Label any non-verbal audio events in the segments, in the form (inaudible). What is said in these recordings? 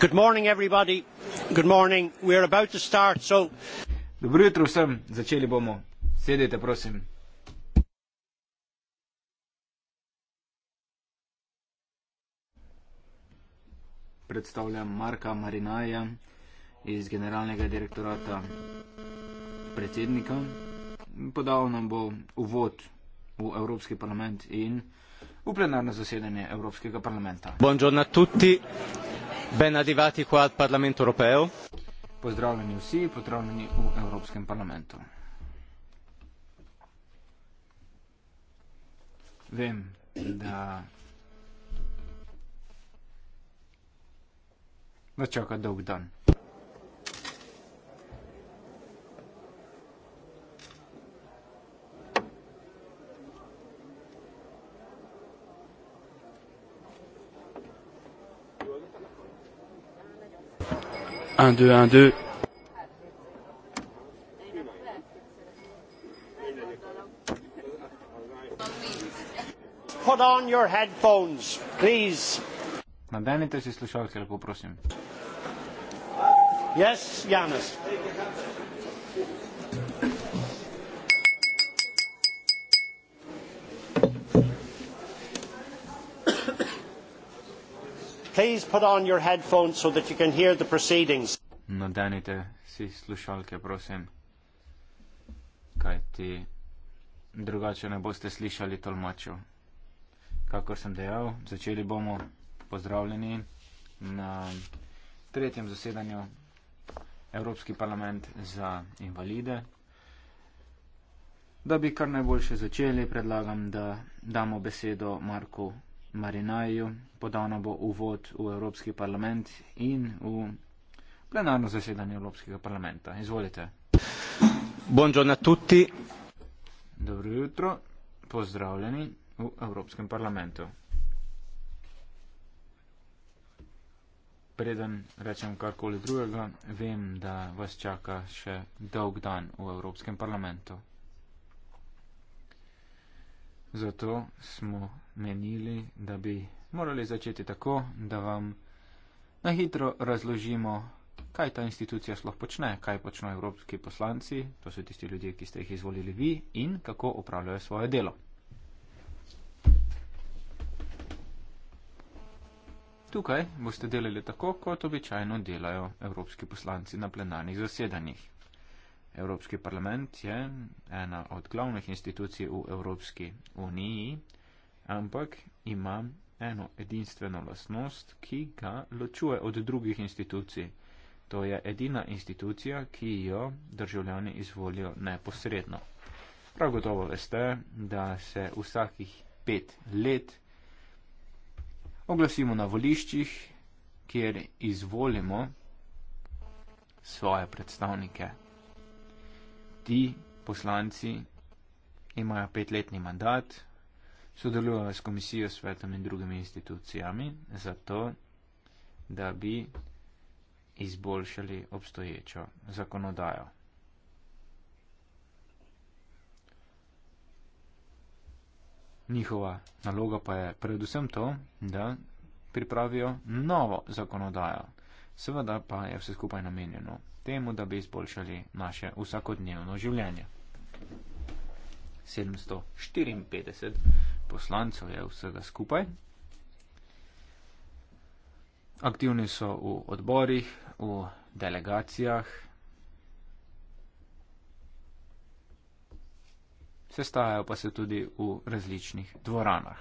Good morning, everybody. Good morning. We are about to start, so. Dobro jutro vsem, začeli bomo. Sedite, prosim. Predstavljam Marka Marinaja iz generalnega direktorata predsednika. Podal nam bo uvod v Evropski parlament in v plenarno zasedanje Evropskega parlamenta. Buongiorno a tutti. Ben Adivati, quad parlamento europeo. Pozdravljeni vsi, pozdravljeni v Evropskem parlamentu. Vem, da vas čaka dolg dan. 1, 2, 1, 2. Put on your headphones, please. Nadenite si slušalke, lepo prosim. Yes, Janis. Thank you. please put on your headphones so that you can hear the proceedings. No, danite si slušalke, prosim. Kajti drugače ne boste slišali tolmačev. Kako sem dejal, začeli bomo pozdravljeni na tretjem zasedanju Evropski parlament za invalide. Da bi kar najboljše začeli, predlagam, da damo besedo Marku Marinaju. Podano bo uvod v Evropski parlament in v plenarno zasedanje Evropskega parlamenta. Izvolite. Buongiorno a tutti. Dobro jutro. Pozdravljeni v Evropskem parlamentu. Preden rečem karkoli drugega, vem, da vas čaka še dolg dan v Evropskem parlamentu. Zato smo menili, da bi morali začeti tako, da vam na hitro razložimo, kaj ta institucija sploh počne, kaj počnejo evropski poslanci, to so tisti ljudje, ki ste jih izvolili vi in kako upravljajo svoje delo. Tukaj boste delali tako, kot običajno delajo evropski poslanci na plenarnih zasedanjih. Evropski parlament je ena od glavnih institucij v Evropski uniji ampak ima eno edinstveno lasnost, ki ga ločuje od drugih institucij. To je edina institucija, ki jo državljani izvolijo neposredno. Prav gotovo veste, da se vsakih pet let oglasimo na voliščih, kjer izvolimo svoje predstavnike. Ti poslanci imajo petletni mandat, sodelujejo s komisijo, svetom in drugimi institucijami, zato da bi izboljšali obstoječo zakonodajo. Njihova naloga pa je predvsem to, da pripravijo novo zakonodajo. Seveda pa je vse skupaj namenjeno temu, da bi izboljšali naše vsakodnevno življenje. 754 poslancev je vsega skupaj. Aktivni so v odborih, v delegacijah, sestajajo pa se tudi v različnih dvoranah.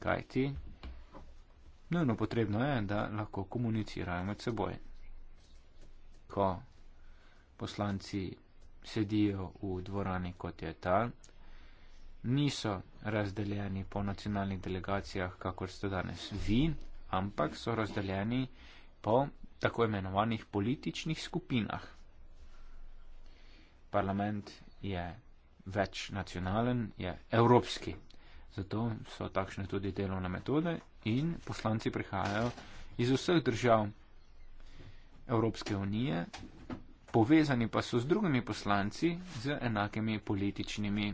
Kaj ti? Nujno potrebno je, da lahko komunicirajo med seboj. Ko poslanci sedijo v dvorani, kot je ta, niso razdeljeni po nacionalnih delegacijah, kakor ste danes vi, ampak so razdeljeni po tako imenovanih političnih skupinah. Parlament je večnacionalen, je evropski. Zato so takšne tudi delovne metode in poslanci prihajajo iz vseh držav Evropske unije, povezani pa so z drugimi poslanci z enakimi političnimi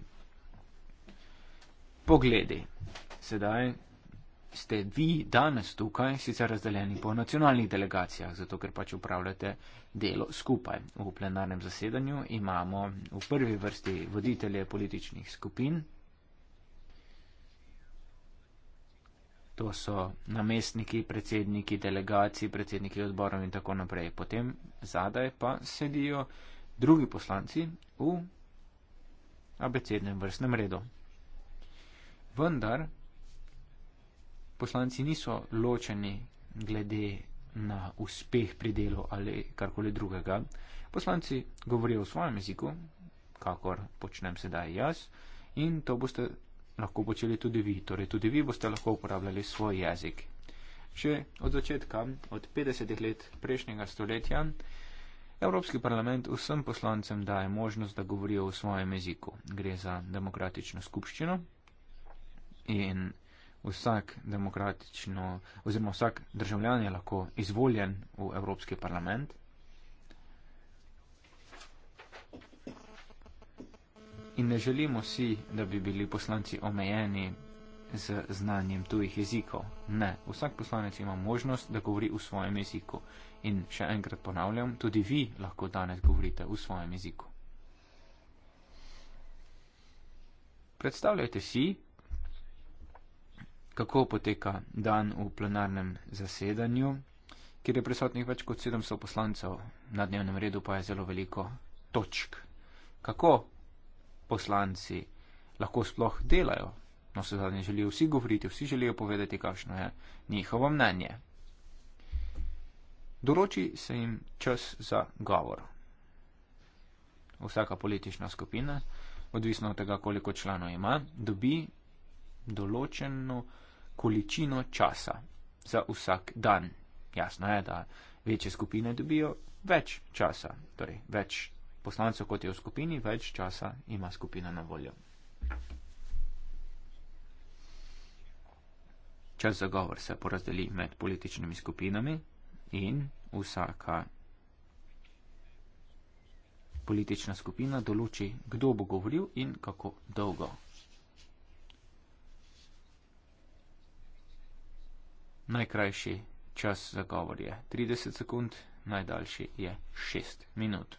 pogledi. Sedaj ste vi danes tukaj, sicer razdeljeni po nacionalnih delegacijah, zato ker pač upravljate delo skupaj. V plenarnem zasedanju imamo v prvi vrsti voditelje političnih skupin. To so namestniki, predsedniki delegacij, predsedniki odborov in tako naprej. Potem zadaj pa sedijo drugi poslanci v abecednem vrstnem redu vendar poslanci niso ločeni glede na uspeh pri delu ali karkoli drugega. Poslanci govorijo v svojem jeziku, kakor počnem sedaj jaz, in to boste lahko počeli tudi vi, torej tudi vi boste lahko uporabljali svoj jezik. Še od začetka, od 50 let prejšnjega stoletja, Evropski parlament vsem poslancem daje možnost, da govorijo v svojem jeziku. Gre za demokratično skupščino, in vsak demokratično, oziroma vsak državljan je lahko izvoljen v Evropski parlament. In ne želimo si, da bi bili poslanci omejeni z znanjem tujih jezikov. Ne, vsak poslanec ima možnost, da govori v svojem jeziku. In še enkrat ponavljam, tudi vi lahko danes govorite v svojem jeziku. Predstavljajte si, kako poteka dan v plenarnem zasedanju, kjer je prisotnih več kot 700 poslancev, na dnevnem redu pa je zelo veliko točk. Kako poslanci lahko sploh delajo? No, se zadnje želijo vsi govoriti, vsi želijo povedati, kakšno je njihovo mnenje. Doroči se jim čas za govor. Vsaka politična skupina, odvisno od tega, koliko članov ima, dobi določeno količino časa za vsak dan. Jasno je, da večje skupine dobijo več časa, torej več poslancev kot je v skupini, več časa ima skupina na voljo. Čas za govor se porazdeli med političnimi skupinami in vsaka politična skupina določi, kdo bo govoril in kako dolgo. Najkrajši čas za govor je 30 sekund, najdaljši je 6 minut.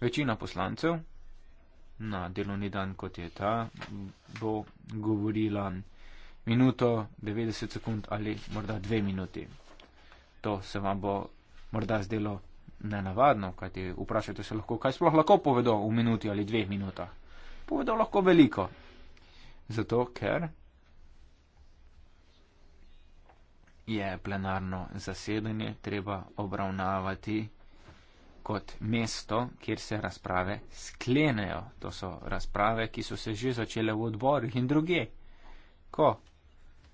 Večina poslancev na delovni dan, kot je ta, bo govorila minuto, 90 sekund ali morda 2 minuti. To se vam bo morda zdelo nenavadno, kajti vprašajte se lahko, kaj sploh lahko povedo v minuti ali dveh minutah. Povedo lahko veliko. Zato, ker je plenarno zasedanje treba obravnavati kot mesto, kjer se razprave sklenejo. To so razprave, ki so se že začele v odborih in druge. Ko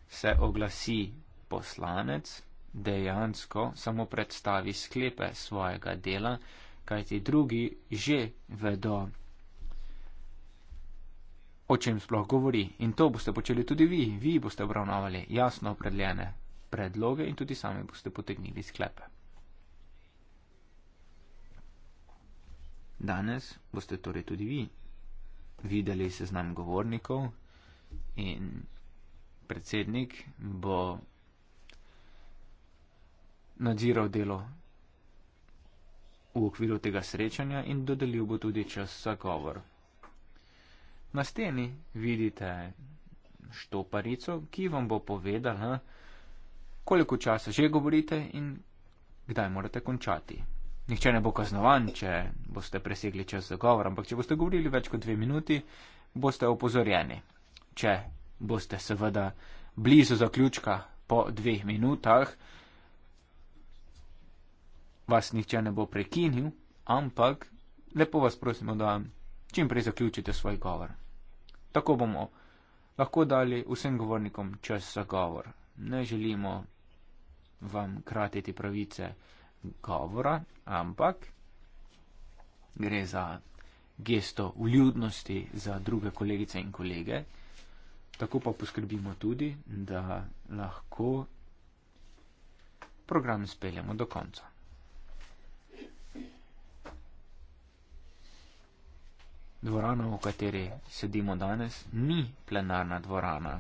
se oglasi poslanec, dejansko samo predstavi sklepe svojega dela, kajti drugi že vedo, o čem sploh govori. In to boste počeli tudi vi. Vi boste obravnavali jasno opredljene predloge in tudi sami boste potegnili sklepe. Danes boste torej tudi vi videli seznam govornikov in predsednik bo nadziral delo v okviru tega srečanja in dodelil bo tudi čas za govor. Na steni vidite štoparico, ki vam bo povedala, koliko časa že govorite in kdaj morate končati. Nihče ne bo kaznovan, če boste presegli čas za govor, ampak če boste govorili več kot dve minuti, boste opozorjeni. Če boste seveda blizu zaključka po dveh minutah, vas nihče ne bo prekinil, ampak lepo vas prosimo, da čim prej zaključite svoj govor. Tako bomo lahko dali vsem govornikom čas za govor ne želimo vam kratiti pravice govora, ampak gre za gesto vljudnosti za druge kolegice in kolege. Tako pa poskrbimo tudi, da lahko program speljamo do konca. Dvorana, v kateri sedimo danes, ni plenarna dvorana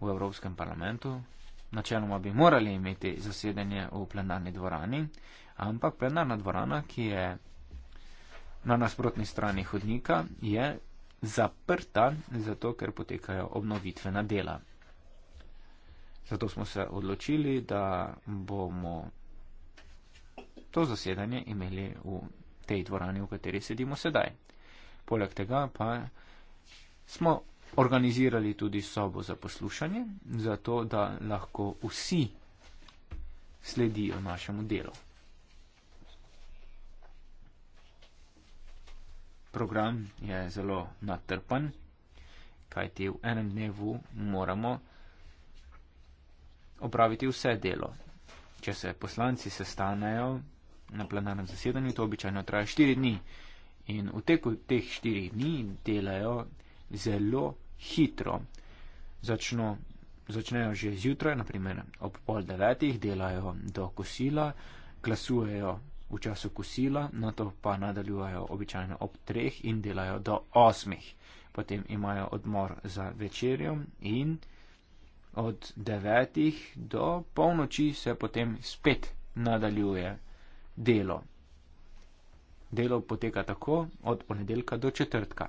v Evropskem parlamentu, načeloma bi morali imeti zasedanje v plenarni dvorani, ampak plenarna dvorana, ki je na nasprotni strani hodnika, je zaprta, zato ker potekajo obnovitvena dela. Zato smo se odločili, da bomo to zasedanje imeli v tej dvorani, v kateri sedimo sedaj. Poleg tega pa smo organizirali tudi sobo za poslušanje, zato da lahko vsi sledijo našemu delu. Program je zelo natrpan, kajti v enem dnevu moramo opraviti vse delo. Če se poslanci sestanejo na plenarnem zasedanju, to običajno traja štiri dni. In v teku teh štirih dni delajo zelo hitro. Začno, začnejo že zjutraj, naprimer ob pol devetih, delajo do kosila, glasujejo v času kosila, na to pa nadaljujejo običajno ob treh in delajo do osmih. Potem imajo odmor za večerjo in od devetih do polnoči se potem spet nadaljuje delo. Delo poteka tako od ponedeljka do četrtka.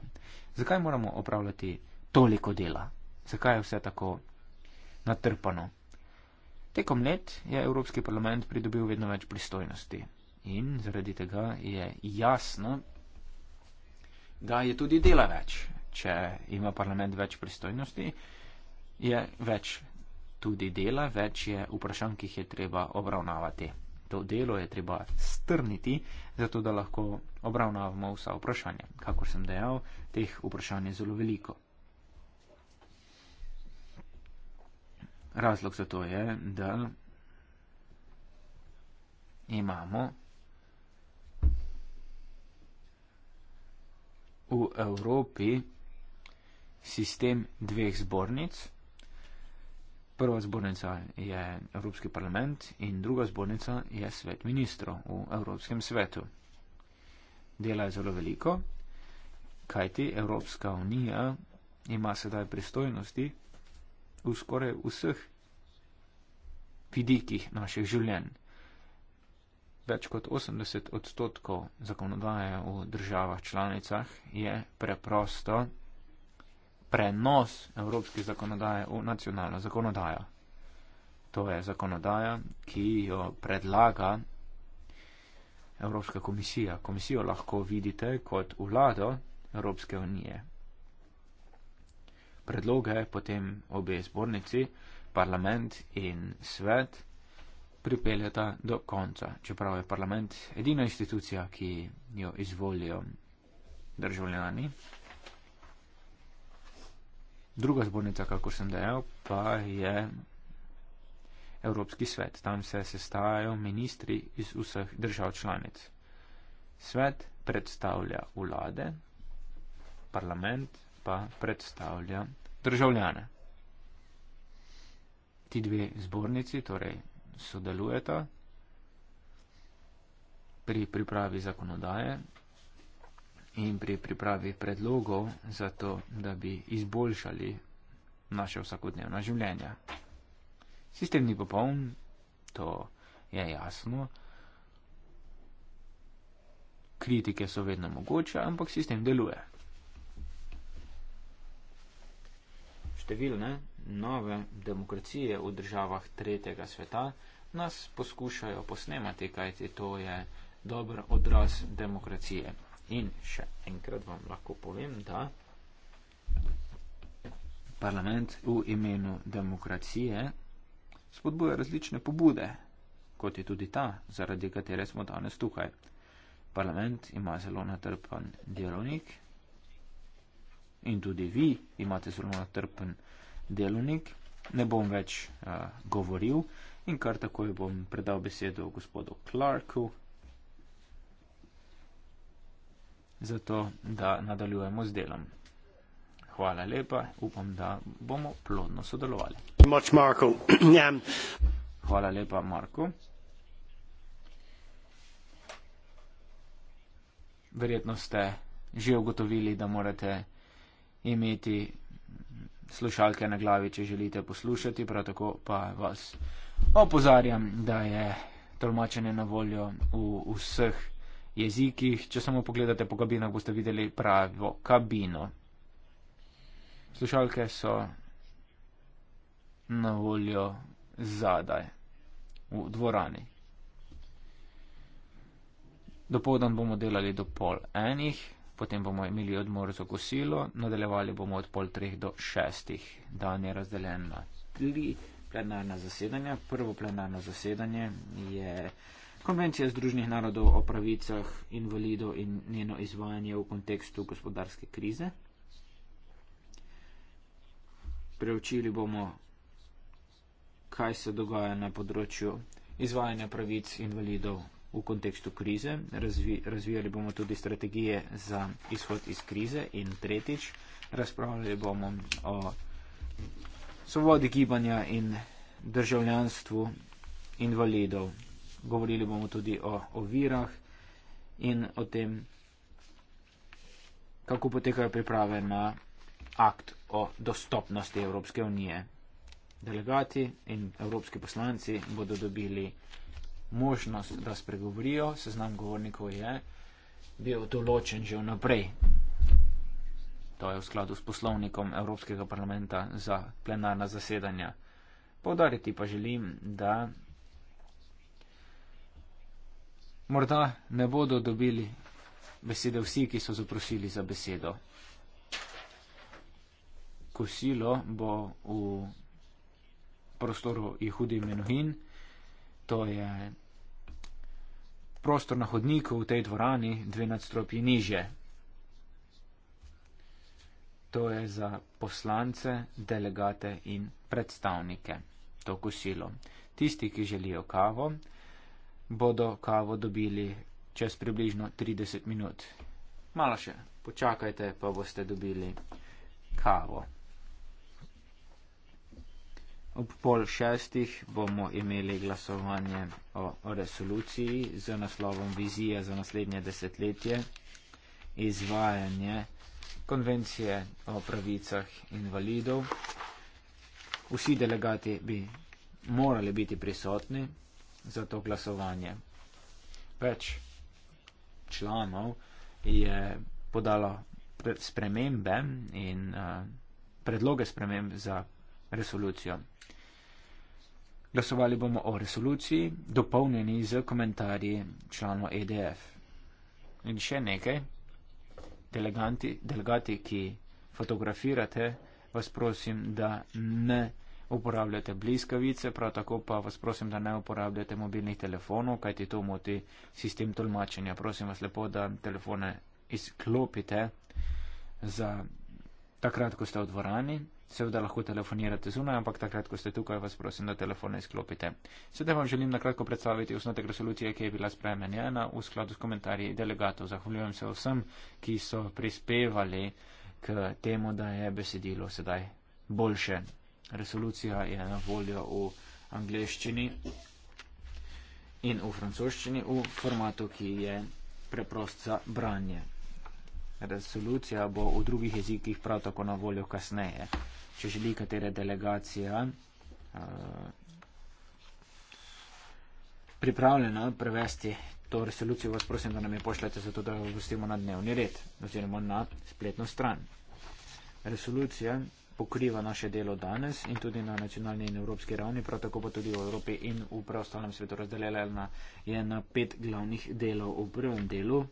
Zakaj moramo opravljati delo? toliko dela? Zakaj je vse tako natrpano? Tekom let je Evropski parlament pridobil vedno več pristojnosti in zaradi tega je jasno, da je tudi dela več. Če ima parlament več pristojnosti, je več tudi dela, več je vprašanj, ki jih je treba obravnavati. To delo je treba strniti, zato da lahko obravnavamo vsa vprašanja. Kakor sem dejal, teh vprašanj je zelo veliko. Razlog za to je, da imamo v Evropi sistem dveh zbornic. Prva zbornica je Evropski parlament in druga zbornica je svet ministrov v Evropskem svetu. Dela je zelo veliko, kajti Evropska unija ima sedaj pristojnosti v skoraj vseh vidikih naših življenj. Več kot 80 odstotkov zakonodaje v državah članicah je preprosto prenos evropske zakonodaje v nacionalno zakonodajo. To je zakonodaja, ki jo predlaga Evropska komisija. Komisijo lahko vidite kot vlado Evropske unije predloge potem obe zbornici, parlament in svet, pripeljata do konca, čeprav je parlament edina institucija, ki jo izvolijo državljani. Druga zbornica, kako sem dejal, pa je Evropski svet. Tam se sestajajo ministri iz vseh držav članic. Svet predstavlja vlade, parlament pa predstavlja državljane. Ti dve zbornici torej sodelujeta pri pripravi zakonodaje in pri pripravi predlogov za to, da bi izboljšali naše vsakodnevna življenja. Sistem ni popoln, to je jasno. Kritike so vedno mogoče, ampak sistem deluje. številne nove demokracije v državah tretjega sveta nas poskušajo posnemati, kajti to je dober odraz demokracije. In še enkrat vam lahko povem, da parlament v imenu demokracije spodbuja različne pobude, kot je tudi ta, zaradi katere smo danes tukaj. Parlament ima zelo natrpan delovnik, in tudi vi imate zelo natrpen delovnik. Ne bom več uh, govoril in kar takoj bom predal besedo gospodu Clarku, zato da nadaljujemo z delom. Hvala lepa, upam, da bomo plodno sodelovali. Much, (clears throat) Hvala lepa, Marko. Verjetno ste že ugotovili, da morate imeti slušalke na glavi, če želite poslušati, prav tako pa vas opozarjam, da je tolmačenje na voljo v vseh jezikih. Če samo pogledate po kabinah, boste videli pravo kabino. Slušalke so na voljo zadaj, v dvorani. Dopoldan bomo delali do pol enih. Potem bomo imeli odmor za kosilo, nadaljevali bomo od pol treh do šestih. Dan je razdeljen na tri plenarna zasedanja. Prvo plenarno zasedanje je Konvencija Združenih narodov o pravicah invalidov in njeno izvajanje v kontekstu gospodarske krize. Preučili bomo, kaj se dogaja na področju izvajanja pravic invalidov v kontekstu krize, razvi, razvijali bomo tudi strategije za izhod iz krize in tretjič, razpravljali bomo o svobodi gibanja in državljanstvu invalidov. Govorili bomo tudi o ovirah in o tem, kako potekajo priprave na akt o dostopnosti Evropske unije. Delegati in evropski poslanci bodo dobili možnost, da spregovorijo, seznam govornikov je bil določen že vnaprej. To je v skladu s poslovnikom Evropskega parlamenta za plenarna zasedanja. Povdariti pa želim, da morda ne bodo dobili besede vsi, ki so zaprosili za besedo. Kosilo bo v prostoru Jehudi Menuhin, to je prostor na hodniku v tej dvorani, dve nadstropji niže. To je za poslance, delegate in predstavnike to kosilo. Tisti, ki želijo kavo, bodo kavo dobili čez približno 30 minut. Malo še počakajte, pa boste dobili kavo. Ob pol šestih bomo imeli glasovanje o resoluciji z naslovom Vizija za naslednje desetletje izvajanje konvencije o pravicah invalidov. Vsi delegati bi morali biti prisotni za to glasovanje. Več članov je podalo spremembe in uh, predloge sprememb za resolucijo. Glasovali bomo o resoluciji, dopolnjeni z komentarji članov EDF. In še nekaj, delegati, delegati, ki fotografirate, vas prosim, da ne uporabljate bliskavice, prav tako pa vas prosim, da ne uporabljate mobilnih telefonov, kajti to moti sistem tolmačenja. Prosim vas lepo, da telefone izklopite za takrat, ko ste v dvorani. Seveda lahko telefonirate zunaj, ampak takrat, ko ste tukaj, vas prosim, da telefone izklopite. Sedaj vam želim nakratko predstaviti osnotek resolucije, ki je bila spremenjena v skladu s komentarji delegatov. Zahvaljujem se vsem, ki so prispevali k temu, da je besedilo sedaj boljše. Resolucija je na voljo v angleščini in v francoščini v formatu, ki je preprost za branje resolucija bo v drugih jezikih prav tako na voljo kasneje. Če želi katera delegacija eh, pripravljena prevesti to resolucijo, vas prosim, da nam jo pošljete, zato da jo gostimo na dnevni red oziroma na spletno stran. Resolucija pokriva naše delo danes in tudi na nacionalni in evropski ravni, prav tako pa tudi v Evropi in v preostalem svetu razdeljena je na pet glavnih delov. V prvem delu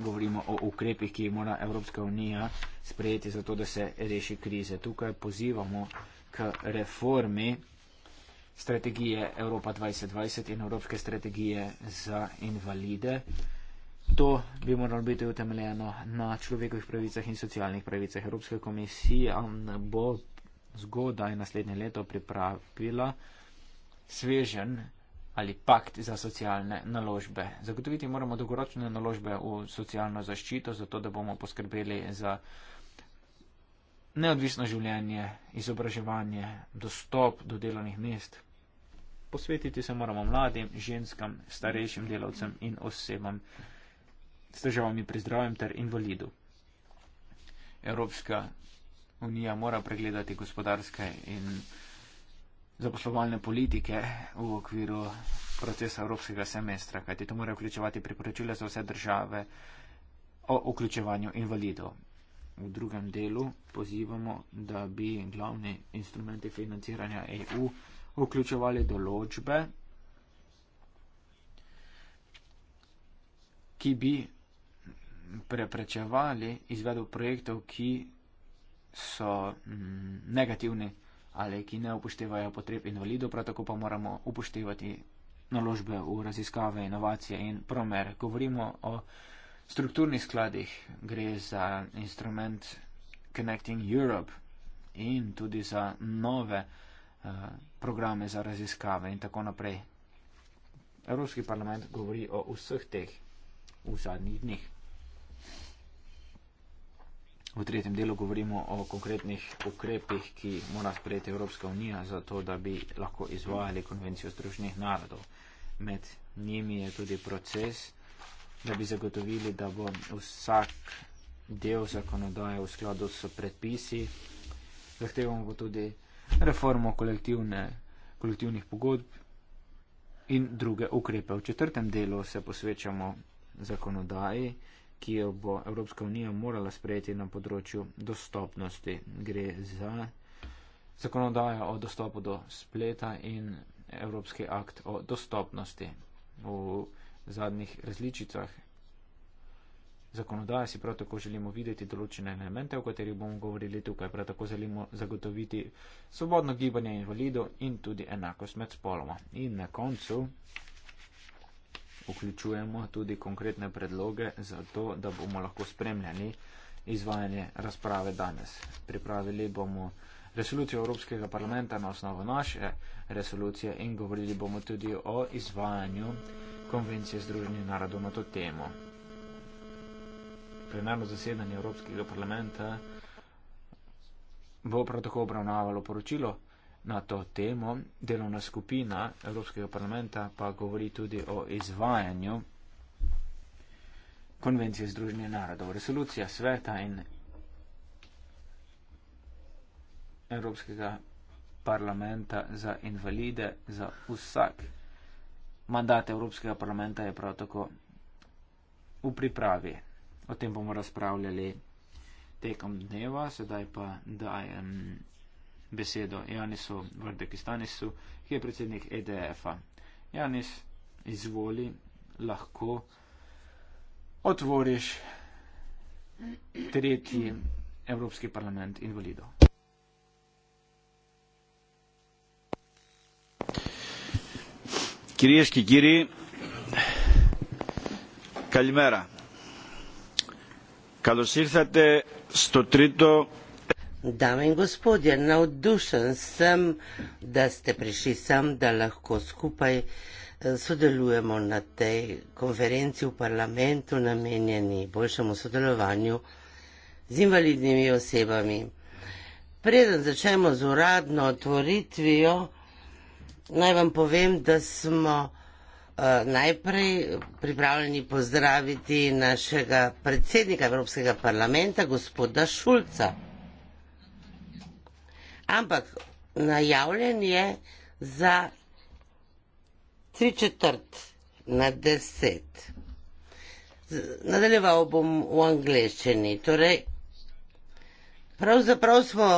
govorimo o ukrepih, ki jih mora Evropska unija sprejeti, zato da se reši krize. Tukaj pozivamo k reformi strategije Evropa 2020 in Evropske strategije za invalide. To bi moralo biti utemeljeno na človekovih pravicah in socialnih pravicah. Evropska komisija bo zgodaj naslednje leto pripravila svežen ali pakt za socialne naložbe. Zagotoviti moramo dolgoročne naložbe v socialno zaščito, zato da bomo poskrbeli za neodvisno življenje, izobraževanje, dostop do delovnih mest. Posvetiti se moramo mladim, ženskam, starejšim delavcem in osebam s težavami pri zdravjem ter invalidu. Evropska unija mora pregledati gospodarske in zaposlovalne politike v okviru procesa evropskega semestra, kajti to mora vključevati priporočila za vse države o vključevanju invalidov. V drugem delu pozivamo, da bi glavni instrumenti financiranja EU vključevali določbe, ki bi preprečevali izvedbo projektov, ki so mm, negativni ali ki ne upoštevajo potreb invalidov, prav tako pa moramo upoštevati naložbe v raziskave, inovacije in promer. Govorimo o strukturnih skladih, gre za instrument Connecting Europe in tudi za nove uh, programe za raziskave in tako naprej. Evropski parlament govori o vseh teh v zadnjih dneh. V tretjem delu govorimo o konkretnih ukrepih, ki mora sprejeti Evropska unija za to, da bi lahko izvajali konvencijo združenih narodov. Med njimi je tudi proces, da bi zagotovili, da bo vsak del zakonodaje v skladu s predpisi. Zahtevamo pa tudi reformo kolektivnih pogodb in druge ukrepe. V četrtem delu se posvečamo zakonodaji ki jo bo Evropska unija morala sprejeti na področju dostopnosti. Gre za zakonodajo o dostopu do spleta in Evropski akt o dostopnosti. V zadnjih različicah zakonodaje si prav tako želimo videti določene elemente, o katerih bomo govorili tukaj. Prav tako želimo zagotoviti svobodno gibanje invalidov in tudi enakost med spoloma. In na koncu vključujemo tudi konkretne predloge za to, da bomo lahko spremljali izvajanje razprave danes. Pripravili bomo resolucijo Evropskega parlamenta na osnovo naše resolucije in govorili bomo tudi o izvajanju konvencije Združenih narodov na to temo. Plenarno zasedanje Evropskega parlamenta bo prav tako obravnavalo poročilo na to temo. Delovna skupina Evropskega parlamenta pa govori tudi o izvajanju konvencije Združenja narodov. Resolucija sveta in Evropskega parlamenta za invalide, za vsak mandat Evropskega parlamenta je prav tako v pripravi. O tem bomo razpravljali tekom dneva, sedaj pa dajem. Um, besedo Janisu Vardekistanisu, ki je predsednik EDF-a. Janis, izvoli, lahko otvoriš tretji Evropski parlament invalidov. Kirješki Giri, Kalimera. Καλώς ήρθατε στο τρίτο Dame in gospodje, navdušen sem, da ste prišli sem, da lahko skupaj eh, sodelujemo na tej konferenci v parlamentu namenjeni boljšemu sodelovanju z invalidnimi osebami. Preden začnemo z uradno otvoritvijo, naj vam povem, da smo uh, najprej pripravljeni pozdraviti našega predsednika Evropskega parlamenta, gospoda Šulca ampak najavljen je za tri četrt na deset. Nadaljeval bom v angleščini. Torej, pravzaprav smo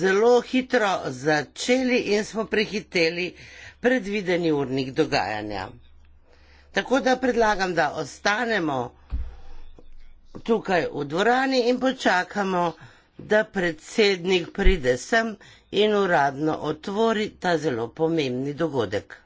zelo hitro začeli in smo prehiteli predvideni urnik dogajanja. Tako da predlagam, da ostanemo tukaj v dvorani in počakamo, da predsednik pride sem in uradno otvori ta zelo pomembni dogodek.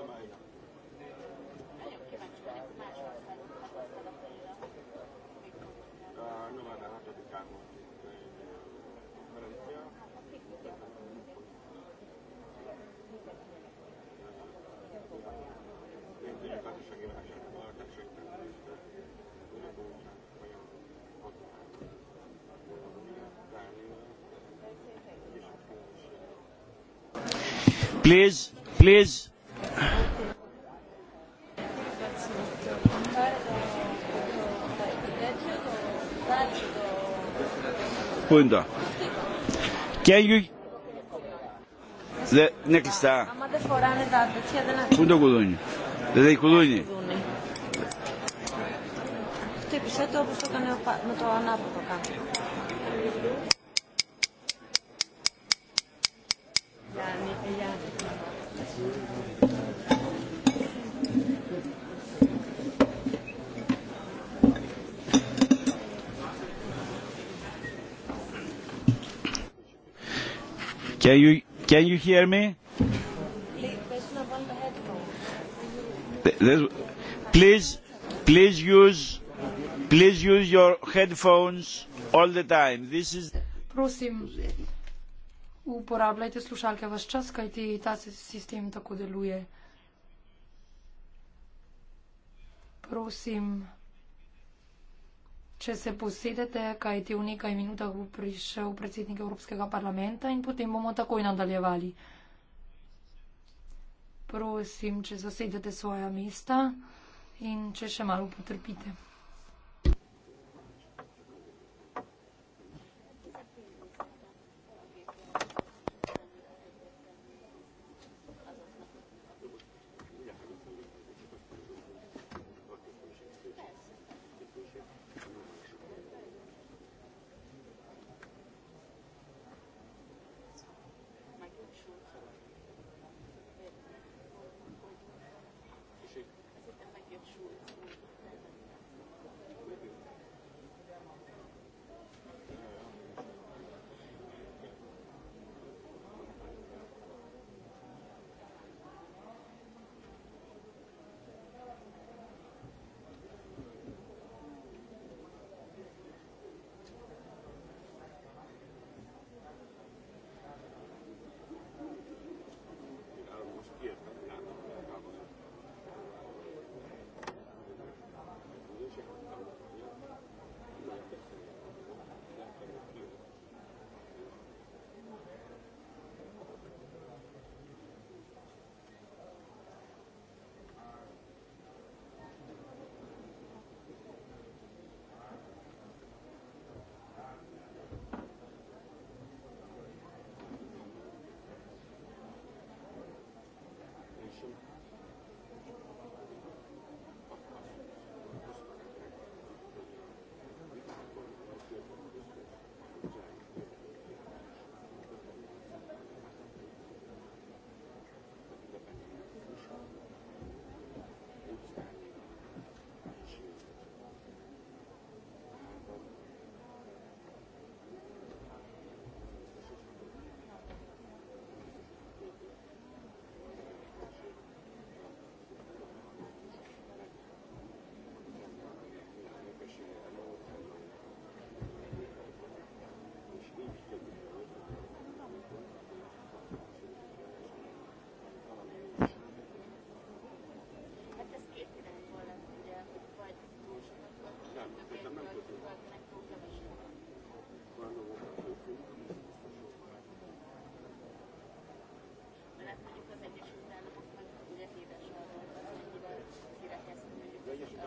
szabálya. Nagyon kíváncsi vagyok, hogy más országban tapasztalatai a novemberben hatodikán volt. Please, please. Πού είναι το. Ναι, κλειστά. Άμα δεν φοράνε τα τέτοια, δεν ακούνε. Πού είναι το κουδούνι. Δεν έχει κουδούνι. Χτύπησε το όπως το έκανε με το ανάποδο κάτω. Can you can you hear me? Please, please use please use your headphones all the time. This is Prosim, uporabljajte slušalke vaš čas, kajti ta sistem tako deluje. Prosim, Če se posedete, kaj ti v nekaj minutah bo prišel predsednik Evropskega parlamenta in potem bomo takoj nadaljevali. Prosim, če zasedete svoja mesta in če še malo potrpite.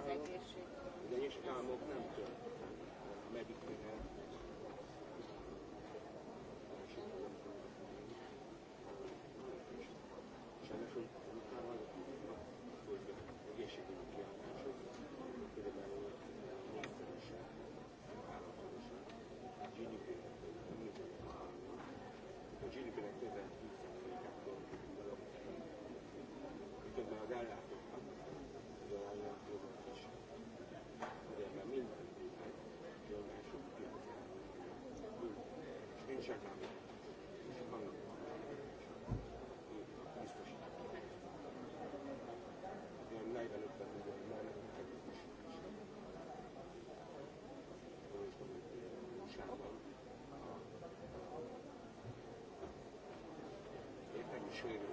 az egészség. Ugyanis álmok nem történnek. Medikére. Sajnos, hogy utána az egészségügyi kiállások, például négyszeresen, állatosan, a GDP-nek a GDP-nek 10 százalékát dolgozik, a GDP-nek 10 százalékát rešujejo.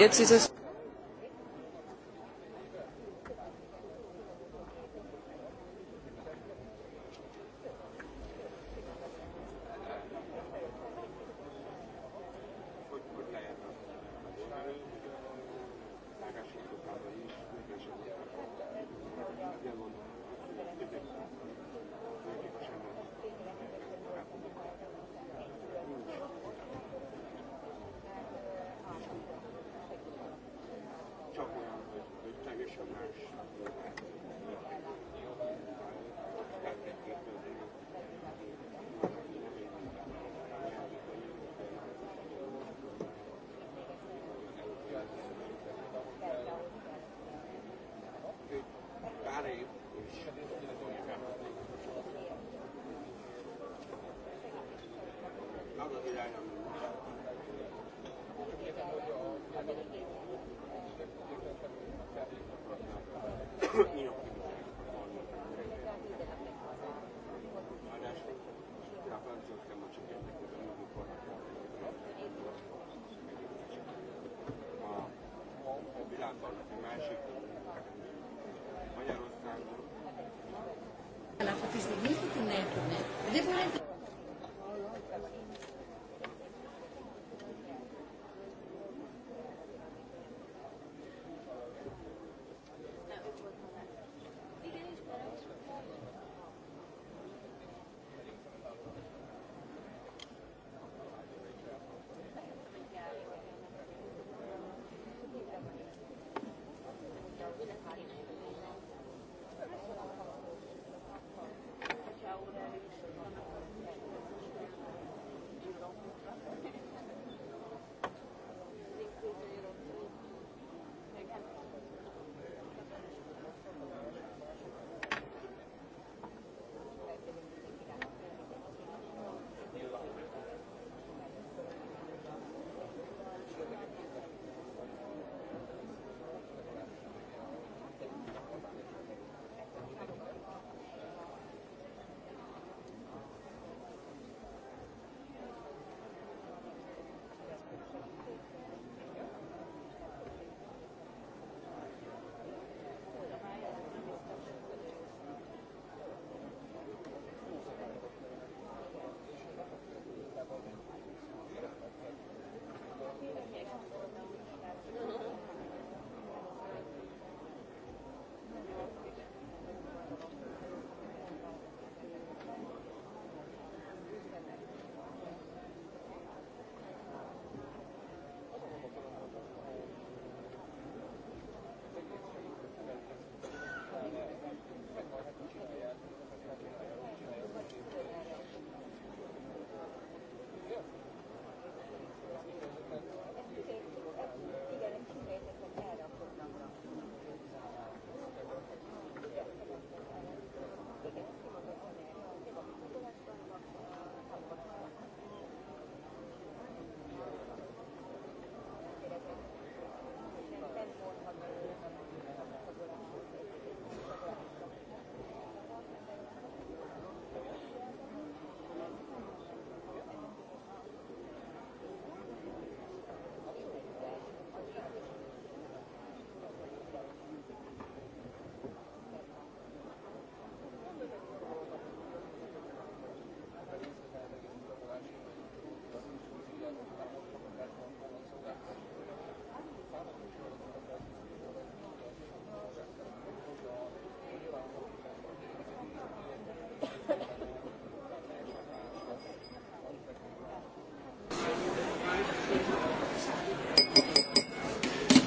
jetzt ist es.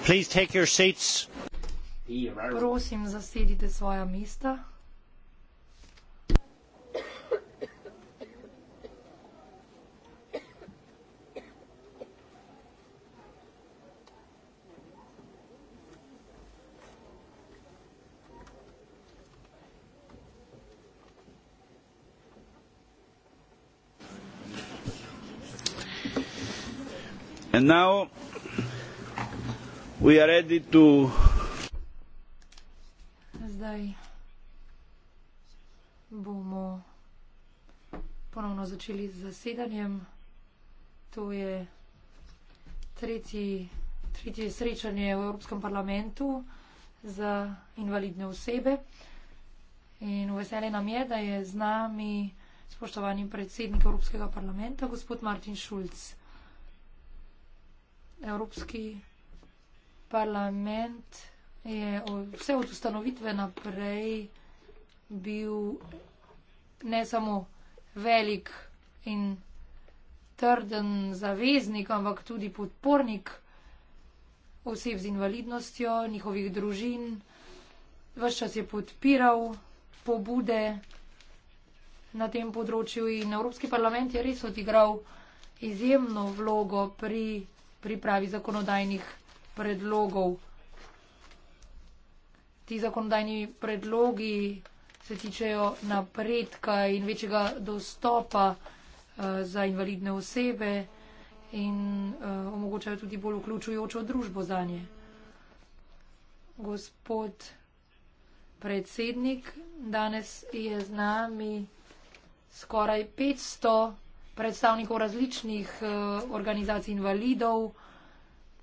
Please take your seats. Prosim, zasedite svoja mesta. And now, We are ready to... Zdaj bomo ponovno začeli z zasedanjem. To je tretji, tretje srečanje v Evropskem parlamentu za invalidne osebe. In vesele nam je, da je z nami spoštovani predsednik Evropskega parlamenta, gospod Martin Šulc. Evropski parlament je vse od ustanovitve naprej bil ne samo velik in trden zaveznik, ampak tudi podpornik oseb z invalidnostjo, njihovih družin. Ves čas je podpiral pobude na tem področju in Evropski parlament je res odigral izjemno vlogo pri pripravi zakonodajnih predlogov. Ti zakonodajni predlogi se tičejo napredka in večjega dostopa uh, za invalidne osebe in uh, omogočajo tudi bolj vključujočo družbo za nje. Gospod predsednik, danes je z nami skoraj 500 predstavnikov različnih uh, organizacij invalidov.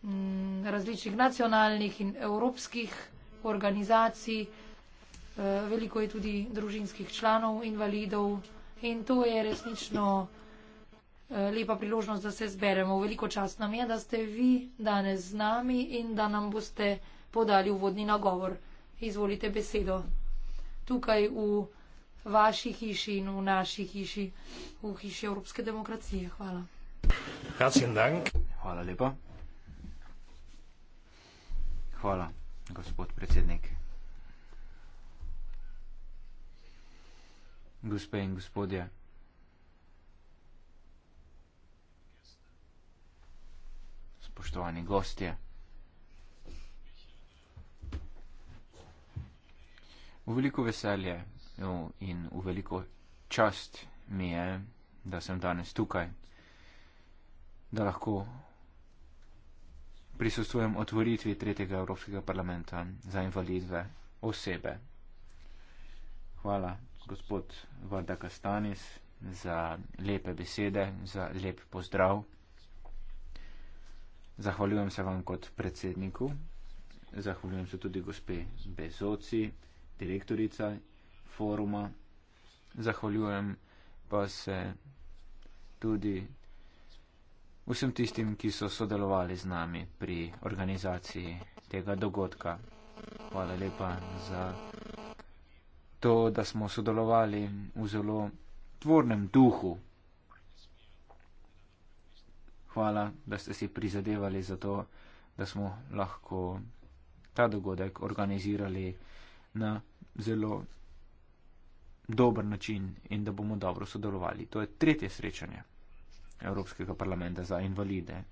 Mm, različnih nacionalnih in evropskih organizacij, eh, veliko je tudi družinskih članov, invalidov in to je resnično eh, lepa priložnost, da se zberemo. Veliko čast nam je, da ste vi danes z nami in da nam boste podali uvodni nagovor. Izvolite besedo. Tukaj v vaši hiši in v naši hiši, v hiši Evropske demokracije. Hvala. Hvala lepa. Hvala, gospod predsednik. Gospe in gospodje, spoštovani gostje, v veliko veselje in v veliko čast mi je, da sem danes tukaj, da lahko prisostujem otvoritvi tretjega Evropskega parlamenta za invalidve osebe. Hvala, gospod Varda Kastanis, za lepe besede, za lep pozdrav. Zahvaljujem se vam kot predsedniku, zahvaljujem se tudi gospe Bezoci, direktorica foruma, zahvaljujem pa se tudi vsem tistim, ki so sodelovali z nami pri organizaciji tega dogodka. Hvala lepa za to, da smo sodelovali v zelo tvornem duhu. Hvala, da ste si prizadevali za to, da smo lahko ta dogodek organizirali na zelo dober način in da bomo dobro sodelovali. To je tretje srečanje. Evropskega parlamenta za invalide.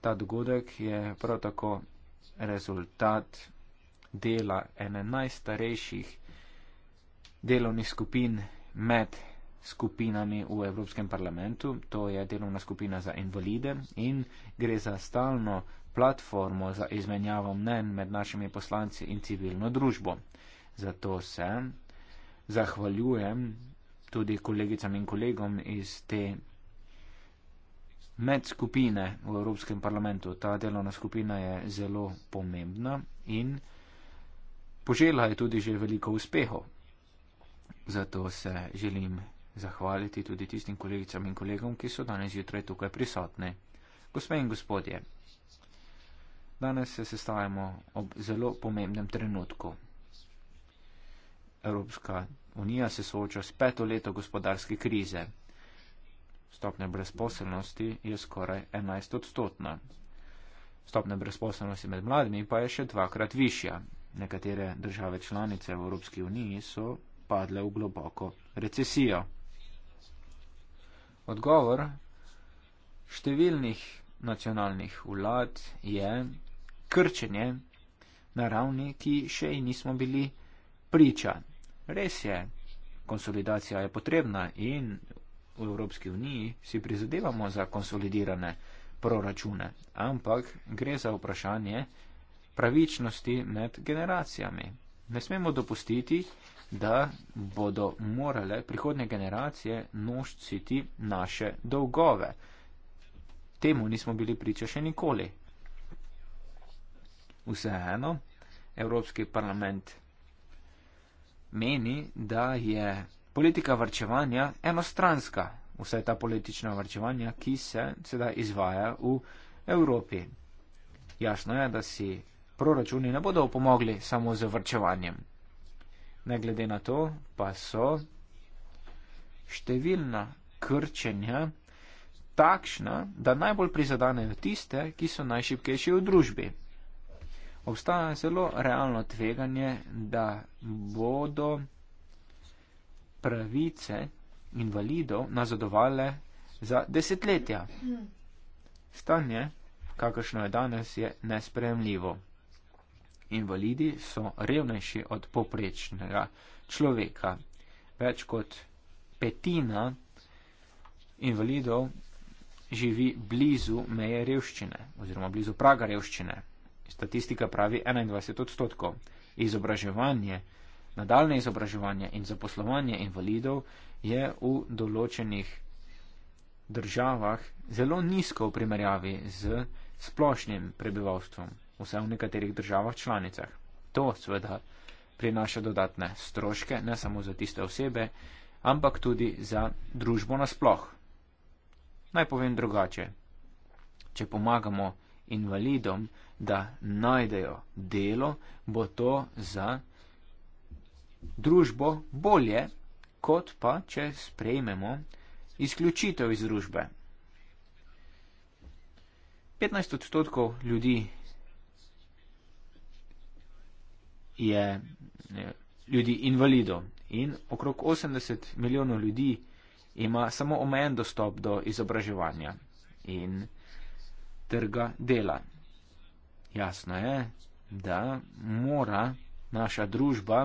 Ta dogodek je prav tako rezultat dela ene najstarejših delovnih skupin med skupinami v Evropskem parlamentu, to je delovna skupina za invalide in gre za stalno platformo za izmenjavo mnen med našimi poslanci in civilno družbo. Zato se zahvaljujem tudi kolegicam in kolegom iz te med skupine v Evropskem parlamentu. Ta delovna skupina je zelo pomembna in požela je tudi že veliko uspehov. Zato se želim zahvaliti tudi tistim kolegicam in kolegom, ki so danes jutraj tukaj prisotni. Gospe in gospodje, danes se sestavljamo ob zelo pomembnem trenutku. Evropska unija se sooča s peto leto gospodarske krize. Stopnja brezposelnosti je skoraj 11 odstotna. Stopnja brezposelnosti med mladimi pa je še dvakrat višja. Nekatere države članice v Evropski uniji so padle v globoko recesijo. Odgovor številnih nacionalnih vlad je krčenje na ravni, ki še in nismo bili priča. Res je, konsolidacija je potrebna in v Evropski uniji si prizadevamo za konsolidirane proračune, ampak gre za vprašanje pravičnosti med generacijami. Ne smemo dopustiti, da bodo morale prihodne generacije nošciti naše dolgove. Temu nismo bili priča še nikoli. Vseeno, Evropski parlament meni, da je politika vrčevanja enostranska, vse ta politična vrčevanja, ki se sedaj izvaja v Evropi. Jasno je, da si proračuni ne bodo pomogli samo z vrčevanjem. Ne glede na to, pa so številna krčenja takšna, da najbolj prizadanejo tiste, ki so najšipkejši v družbi. Obstaja zelo realno tveganje, da bodo pravice invalidov nazadovale za desetletja. Stanje, kakršno je danes, je nespremljivo. Invalidi so revnejši od poprečnega človeka. Več kot petina invalidov živi blizu meje revščine oziroma blizu praga revščine. Statistika pravi 21 odstotkov. Izobraževanje nadaljne izobraževanje in zaposlovanje invalidov je v določenih državah zelo nizko v primerjavi z splošnim prebivalstvom, vse v nekaterih državah članicah. To seveda prinaša dodatne stroške, ne samo za tiste osebe, ampak tudi za družbo nasploh. Naj povem drugače. Če pomagamo invalidom, da najdejo delo, bo to za družbo bolje, kot pa če sprejmemo izključitev iz družbe. 15 odstotkov ljudi je ljudi invalidov in okrog 80 milijonov ljudi ima samo omejen dostop do izobraževanja in trga dela. Jasno je, da mora naša družba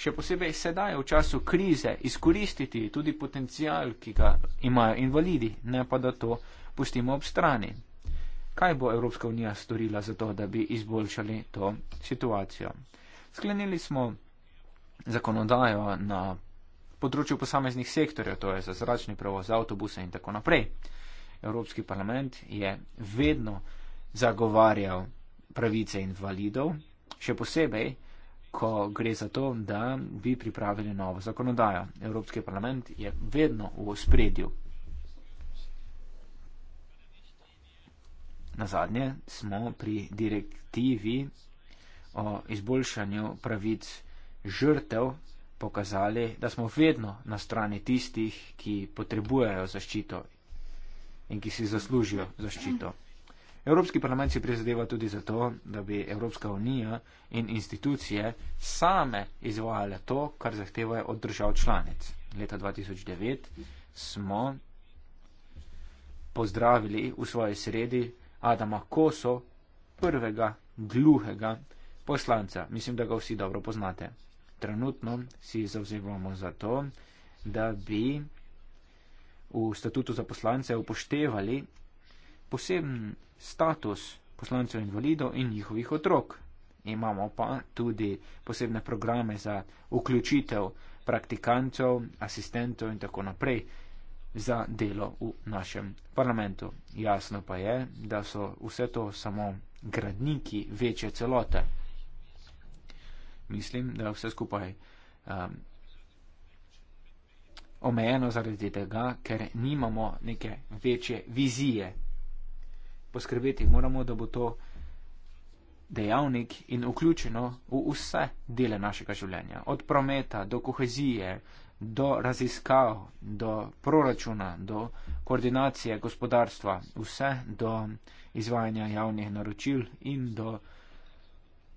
še posebej sedaj v času krize izkoristiti tudi potencial, ki ga imajo invalidi, ne pa da to pustimo ob strani. Kaj bo Evropska unija storila za to, da bi izboljšali to situacijo? Sklenili smo zakonodajo na področju posameznih sektorjev, to je za zračni prevoz, avtobuse in tako naprej. Evropski parlament je vedno zagovarjal pravice invalidov, še posebej ko gre za to, da bi pripravili novo zakonodajo. Evropski parlament je vedno v spredju. Na zadnje smo pri direktivi o izboljšanju pravic žrtev pokazali, da smo vedno na strani tistih, ki potrebujejo zaščito in ki si zaslužijo zaščito. Mm. Evropski parlament si prizadeva tudi za to, da bi Evropska unija in institucije same izvajale to, kar zahtevajo od držav članic. Leta 2009 smo pozdravili v svoji sredi Adama Koso, prvega gluhega poslanca. Mislim, da ga vsi dobro poznate. Trenutno si zauzemamo za to, da bi v statutu za poslance upoštevali poseben status poslancev invalidov in njihovih otrok. Imamo pa tudi posebne programe za vključitev praktikantov, asistentov in tako naprej za delo v našem parlamentu. Jasno pa je, da so vse to samo gradniki večje celote. Mislim, da je vse skupaj um, omejeno zaradi tega, ker nimamo neke večje vizije poskrbeti moramo, da bo to dejavnik in vključeno v vse dele našega življenja. Od prometa do kohezije, do raziskav, do proračuna, do koordinacije gospodarstva, vse do izvajanja javnih naročil in do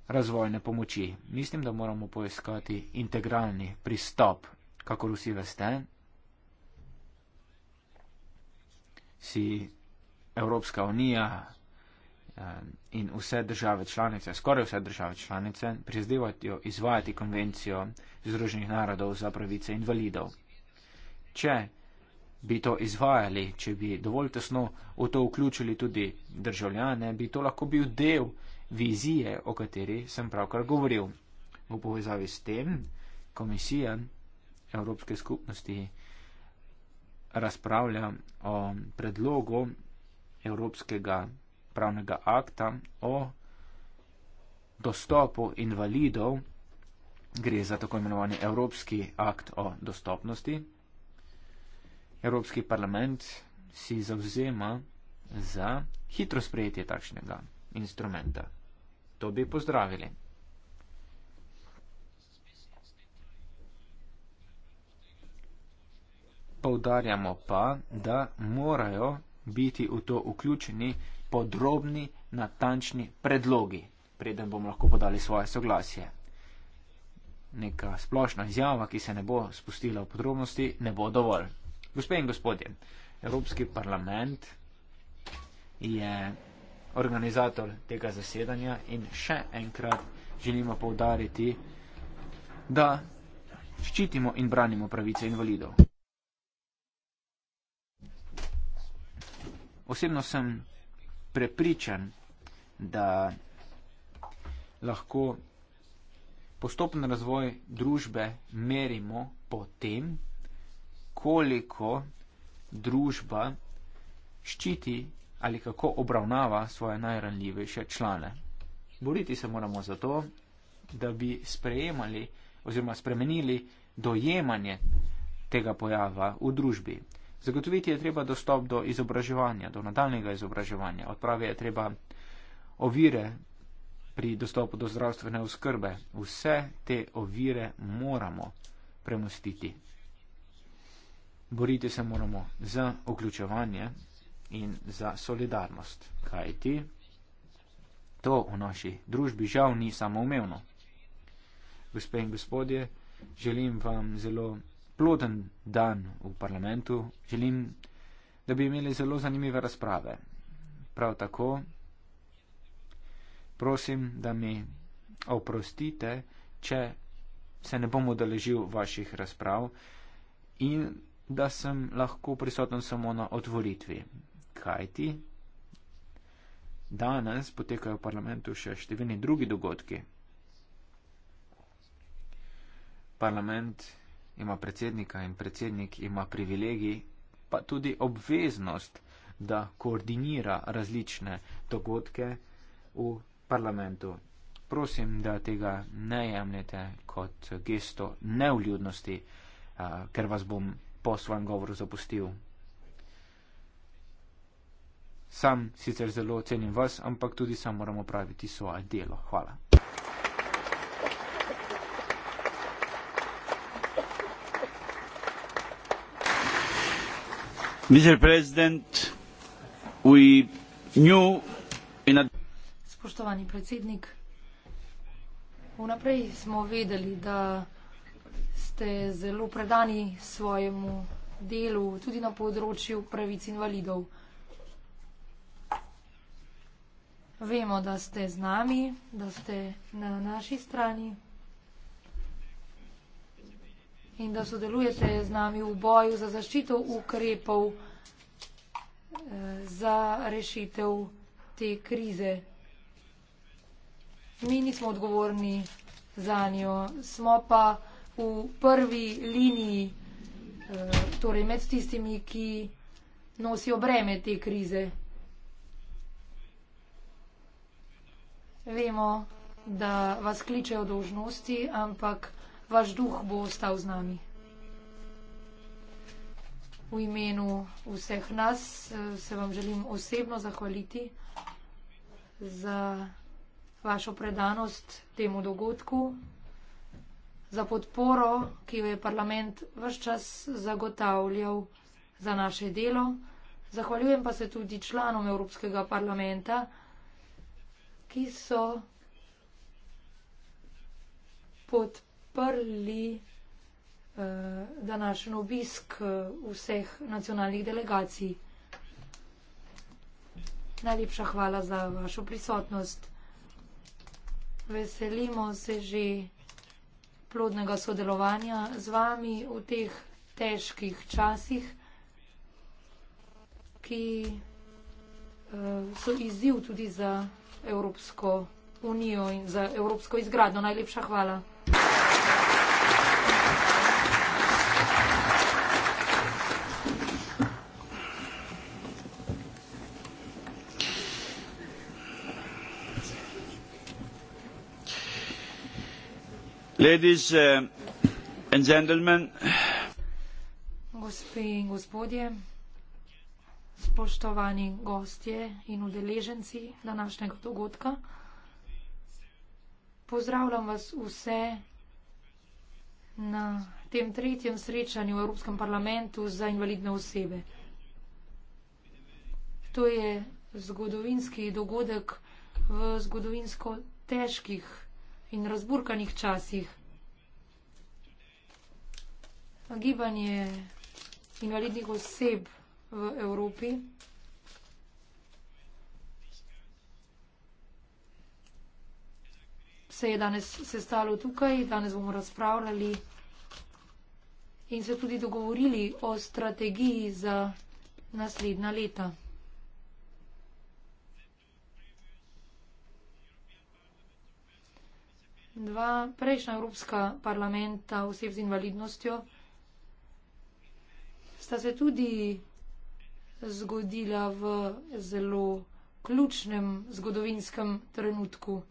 razvojne pomoči. Mislim, da moramo poiskati integralni pristop, kakor vsi veste. Si Evropska unija eh, in vse države članice, skoraj vse države članice, prizadevajo izvajati konvencijo Združenih narodov za pravice invalidov. Če bi to izvajali, če bi dovolj tesno v to vključili tudi državljane, bi to lahko bil del vizije, o kateri sem pravkar govoril. V povezavi s tem komisija Evropske skupnosti razpravlja o predlogu evropskega pravnega akta o dostopu invalidov, gre za tako imenovani evropski akt o dostopnosti. Evropski parlament si zauzema za hitro sprejetje takšnega instrumenta. To bi pozdravili. Poudarjamo pa, da morajo biti v to vključeni podrobni, natančni predlogi, preden bomo lahko podali svoje soglasje. Neka splošna izjava, ki se ne bo spustila v podrobnosti, ne bo dovolj. Gospe in gospodje, Evropski parlament je organizator tega zasedanja in še enkrat želimo povdariti, da ščitimo in branimo pravice invalidov. Osebno sem prepričan, da lahko postopen razvoj družbe merimo po tem, koliko družba ščiti ali kako obravnava svoje najranljivejše člane. Boriti se moramo za to, da bi sprejemali oziroma spremenili dojemanje tega pojava v družbi. Zagotoviti je treba dostop do izobraževanja, do nadaljnega izobraževanja. Odpravi je treba ovire pri dostopu do zdravstvene oskrbe. Vse te ovire moramo premustiti. Boriti se moramo za vključevanje in za solidarnost. Kaj ti? To v naši družbi žal ni samoumevno. Gospe in gospodje, želim vam zelo ploden dan v parlamentu, želim, da bi imeli zelo zanimive razprave. Prav tako prosim, da mi oprostite, če se ne bom odeležil vaših razprav in da sem lahko prisoten samo na otvoritvi. Kajti? Danes potekajo v parlamentu še številni drugi dogodki. Parlament ima predsednika in predsednik ima privilegij, pa tudi obveznost, da koordinira različne dogodke v parlamentu. Prosim, da tega ne jemljete kot gesto neuljudnosti, ker vas bom po svojem govoru zapustil. Sam sicer zelo cenim vas, ampak tudi sam moram opraviti svoje delo. Hvala. Mr. President, we knew in a... Spoštovani predsednik, vnaprej smo vedeli, da ste zelo predani svojemu delu tudi na področju pravic invalidov. Vemo, da ste z nami, da ste na naši strani in da sodelujete z nami v boju za zaščito ukrepov eh, za rešitev te krize. Mi nismo odgovorni za njo, smo pa v prvi liniji, eh, torej med tistimi, ki nosijo breme te krize. Vemo, da vas kličejo dožnosti, ampak vaš duh bo ostal z nami. V imenu vseh nas eh, se vam želim osebno zahvaliti za vašo predanost temu dogodku, za podporo, ki jo je parlament vse čas zagotavljal za naše delo. Zahvaljujem pa se tudi članom Evropskega parlamenta, ki so podporili podprli eh, današnji obisk eh, vseh nacionalnih delegacij. Najlepša hvala za vašo prisotnost. Veselimo se že plodnega sodelovanja z vami v teh težkih časih, ki eh, so izziv tudi za Evropsko unijo in za Evropsko izgradno. Najlepša hvala. Ladies uh, and gentlemen. Gospe in gospodje, spoštovani gostje in udeleženci današnjega dogodka. Pozdravljam vas vse na tem tretjem srečanju v Evropskem parlamentu za invalidne osebe. To je zgodovinski dogodek v zgodovinsko težkih in razburkanih časih. Gibanje invalidnih oseb v Evropi se je danes sestalo tukaj, danes bomo razpravljali in se tudi dogovorili o strategiji za naslednja leta. dva prejšnja evropska parlamenta oseb z invalidnostjo, sta se tudi zgodila v zelo ključnem zgodovinskem trenutku.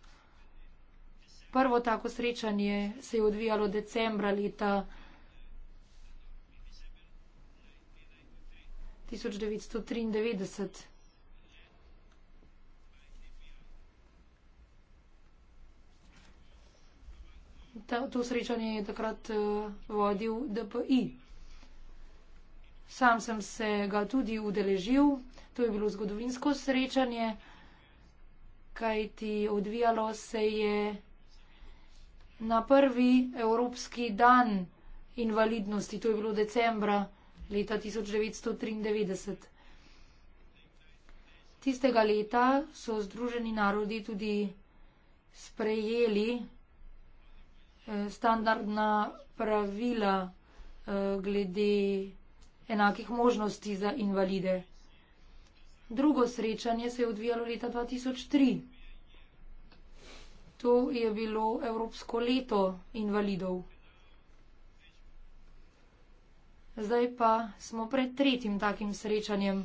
Prvo tako srečanje se je odvijalo decembra leta 1993. ta, to srečanje je takrat uh, vodil DPI. Sam sem se ga tudi udeležil. To je bilo zgodovinsko srečanje, kajti odvijalo se je na prvi Evropski dan invalidnosti. To je bilo decembra leta 1993. Tistega leta so Združeni narodi tudi sprejeli Eh, standardna pravila eh, glede enakih možnosti za invalide. Drugo srečanje se je odvijalo leta 2003. To je bilo Evropsko leto invalidov. Zdaj pa smo pred tretjim takim srečanjem.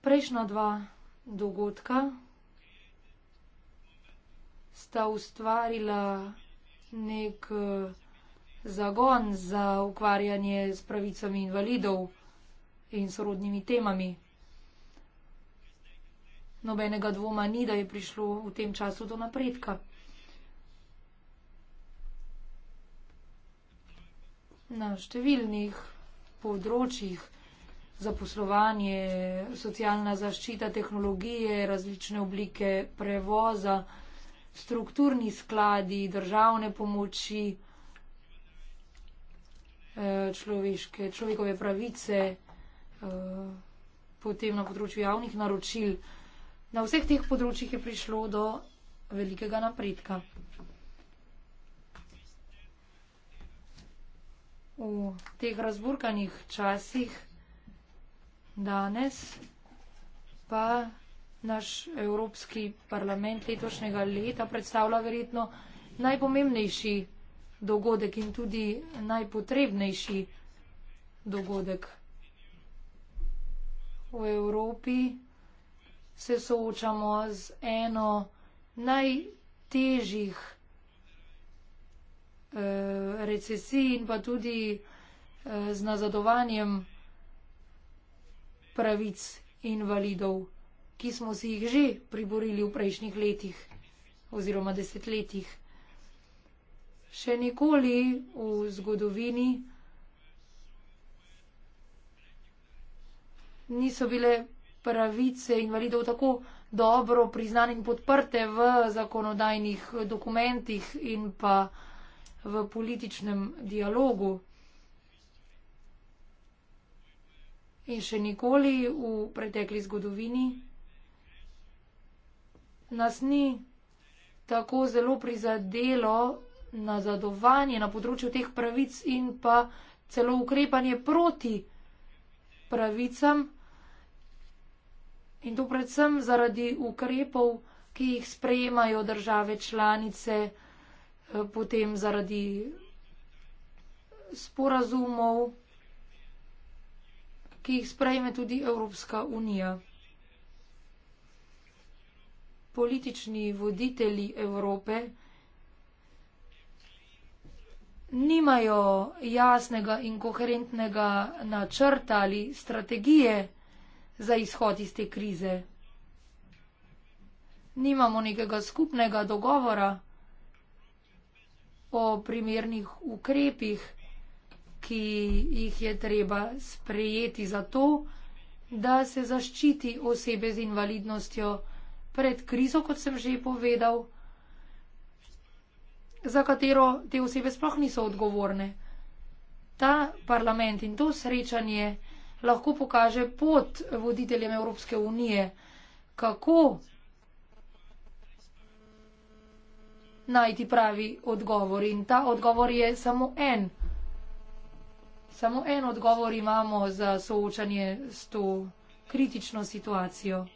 Prejšnja dva dogodka sta ustvarila nek eh, zagon za ukvarjanje s pravicami invalidov in sorodnimi temami. Nobenega dvoma ni, da je prišlo v tem času do napredka. Na številnih področjih zaposlovanje, socialna zaščita, tehnologije, različne oblike prevoza, strukturni skladi, državne pomoči, eh, človeške, človekove pravice, eh, potem na področju javnih naročil. Na vseh teh področjih je prišlo do velikega napredka. V teh razburkanih časih danes pa naš Evropski parlament letošnjega leta predstavlja verjetno najpomembnejši dogodek in tudi najpotrebnejši dogodek. V Evropi se soočamo z eno najtežjih eh, recesij in pa tudi eh, z nazadovanjem pravic invalidov ki smo si jih že priborili v prejšnjih letih oziroma desetletjih. Še nikoli v zgodovini niso bile pravice invalidov tako dobro priznane in podprte v zakonodajnih dokumentih in pa v političnem dialogu. In še nikoli v pretekli zgodovini nas ni tako zelo prizadelo nazadovanje na področju teh pravic in pa celo ukrepanje proti pravicam. In to predvsem zaradi ukrepov, ki jih sprejemajo države članice, eh, potem zaradi sporazumov, ki jih sprejme tudi Evropska unija politični voditelji Evrope nimajo jasnega in koherentnega načrta ali strategije za izhod iz te krize. Nimamo nekega skupnega dogovora o primernih ukrepih, ki jih je treba sprejeti za to, da se zaščiti osebe z invalidnostjo pred krizo, kot sem že povedal, za katero te osebe sploh niso odgovorne. Ta parlament in to srečanje lahko pokaže pot voditeljem Evropske unije, kako najti pravi odgovor. In ta odgovor je samo en. Samo en odgovor imamo za soočanje s to kritično situacijo.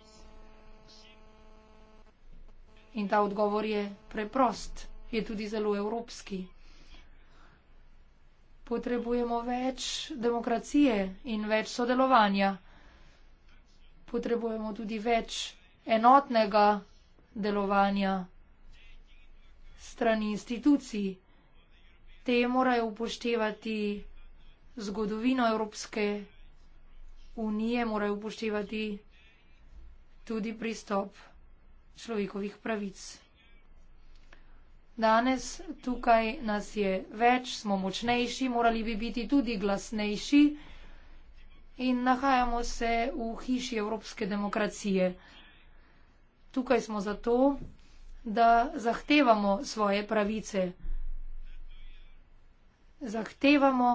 In ta odgovor je preprost, je tudi zelo evropski. Potrebujemo več demokracije in več sodelovanja. Potrebujemo tudi več enotnega delovanja strani institucij. Te morajo upoštevati zgodovino Evropske unije, morajo upoštevati tudi pristop človekovih pravic. Danes tukaj nas je več, smo močnejši, morali bi biti tudi glasnejši in nahajamo se v hiši evropske demokracije. Tukaj smo zato, da zahtevamo svoje pravice. Zahtevamo,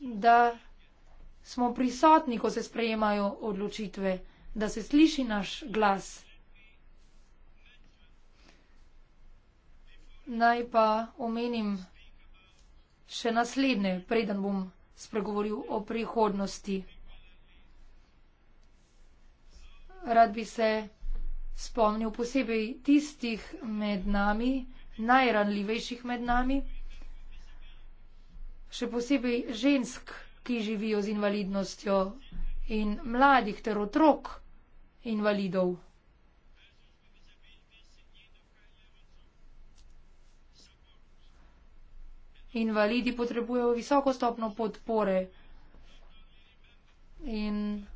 da smo prisotni, ko se sprejemajo odločitve, da se sliši naš glas. Naj pa omenim še naslednje, preden bom spregovoril o prihodnosti. Rad bi se spomnil posebej tistih med nami, najranljivejših med nami, še posebej žensk, ki živijo z invalidnostjo in mladih ter otrok invalidov. Invalidi potrebujejo visoko stopno podpore in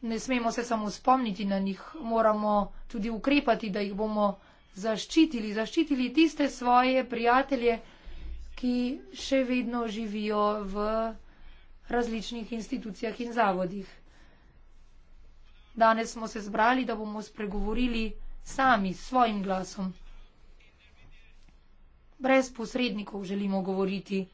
ne smemo se samo spomniti na njih, moramo tudi ukrepati, da jih bomo zaščitili, zaščitili tiste svoje prijatelje, ki še vedno živijo v različnih institucijah in zavodih. Danes smo se zbrali, da bomo spregovorili sami, svojim glasom brez posrednikov želimo govoriti.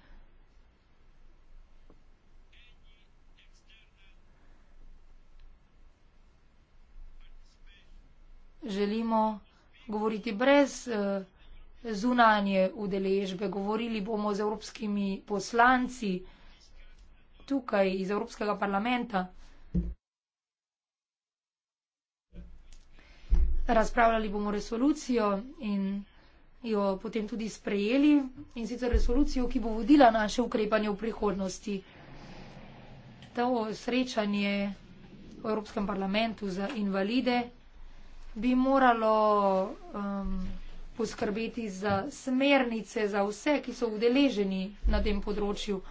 Želimo govoriti brez eh, zunanje udeležbe. Govorili bomo z evropskimi poslanci tukaj iz Evropskega parlamenta. Razpravljali bomo resolucijo in jo potem tudi sprejeli in sicer resolucijo, ki bo vodila naše ukrepanje v prihodnosti. To srečanje v Evropskem parlamentu za invalide bi moralo um, poskrbeti za smernice za vse, ki so udeleženi na tem področju.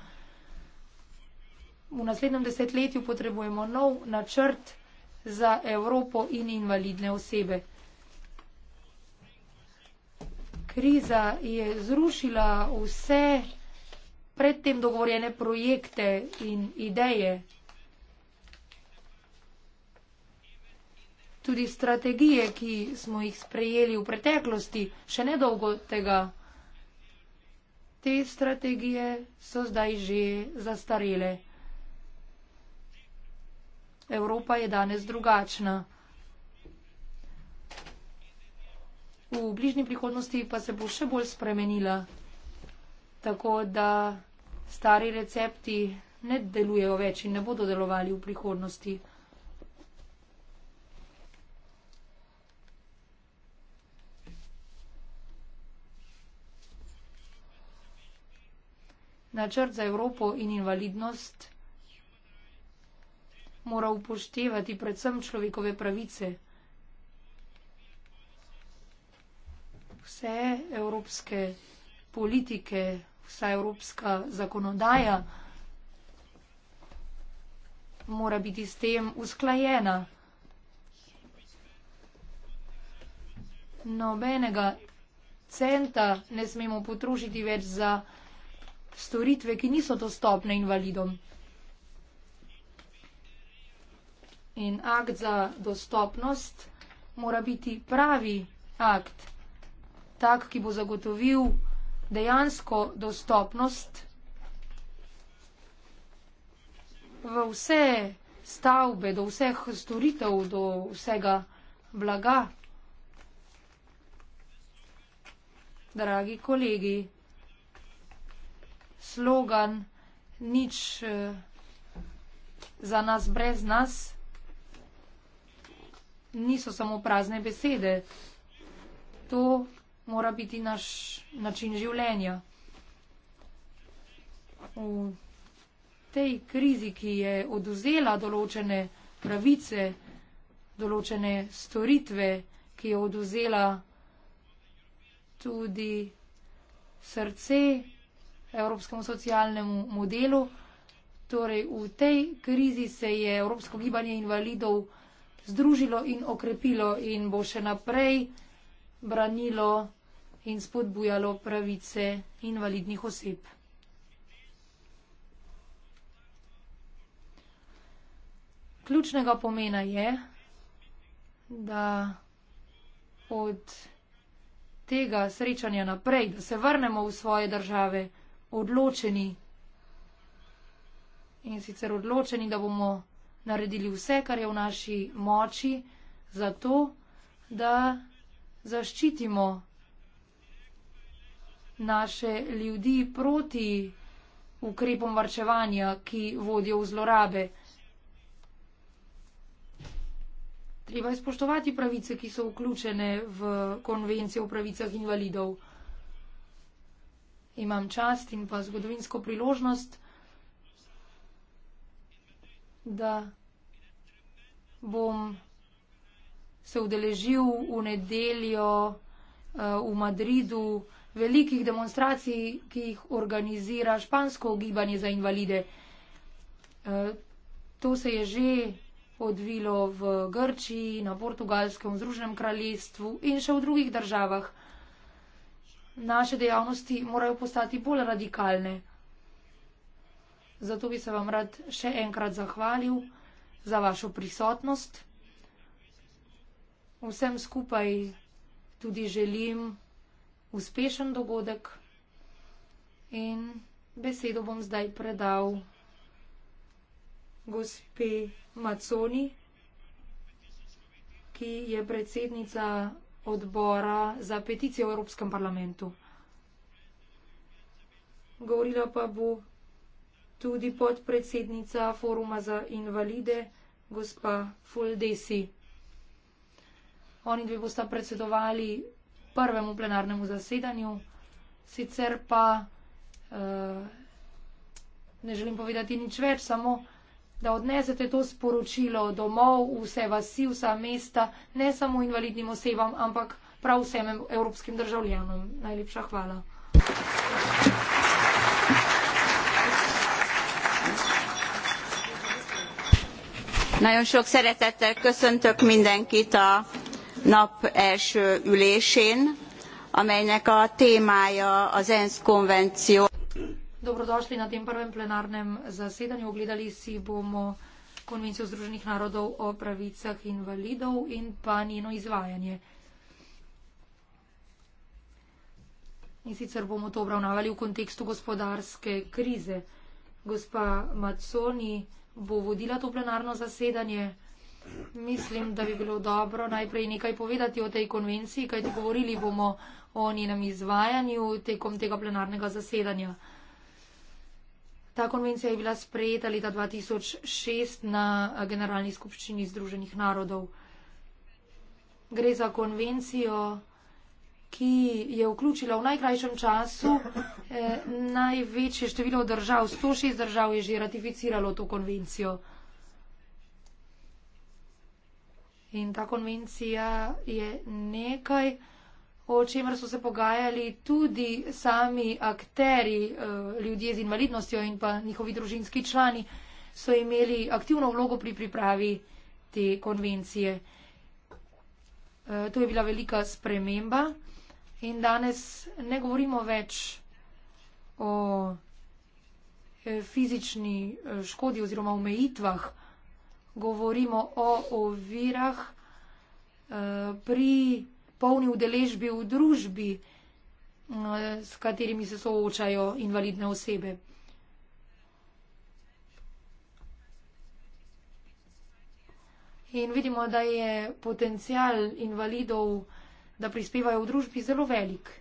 V naslednjem desetletju potrebujemo nov načrt za Evropo in invalidne osebe kriza je zrušila vse predtem dogovorjene projekte in ideje. Tudi strategije, ki smo jih sprejeli v preteklosti, še nedolgo tega, te strategije so zdaj že zastarele. Evropa je danes drugačna. v bližnji prihodnosti pa se bo še bolj spremenila. Tako da stari recepti ne delujejo več in ne bodo delovali v prihodnosti. Načrt za Evropo in invalidnost mora upoštevati predvsem človekove pravice. vse evropske politike, vsa evropska zakonodaja mora biti s tem usklajena. Nobenega centa ne smemo potrošiti več za storitve, ki niso dostopne invalidom. In akt za dostopnost mora biti pravi akt tak, ki bo zagotovil dejansko dostopnost v vse stavbe, do vseh storitev, do vsega blaga. Dragi kolegi, slogan nič eh, za nas brez nas niso samo prazne besede. To mora biti naš način življenja. V tej krizi, ki je oduzela določene pravice, določene storitve, ki je oduzela tudi srce evropskemu socialnemu modelu, torej v tej krizi se je evropsko gibanje invalidov združilo in okrepilo in bo še naprej branilo in spodbujalo pravice invalidnih oseb. Ključnega pomena je, da od tega srečanja naprej, da se vrnemo v svoje države odločeni in sicer odločeni, da bomo naredili vse, kar je v naši moči, zato, da zaščitimo naše ljudi proti ukrepom varčevanja, ki vodijo v zlorabe. Treba je spoštovati pravice, ki so vključene v konvencijo o pravicah invalidov. Imam čast in pa zgodovinsko priložnost, da bom se udeležil v nedeljo eh, v Madridu velikih demonstracij, ki jih organizira špansko gibanje za invalide. Eh, to se je že odvilo v Grčiji, na Portugalskem, v Združenem kraljestvu in še v drugih državah. Naše dejavnosti morajo postati bolj radikalne. Zato bi se vam rad še enkrat zahvalil za vašo prisotnost vsem skupaj tudi želim uspešen dogodek in besedo bom zdaj predal gospe Maconi, ki je predsednica odbora za peticijo v Evropskem parlamentu. Govorila pa bo tudi podpredsednica foruma za invalide, gospa Foldesi. Oni dve bosta predsedovali prvemu plenarnemu zasedanju, sicer pa uh, ne želim povedati nič več, samo da odnesete to sporočilo domov, vse vasi, vsa mesta, ne samo invalidnim osebam, ampak prav vsem evropskim državljanom. Najlepša hvala. Nagyon sok szeretettel köszöntök mindenkit a nap első ülésén, amelynek a témája az ENSZ konvenció. Dobrodošli na tem prvem plenarnem zasedanju. Ogledali si bomo konvencijo Združenih narodov o pravicah invalidov in pa njeno izvajanje. In sicer bomo to obravnavali v kontekstu gospodarske krize. Gospa Maconi bo vodila to plenarno zasedanje. Mislim, da bi bilo dobro najprej nekaj povedati o tej konvenciji, kaj ti govorili bomo o njenem izvajanju tekom tega plenarnega zasedanja. Ta konvencija je bila sprejeta leta 2006 na Generalni skupščini Združenih narodov. Gre za konvencijo, ki je vključila v najkrajšem času eh, največje število držav. 106 držav je že ratificiralo to konvencijo. In ta konvencija je nekaj, o čemer so se pogajali tudi sami akteri, eh, ljudje z invalidnostjo in pa njihovi družinski člani, so imeli aktivno vlogo pri pripravi te konvencije. Eh, to je bila velika sprememba in danes ne govorimo več o eh, fizični škodi oziroma omejitvah, govorimo o ovirah eh, pri polni udeležbi v družbi, eh, s katerimi se soočajo invalidne osebe. In vidimo, da je potencial invalidov, da prispevajo v družbi, zelo velik.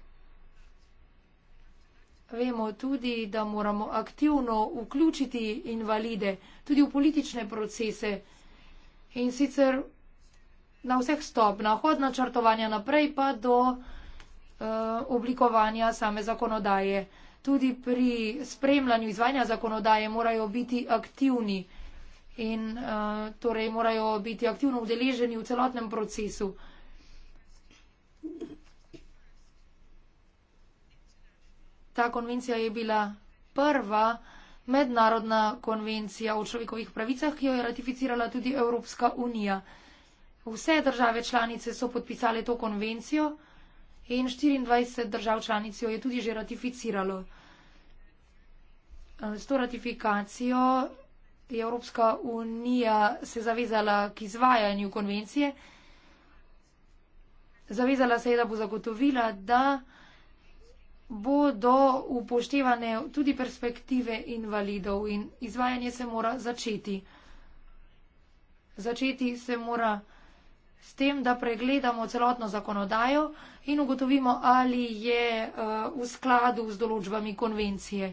Vemo tudi, da moramo aktivno vključiti invalide tudi v politične procese in sicer na vseh stopnah, od načrtovanja naprej pa do uh, oblikovanja same zakonodaje. Tudi pri spremljanju izvajanja zakonodaje morajo biti aktivni in uh, torej morajo biti aktivno udeleženi v celotnem procesu. Ta konvencija je bila prva mednarodna konvencija o človekovih pravicah, ki jo je ratificirala tudi Evropska unija. Vse države članice so podpisale to konvencijo in 24 držav članic jo je tudi že ratificiralo. Eh, s to ratifikacijo je Evropska unija se zavezala k izvajanju konvencije. Zavezala se je, da bo zagotovila, da bodo upoštevane tudi perspektive invalidov in izvajanje se mora začeti. Začeti se mora s tem, da pregledamo celotno zakonodajo in ugotovimo, ali je eh, v skladu z določbami konvencije.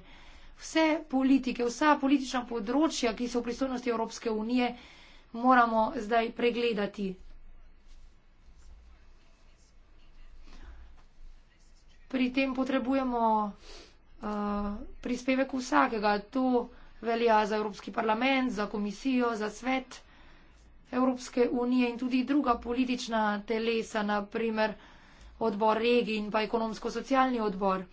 Vse politike, vsa politična področja, ki so v pristojnosti Evropske unije, moramo zdaj pregledati. pri tem potrebujemo uh, prispevek vsakega. To velja za Evropski parlament, za komisijo, za svet Evropske unije in tudi druga politična telesa, naprimer odbor regij in pa ekonomsko-socialni odbor.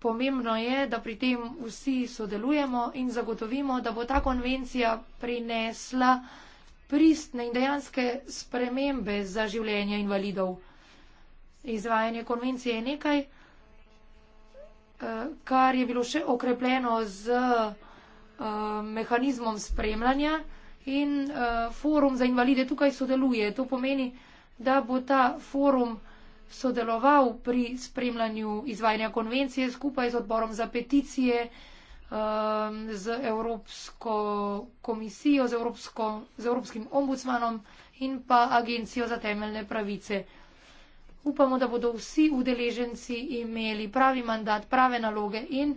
Pomembno je, da pri tem vsi sodelujemo in zagotovimo, da bo ta konvencija prinesla pristne in dejanske spremembe za življenje invalidov. Izvajanje konvencije je nekaj, eh, kar je bilo še okrepljeno z eh, mehanizmom spremljanja in eh, forum za invalide tukaj sodeluje. To pomeni, da bo ta forum sodeloval pri spremljanju izvajanja konvencije skupaj z odborom za peticije, z Evropsko komisijo, z, Evropsko, z Evropskim ombudsmanom in pa Agencijo za temeljne pravice. Upamo, da bodo vsi udeleženci imeli pravi mandat, prave naloge in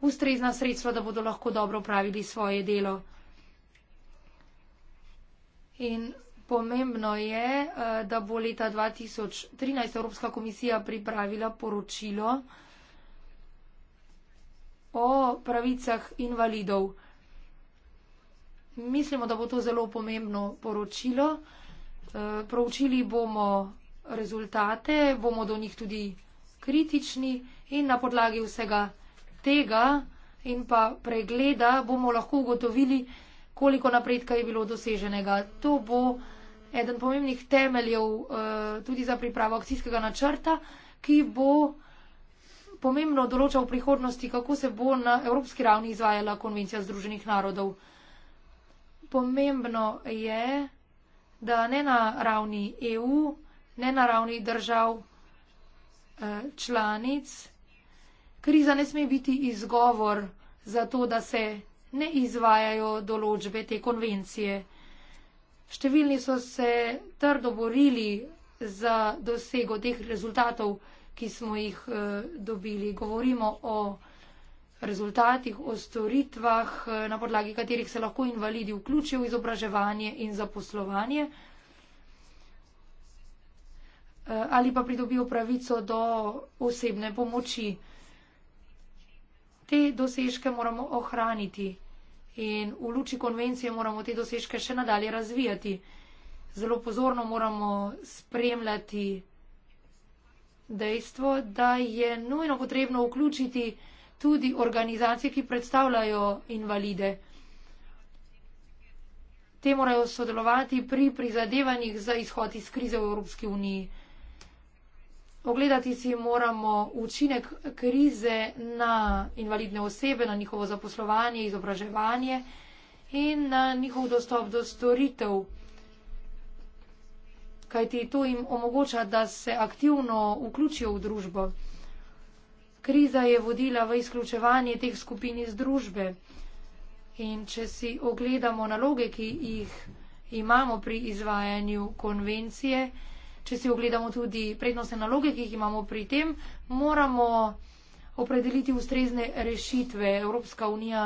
ustrezna sredstva, da bodo lahko dobro pravili svoje delo. In pomembno je, eh, da bo leta 2013 Evropska komisija pripravila poročilo o pravicah invalidov. Mislimo, da bo to zelo pomembno poročilo. Eh, proučili bomo rezultate, bomo do njih tudi kritični in na podlagi vsega tega in pa pregleda bomo lahko ugotovili, koliko napredka je bilo doseženega. To bo eden pomembnih temeljev eh, tudi za pripravo akcijskega načrta, ki bo pomembno določal v prihodnosti, kako se bo na evropski ravni izvajala konvencija Združenih narodov. Pomembno je, da ne na ravni EU, nenaravnih držav eh, članic. Kriza ne sme biti izgovor za to, da se ne izvajajo določbe te konvencije. Številni so se trdo borili za dosego teh rezultatov, ki smo jih eh, dobili. Govorimo o rezultatih, o storitvah, eh, na podlagi katerih se lahko invalidi vključijo v izobraževanje in zaposlovanje. Eh, ali pa pridobijo pravico do osebne pomoči. Te dosežke moramo ohraniti in v luči konvencije moramo te dosežke še nadalje razvijati. Zelo pozorno moramo spremljati dejstvo, da je nujno potrebno vključiti tudi organizacije, ki predstavljajo invalide. Te morajo sodelovati pri prizadevanjih za izhod iz krize v Evropski uniji. Ogledati si moramo učinek krize na invalidne osebe, na njihovo zaposlovanje, izobraževanje in na njihov dostop do storitev. Kajti to jim omogoča, da se aktivno vključijo v družbo. Kriza je vodila v izključevanje teh skupin iz družbe. In če si ogledamo naloge, ki jih imamo pri izvajanju konvencije, če si ogledamo tudi prednostne naloge, ki jih imamo pri tem, moramo opredeliti ustrezne rešitve. Evropska unija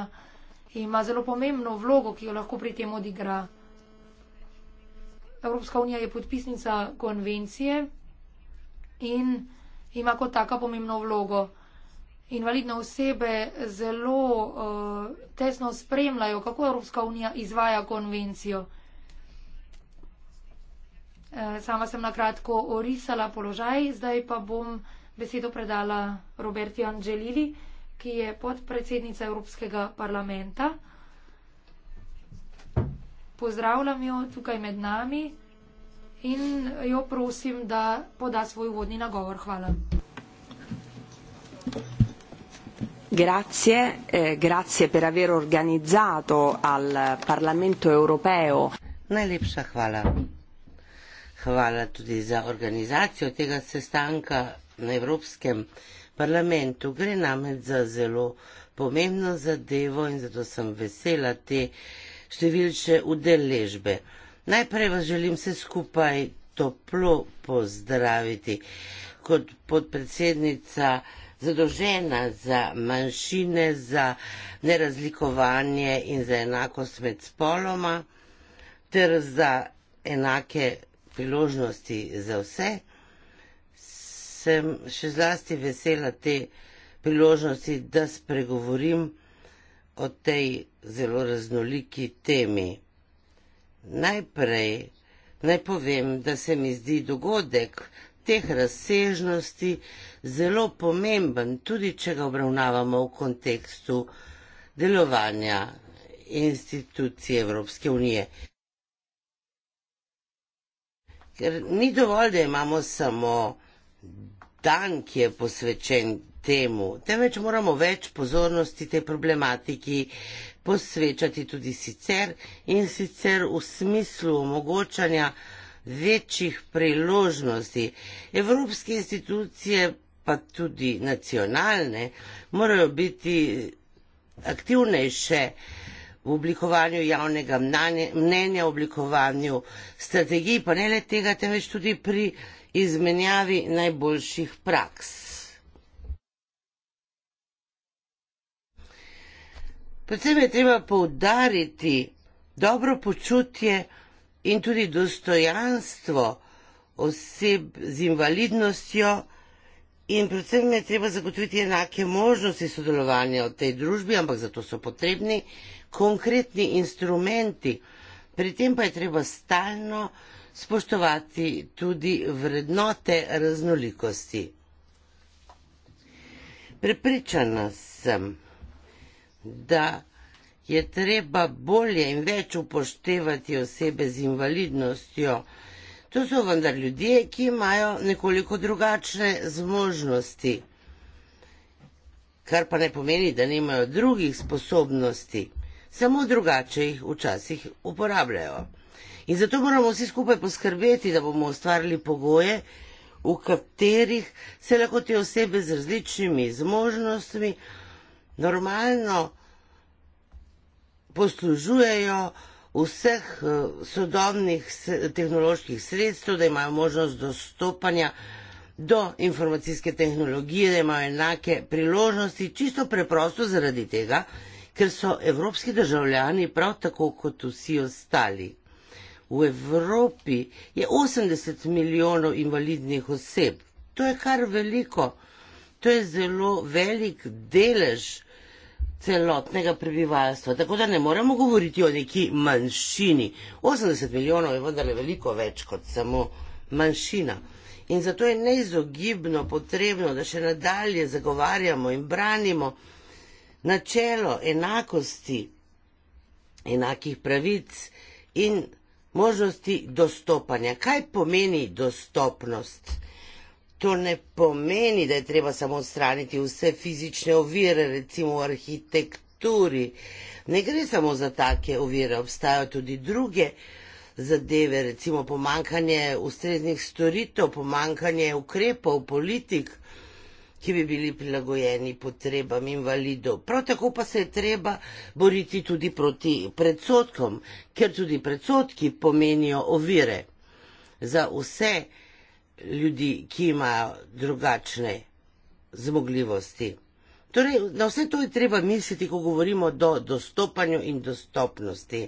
ima zelo pomembno vlogo, ki jo lahko pri tem odigra. Evropska unija je podpisnica konvencije in ima kot taka pomembno vlogo. Invalidne osebe zelo uh, tesno spremljajo, kako Evropska unija izvaja konvencijo. Eh, sama sem na kratko orisala položaj, zdaj pa bom besedo predala Roberti Angelili, ki je podpredsednica Evropskega parlamenta. Pozdravljam jo tukaj med nami in jo prosim, da poda svoj uvodni nagovor. Hvala. Grazie, eh, grazie per aver organizzato al Parlamento europeo. Najlepša hvala, Hvala tudi za organizacijo tega sestanka na Evropskem parlamentu. Gre namreč za zelo pomembno zadevo in zato sem vesela te številčne udeležbe. Najprej vas želim vse skupaj toplo pozdraviti kot podpredsednica zadožena za manjšine, za nerazlikovanje in za enakost med spoloma ter za enake priložnosti za vse. Sem še zlasti vesela te priložnosti, da spregovorim o tej zelo raznoliki temi. Najprej naj povem, da se mi zdi dogodek teh razsežnosti zelo pomemben, tudi če ga obravnavamo v kontekstu delovanja institucije Evropske unije. Ker ni dovolj, da imamo samo dan, ki je posvečen temu, temveč moramo več pozornosti tej problematiki posvečati tudi sicer in sicer v smislu omogočanja večjih priložnosti. Evropske institucije, pa tudi nacionalne, morajo biti aktivnejše v oblikovanju javnega mnenja, v oblikovanju strategij, pa ne le tega, temveč tudi pri izmenjavi najboljših praks. Predvsem je treba poudariti dobro počutje in tudi dostojanstvo oseb z invalidnostjo in predvsem je treba zagotoviti enake možnosti sodelovanja v tej družbi, ampak zato so potrebni konkretni instrumenti. Pri tem pa je treba stalno spoštovati tudi vrednote raznolikosti. Prepričana sem, da je treba bolje in več upoštevati osebe z invalidnostjo. To so vendar ljudje, ki imajo nekoliko drugačne zmožnosti, kar pa ne pomeni, da nimajo drugih sposobnosti samo drugače jih včasih uporabljajo. In zato moramo vsi skupaj poskrbeti, da bomo ustvarili pogoje, v katerih se lahko te osebe z različnimi zmožnostmi normalno poslužujejo vseh eh, sodobnih tehnoloških sredstev, da imajo možnost dostopanja do informacijske tehnologije, da imajo enake priložnosti, čisto preprosto zaradi tega, ker so evropski državljani prav tako kot vsi ostali. V Evropi je 80 milijonov invalidnih oseb. To je kar veliko, to je zelo velik delež celotnega prebivalstva. Tako da ne moremo govoriti o neki manjšini. 80 milijonov je vendarle veliko več kot samo manjšina. In zato je neizogibno potrebno, da še nadalje zagovarjamo in branimo načelo enakosti, enakih pravic in možnosti dostopanja. Kaj pomeni dostopnost? To ne pomeni, da je treba samo odstraniti vse fizične ovire, recimo v arhitekturi. Ne gre samo za take ovire, obstajajo tudi druge zadeve, recimo pomankanje ustreznih storitev, pomankanje ukrepov, politik ki bi bili prilagojeni potrebam invalidov. Prav tako pa se je treba boriti tudi proti predsotkom, ker tudi predsotki pomenijo ovire za vse ljudi, ki imajo drugačne zmogljivosti. Torej, na vse to je treba misliti, ko govorimo o do dostopanju in dostopnosti.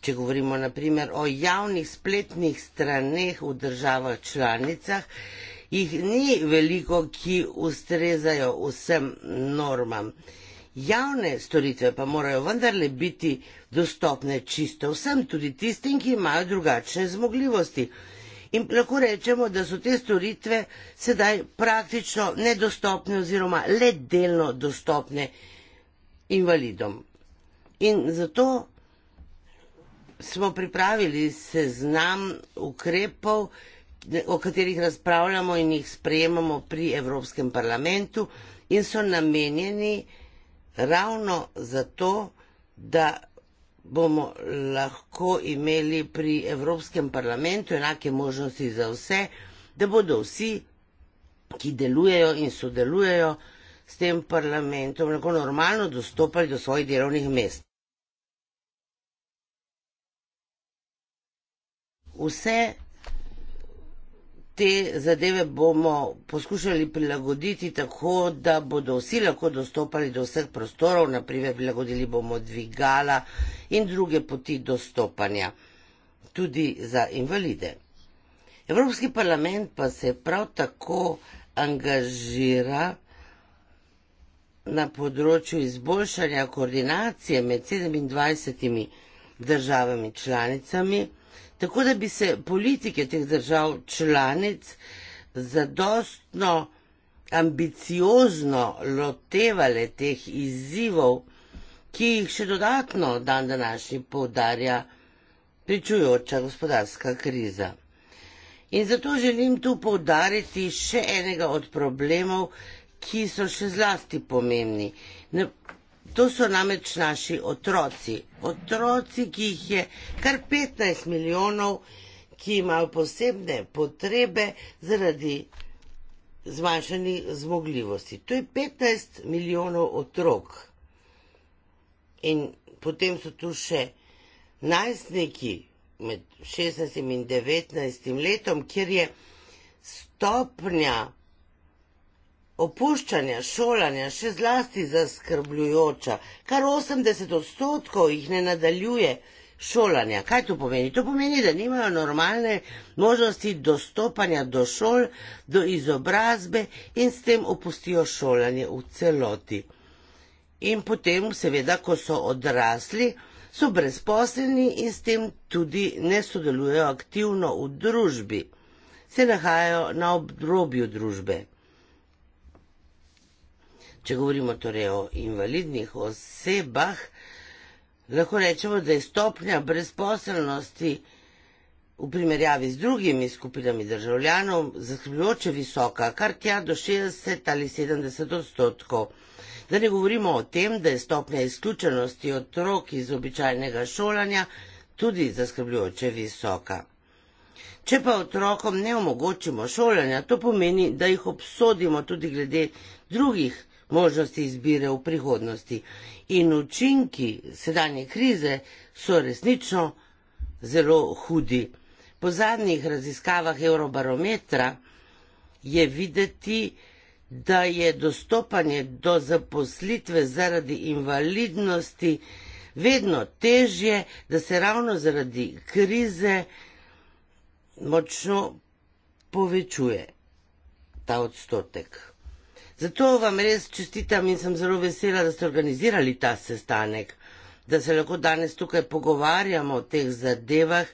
Če govorimo naprimer o javnih spletnih straneh v državah članicah, jih ni veliko, ki ustrezajo vsem normam. Javne storitve pa morajo vendarle biti dostopne čisto vsem, tudi tistim, ki imajo drugačne zmogljivosti. In lahko rečemo, da so te storitve sedaj praktično nedostopne oziroma le delno dostopne invalidom. In zato smo pripravili seznam ukrepov, o katerih razpravljamo in jih sprejemamo pri Evropskem parlamentu in so namenjeni ravno zato, da bomo lahko imeli pri Evropskem parlamentu enake možnosti za vse, da bodo vsi, ki delujejo in sodelujejo s tem parlamentom, lahko normalno dostopali do svojih delovnih mest. Vse te zadeve bomo poskušali prilagoditi tako, da bodo vsi lahko dostopali do vseh prostorov, naprimer prilagodili bomo dvigala in druge poti dostopanja, tudi za invalide. Evropski parlament pa se prav tako angažira na področju izboljšanja koordinacije med 27 državami članicami tako da bi se politike teh držav članic zadostno ambiciozno lotevale teh izzivov, ki jih še dodatno dan današnji poudarja pričujoča gospodarska kriza. In zato želim tu poudariti še enega od problemov, ki so še zlasti pomembni. To so namreč naši otroci. Otroci, ki jih je kar 15 milijonov, ki imajo posebne potrebe zaradi zmanjšanih zmogljivosti. To je 15 milijonov otrok. In potem so tu še najstniki med 16 in 19 letom, kjer je stopnja opuščanja, šolanja še zlasti zaskrbljujoča. Kar 80 odstotkov jih ne nadaljuje šolanja. Kaj to pomeni? To pomeni, da nimajo normalne možnosti dostopanja do šol, do izobrazbe in s tem opustijo šolanje v celoti. In potem, seveda, ko so odrasli, so brezposleni in s tem tudi ne sodelujejo aktivno v družbi. Se nahajajo na obrobju družbe. Če govorimo torej o invalidnih osebah, lahko rečemo, da je stopnja brezposelnosti v primerjavi z drugimi skupinami državljanov zaskrbljujoče visoka, kar tja do 60 ali 70 odstotkov. Da ne govorimo o tem, da je stopnja izključenosti otrok iz običajnega šolanja tudi zaskrbljujoče visoka. Če pa otrokom ne omogočimo šolanja, to pomeni, da jih obsodimo tudi glede drugih možnosti izbire v prihodnosti. In učinki sedanje krize so resnično zelo hudi. Po zadnjih raziskavah Eurobarometra je videti, da je dostopanje do zaposlitve zaradi invalidnosti vedno težje, da se ravno zaradi krize močno povečuje ta odstotek. Zato vam res čestitam in sem zelo vesela, da ste organizirali ta sestanek, da se lahko danes tukaj pogovarjamo o teh zadevah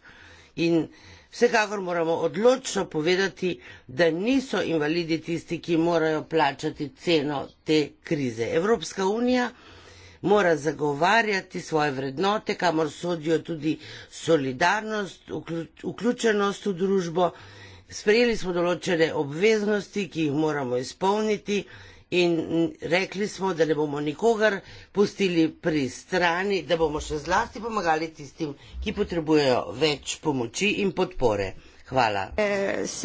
in vsekakor moramo odločno povedati, da niso invalidi tisti, ki morajo plačati ceno te krize. Evropska unija mora zagovarjati svoje vrednote, kamor sodijo tudi solidarnost, vključenost v družbo sprejeli smo določene obveznosti, ki jih moramo izpolniti. In rekli smo, da ne bomo nikogar pustili pri strani, da bomo še zlasti pomagali tistim, ki potrebujejo več pomoči in podpore. Hvala. Uh, uh,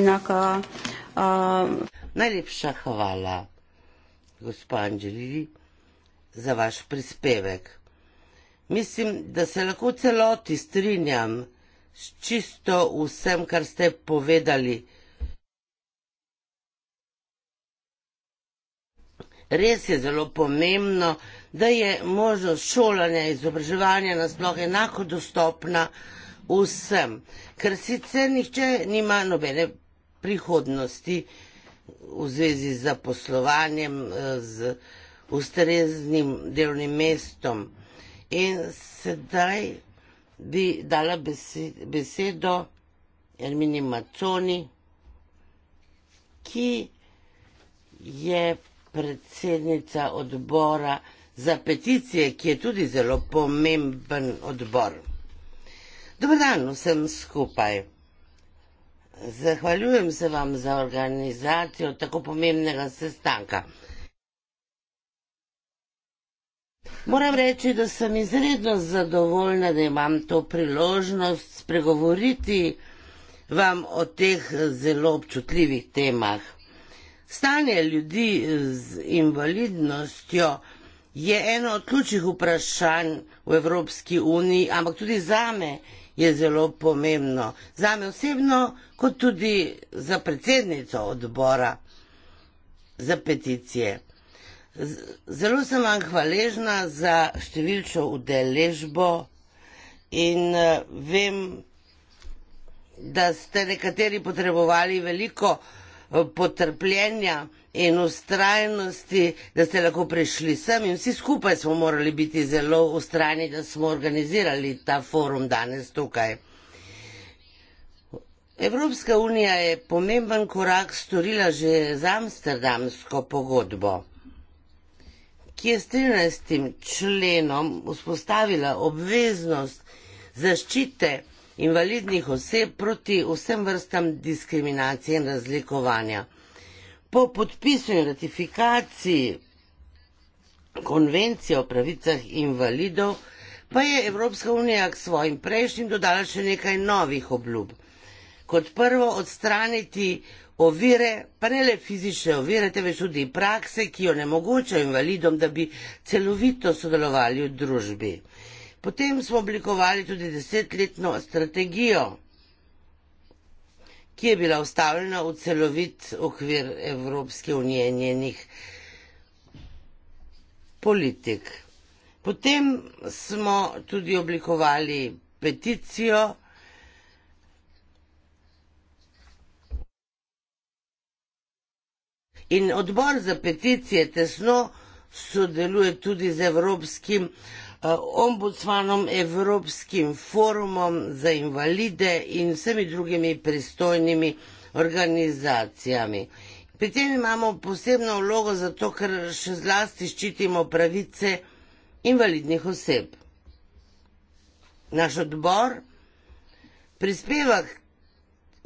inaka, uh... Najlepša hvala, gospa Anželili, za vaš prispevek. Mislim, da se lahko celoti strinjam s čisto vsem, kar ste povedali. Res je zelo pomembno, da je možnost šolanja in izobraževanja nasploh enako dostopna vsem, ker sicer nihče nima nobene prihodnosti v zvezi z poslovanjem, z ustreznim delovnim mestom. In sedaj bi dala besedo Ermini Maconi, ki je predsednica odbora za peticije, ki je tudi zelo pomemben odbor. Dobar dan vsem skupaj. Zahvaljujem se vam za organizacijo tako pomembnega sestanka. Moram reči, da sem izredno zadovoljna, da imam to priložnost spregovoriti vam o teh zelo občutljivih temah. Stanje ljudi z invalidnostjo je eno od ključnih vprašanj v Evropski uniji, ampak tudi zame je zelo pomembno. Zame osebno, kot tudi za predsednico odbora za peticije. Zelo sem vam hvaležna za številčo udeležbo in vem, da ste nekateri potrebovali veliko potrpljenja in ustrajnosti, da ste lahko prišli sem in vsi skupaj smo morali biti zelo ustrajni, da smo organizirali ta forum danes tukaj. Evropska unija je pomemben korak storila že z Amsterdamsko pogodbo ki je s 13. členom vzpostavila obveznost zaščite invalidnih oseb proti vsem vrstam diskriminacije in razlikovanja. Po podpisu in ratifikaciji konvencije o pravicah invalidov pa je Evropska unija k svojim prejšnjim dodala še nekaj novih obljub. Kot prvo, odstraniti ovire, pa ne le fizične ovire, temveč tudi prakse, ki jo nemogočajo invalidom, da bi celovito sodelovali v družbi. Potem smo oblikovali tudi desetletno strategijo, ki je bila ustavljena v celovit okvir Evropske unije in njenih politik. Potem smo tudi oblikovali peticijo, In odbor za peticije tesno sodeluje tudi z Evropskim eh, ombudsmanom, Evropskim forumom za invalide in vsemi drugimi pristojnimi organizacijami. Pri tem imamo posebno vlogo zato, ker še zlasti ščitimo pravice invalidnih oseb. Naš odbor prispeva k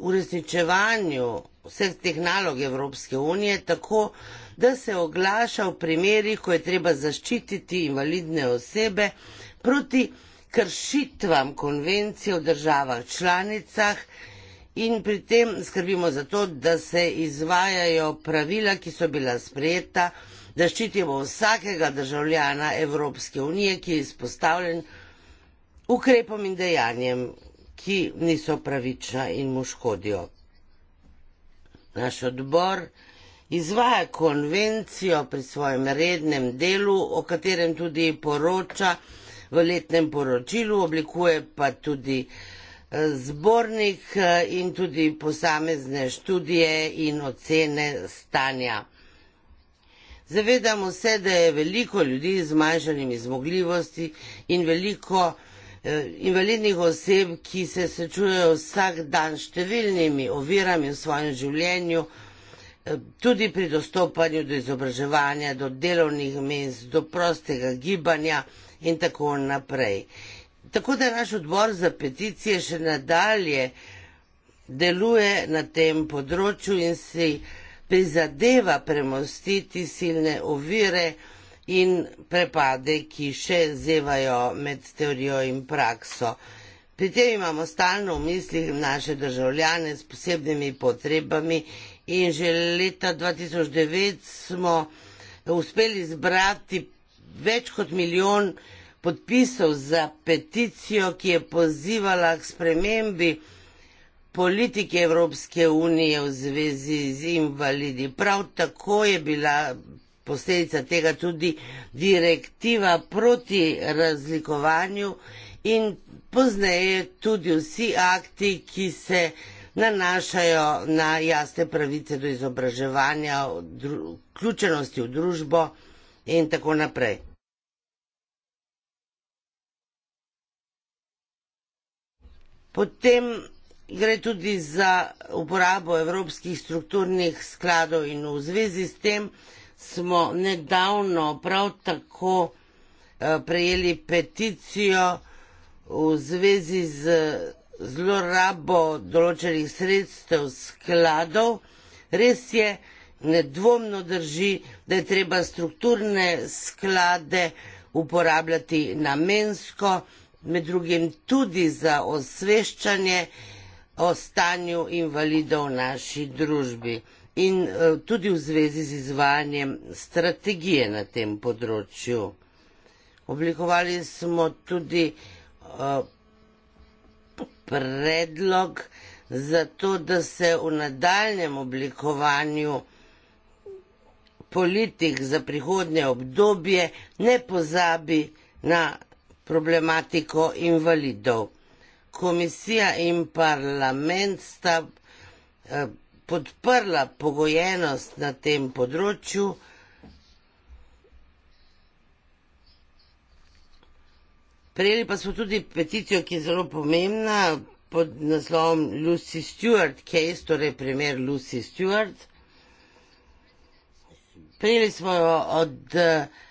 uresničevanju vseh teh nalog Evropske unije tako, da se oglaša v primerih, ko je treba zaščititi invalidne osebe proti kršitvam konvencije v državah članicah in pri tem skrbimo za to, da se izvajajo pravila, ki so bila sprejeta, da ščitimo vsakega državljana Evropske unije, ki je izpostavljen ukrepom in dejanjem, ki niso pravična in mu škodijo. Naš odbor izvaja konvencijo pri svojem rednem delu, o katerem tudi poroča v letnem poročilu, oblikuje pa tudi eh, zbornik eh, in tudi posamezne študije in ocene stanja. Zavedamo se, da je veliko ljudi z manjšanimi zmogljivosti in veliko ljudi, Eh, invalidnih oseb, ki se srečujejo vsak dan s številnimi ovirami v svojem življenju, eh, tudi pri dostopanju do izobraževanja, do delovnih mest, do prostega gibanja in tako naprej. Tako da naš odbor za peticije še nadalje deluje na tem področju in si prizadeva premostiti silne ovire, in prepade, ki še zevajo med teorijo in prakso. Pri tem imamo stalno v mislih naše državljane s posebnimi potrebami in že leta 2009 smo uspeli zbrati več kot milijon podpisov za peticijo, ki je pozivala k spremembi politike Evropske unije v zvezi z invalidi. Prav tako je bila posledica tega tudi direktiva proti razlikovanju in pozneje tudi vsi akti, ki se nanašajo na jasne pravice do izobraževanja, vključenosti v družbo in tako naprej. Potem gre tudi za uporabo evropskih strukturnih skladov in v zvezi s tem, da smo nedavno prav tako eh, prejeli peticijo v zvezi z zlorabo določenih sredstev skladov. Res je, nedvomno drži, da je treba strukturne sklade uporabljati namensko, med drugim tudi za osveščanje o stanju invalidov v naši družbi in eh, tudi v zvezi z izvajanjem strategije na tem področju. Oblikovali smo tudi eh, predlog za to, da se v nadaljem oblikovanju politik za prihodnje obdobje ne pozabi na problematiko invalidov. Komisija in parlament sta eh, podprla pogojenost na tem področju. Prejeli pa smo tudi peticijo, ki je zelo pomembna pod naslovom Lucy Stewart case, torej primer Lucy Stewart. Prejeli smo jo od eh,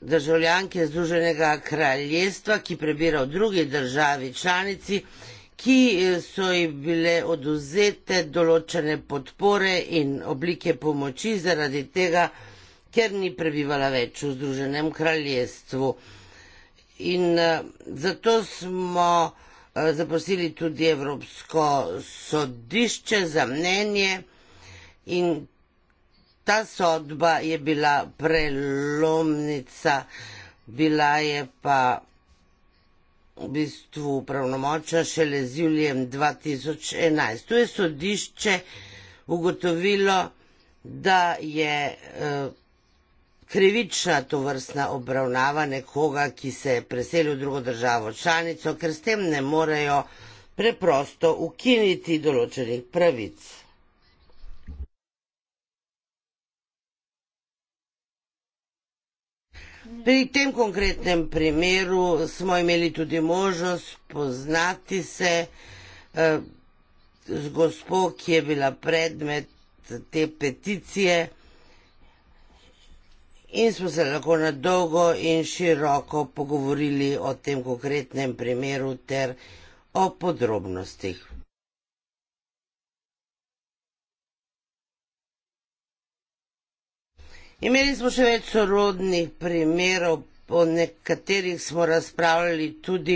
državljanke Združenega kraljestva, ki prebira v drugi državi članici ki eh, so ji bile oduzete določene podpore in oblike pomoči zaradi tega, ker ni prebivala več v Združenem kraljestvu. In eh, zato smo eh, zaprosili tudi Evropsko sodišče za mnenje in ta sodba je bila prelomnica, bila je pa v bistvu pravnomočna šele z julijem 2011. Tu je sodišče ugotovilo, da je eh, krivična to vrstna obravnava nekoga, ki se je preselil v drugo državo članico, ker s tem ne morejo preprosto ukiniti določenih pravic. Pri tem konkretnem primeru smo imeli tudi možnost poznati se eh, z gospo, ki je bila predmet te peticije in smo se lahko na dolgo in široko pogovorili o tem konkretnem primeru ter o podrobnostih. Imeli smo še več sorodnih primerov, o nekaterih smo razpravljali tudi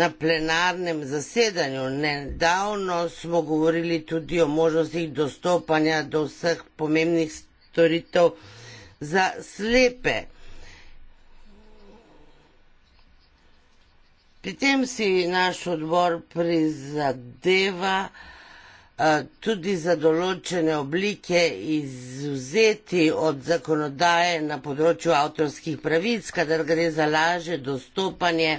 na plenarnem zasedanju. Nedavno smo govorili tudi o možnostih dostopanja do vseh pomembnih storitev za slepe. Pri tem si naš odbor prizadeva, da tudi za določene oblike izuzeti od zakonodaje na področju avtorskih pravic, kadar gre za laže dostopanje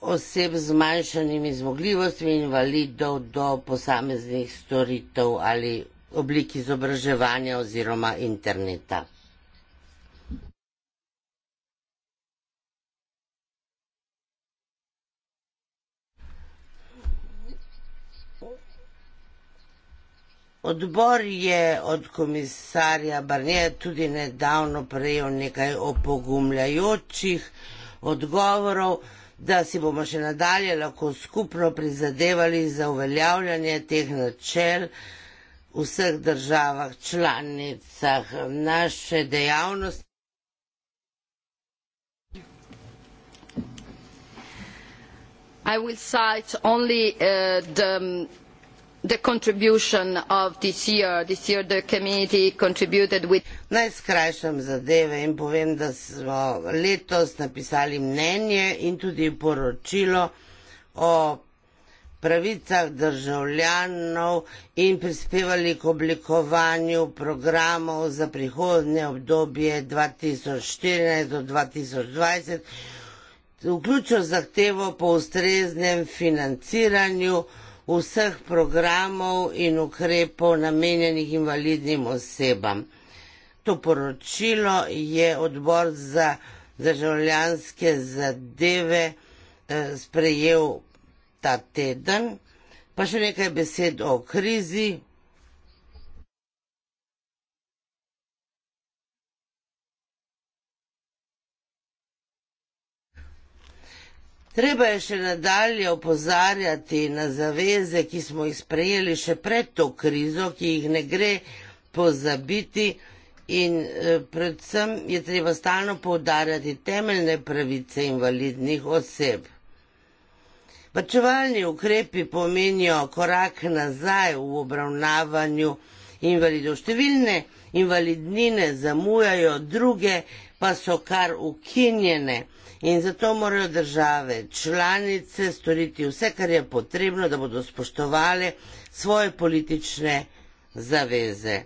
oseb z manjšanimi zmogljivostmi in validov do posameznih storitev ali oblik izobraževanja oziroma interneta. Odbor je od komisarja Barnija tudi nedavno prejel nekaj opogumljajočih odgovorov, da si bomo še nadalje lahko skupno prizadevali za uveljavljanje teh načel v vseh državah, članicah naše dejavnosti. I will cite only uh, the um, the contribution of this year. This year the community contributed with... Naj skrajšam zadeve in povem, da smo letos napisali mnenje in tudi poročilo o pravicah državljanov in prispevali k oblikovanju programov za prihodnje obdobje 2014 do 2020, vključno zahtevo po ustreznem financiranju vseh programov in ukrepov namenjenih invalidnim osebam. To poročilo je odbor za državljanske zadeve eh, sprejel ta teden, pa še nekaj besed o krizi, Treba je še nadalje opozarjati na zaveze, ki smo jih sprejeli še pred to krizo, ki jih ne gre pozabiti in eh, predvsem je treba stalno poudarjati temeljne pravice invalidnih oseb. Vrčevalni ukrepi pomenijo korak nazaj v obravnavanju invalidov. Številne invalidnine zamujajo, druge pa so kar ukinjene in zato morajo države članice storiti vse, kar je potrebno, da bodo spoštovali svoje politične zaveze.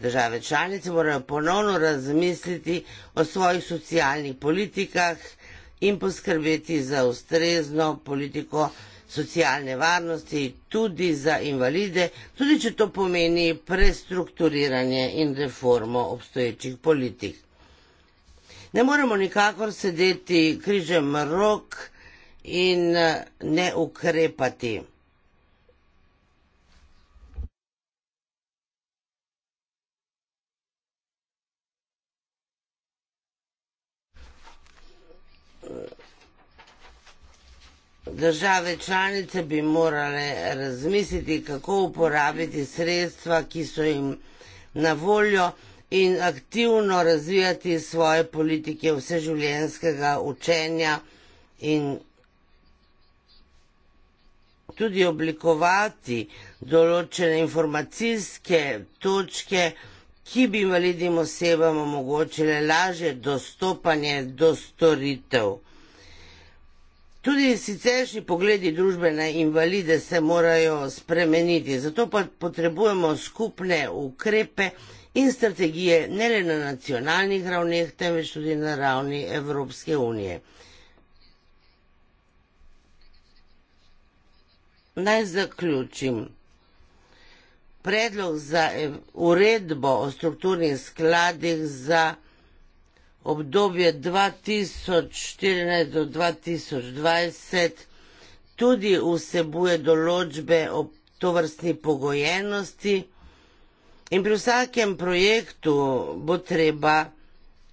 Države članice morajo ponovno razmisliti o svojih socialnih politikah in poskrbeti za ustrezno politiko socialne varnosti tudi za invalide, tudi če to pomeni prestrukturiranje in reformo obstoječih politik. Ne moremo nikakor sedeti križem rok in eh, ne ukrepati. Države članice bi morale razmisliti, kako uporabiti sredstva, ki so jim na voljo in aktivno razvijati svoje politike vseživljenjskega učenja in tudi oblikovati določene informacijske točke, ki bi invalidnim osebam omogočile lažje dostopanje do storitev. Tudi siceršnji pogledi družbe na invalide se morajo spremeniti, zato pa potrebujemo skupne ukrepe, in strategije ne le na nacionalnih ravneh, temveč tudi na ravni Evropske unije. Naj zaključim. Predlog za uredbo o strukturnih skladih za obdobje 2014 do 2020 tudi vsebuje določbe o tovrstni pogojenosti. In pri vsakem projektu bo treba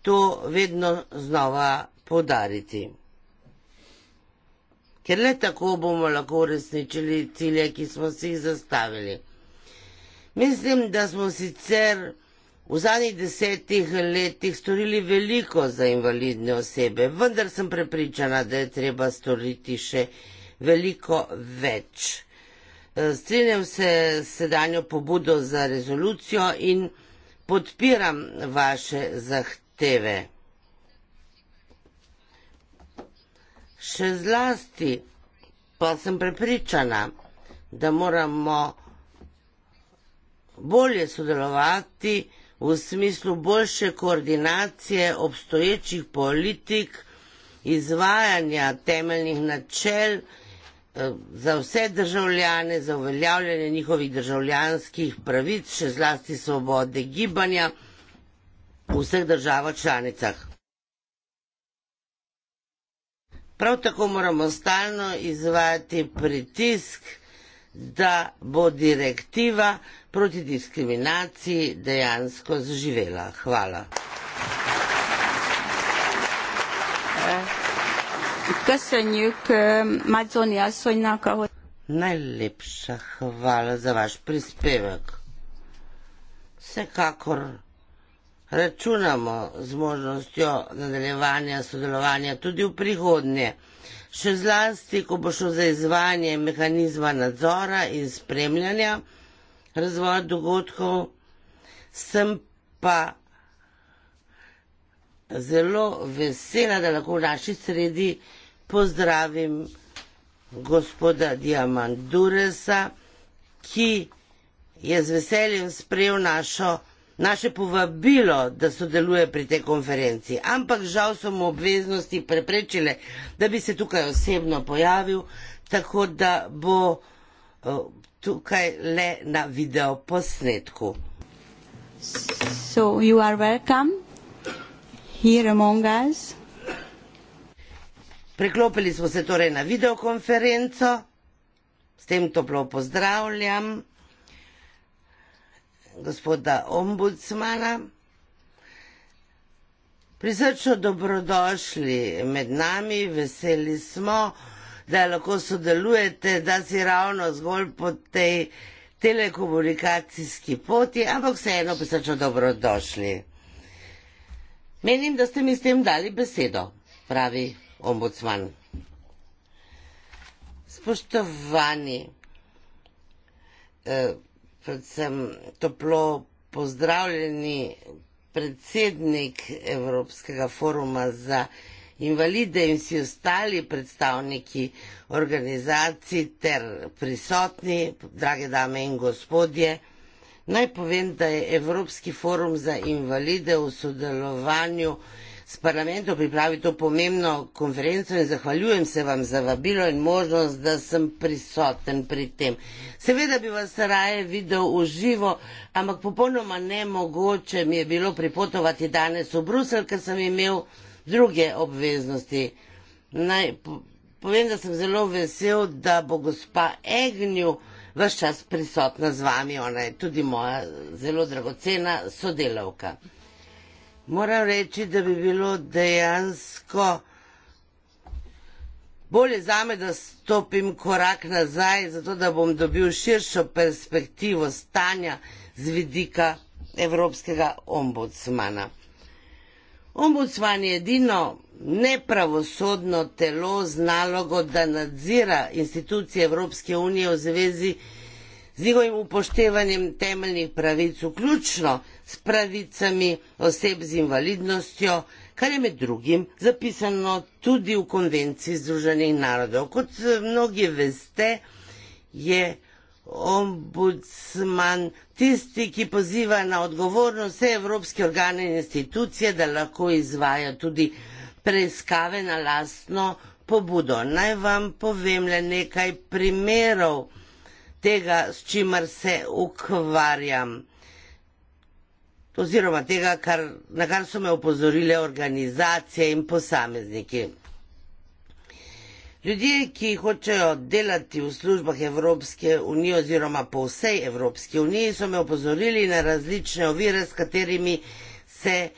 to vedno znova podariti. Ker le tako bomo lahko uresničili cilje, ki smo si jih zastavili. Mislim, da smo sicer v zadnjih desetih letih storili veliko za invalidne osebe, vendar sem prepričana, da je treba storiti še veliko več. Eh, Strenjam se sedanjo pobudo za rezolucijo in podpiram vaše zahteve. Še zlasti pa sem prepričana, da moramo bolje sodelovati v smislu boljše koordinacije obstoječih politik, izvajanja temeljnih načel, za vse državljane, za uveljavljanje njihovih državljanskih pravic, še zlasti svobode gibanja v vseh državah članicah. Prav tako moramo stalno izvajati pritisk, da bo direktiva proti diskriminaciji dejansko zaživela. Hvala. Eh. Köszönjük, Mazzoni asszonynak, ahogy... Najlepša hvala za vaš prispevek. Vsekakor računamo z možnostjo nadaljevanja sodelovanja tudi v prihodnje. Še zlasti, ko bo šlo za izvanje mehanizma nadzora in spremljanja razvoja dogodkov, sem pa zelo vesela, da lahko v naši sredi pozdravim gospoda Diamandureza, ki je z veseljem sprejel našo, naše povabilo, da sodeluje pri tej konferenci. Ampak žal so mu obveznosti preprečile, da bi se tukaj osebno pojavil, tako da bo eh, tukaj le na video posnetku. So you are welcome here among us. Priklopili smo se torej na videokonferenco, s tem toplo pozdravljam gospoda ombudsmana. Prisrčno dobrodošli med nami, veseli smo, da lahko sodelujete, da si ravno zgolj po tej telekomunikacijski poti, ampak vseeno prisrčno dobrodošli. Menim, da ste mi s tem dali besedo, pravi ombudsman. Spoštovani, eh, predvsem toplo pozdravljeni predsednik Evropskega foruma za invalide in vsi ostali predstavniki organizacij ter prisotni, drage dame in gospodje. Naj povem, da je Evropski forum za invalide v sodelovanju s parlamentom pripravi to pomembno konferenco in zahvaljujem se vam za vabilo in možnost, da sem prisoten pri tem. Seveda bi vas raje videl v živo, ampak popolnoma nemogoče mi je bilo pripotovati danes v Bruselj, ker sem imel druge obveznosti. Naj povem, da sem zelo vesel, da bo gospa Egnju vse čas prisotna z vami, ona je tudi moja zelo dragocena sodelavka. Moram reči, da bi bilo dejansko bolje za me, da stopim korak nazaj, zato da bom dobil širšo perspektivo stanja z vidika Evropskega ombudsmana. Ombudsman je edino nepravosodno telo z nalogo, da nadzira institucije Evropske unije v zvezi z njihovim upoštevanjem temeljnih pravic, vključno s pravicami oseb z invalidnostjo, kar je med drugim zapisano tudi v konvenciji Združenih narodov. Kot mnogi veste, je ombudsman tisti, ki poziva na odgovornost vse evropske organe in institucije, da lahko izvaja tudi preiskave na lastno pobudo. Naj vam povem le nekaj primerov tega, s čimer se ukvarjam. Oziroma tega, kar, na kar so me upozorile organizacije in posamezniki. Ljudje, ki hočejo delati v službah Evropske unije oziroma po vsej Evropski uniji, so me upozorili na različne ovire, s katerimi se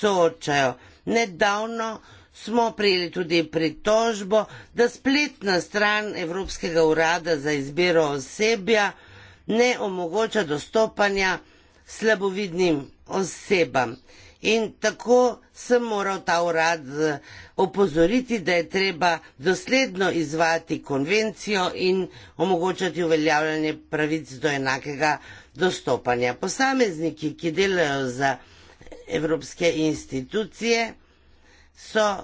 soočajo. Nedavno smo prijeli tudi pritožbo, da spletna stran Evropskega urada za izbiro osebja ne omogoča dostopanja slabovidnim osebam. In tako sem moral ta urad eh, opozoriti, da je treba dosledno izvati konvencijo in omogočati uveljavljanje pravic do enakega dostopanja. Posamezniki, ki delajo za evropske institucije, so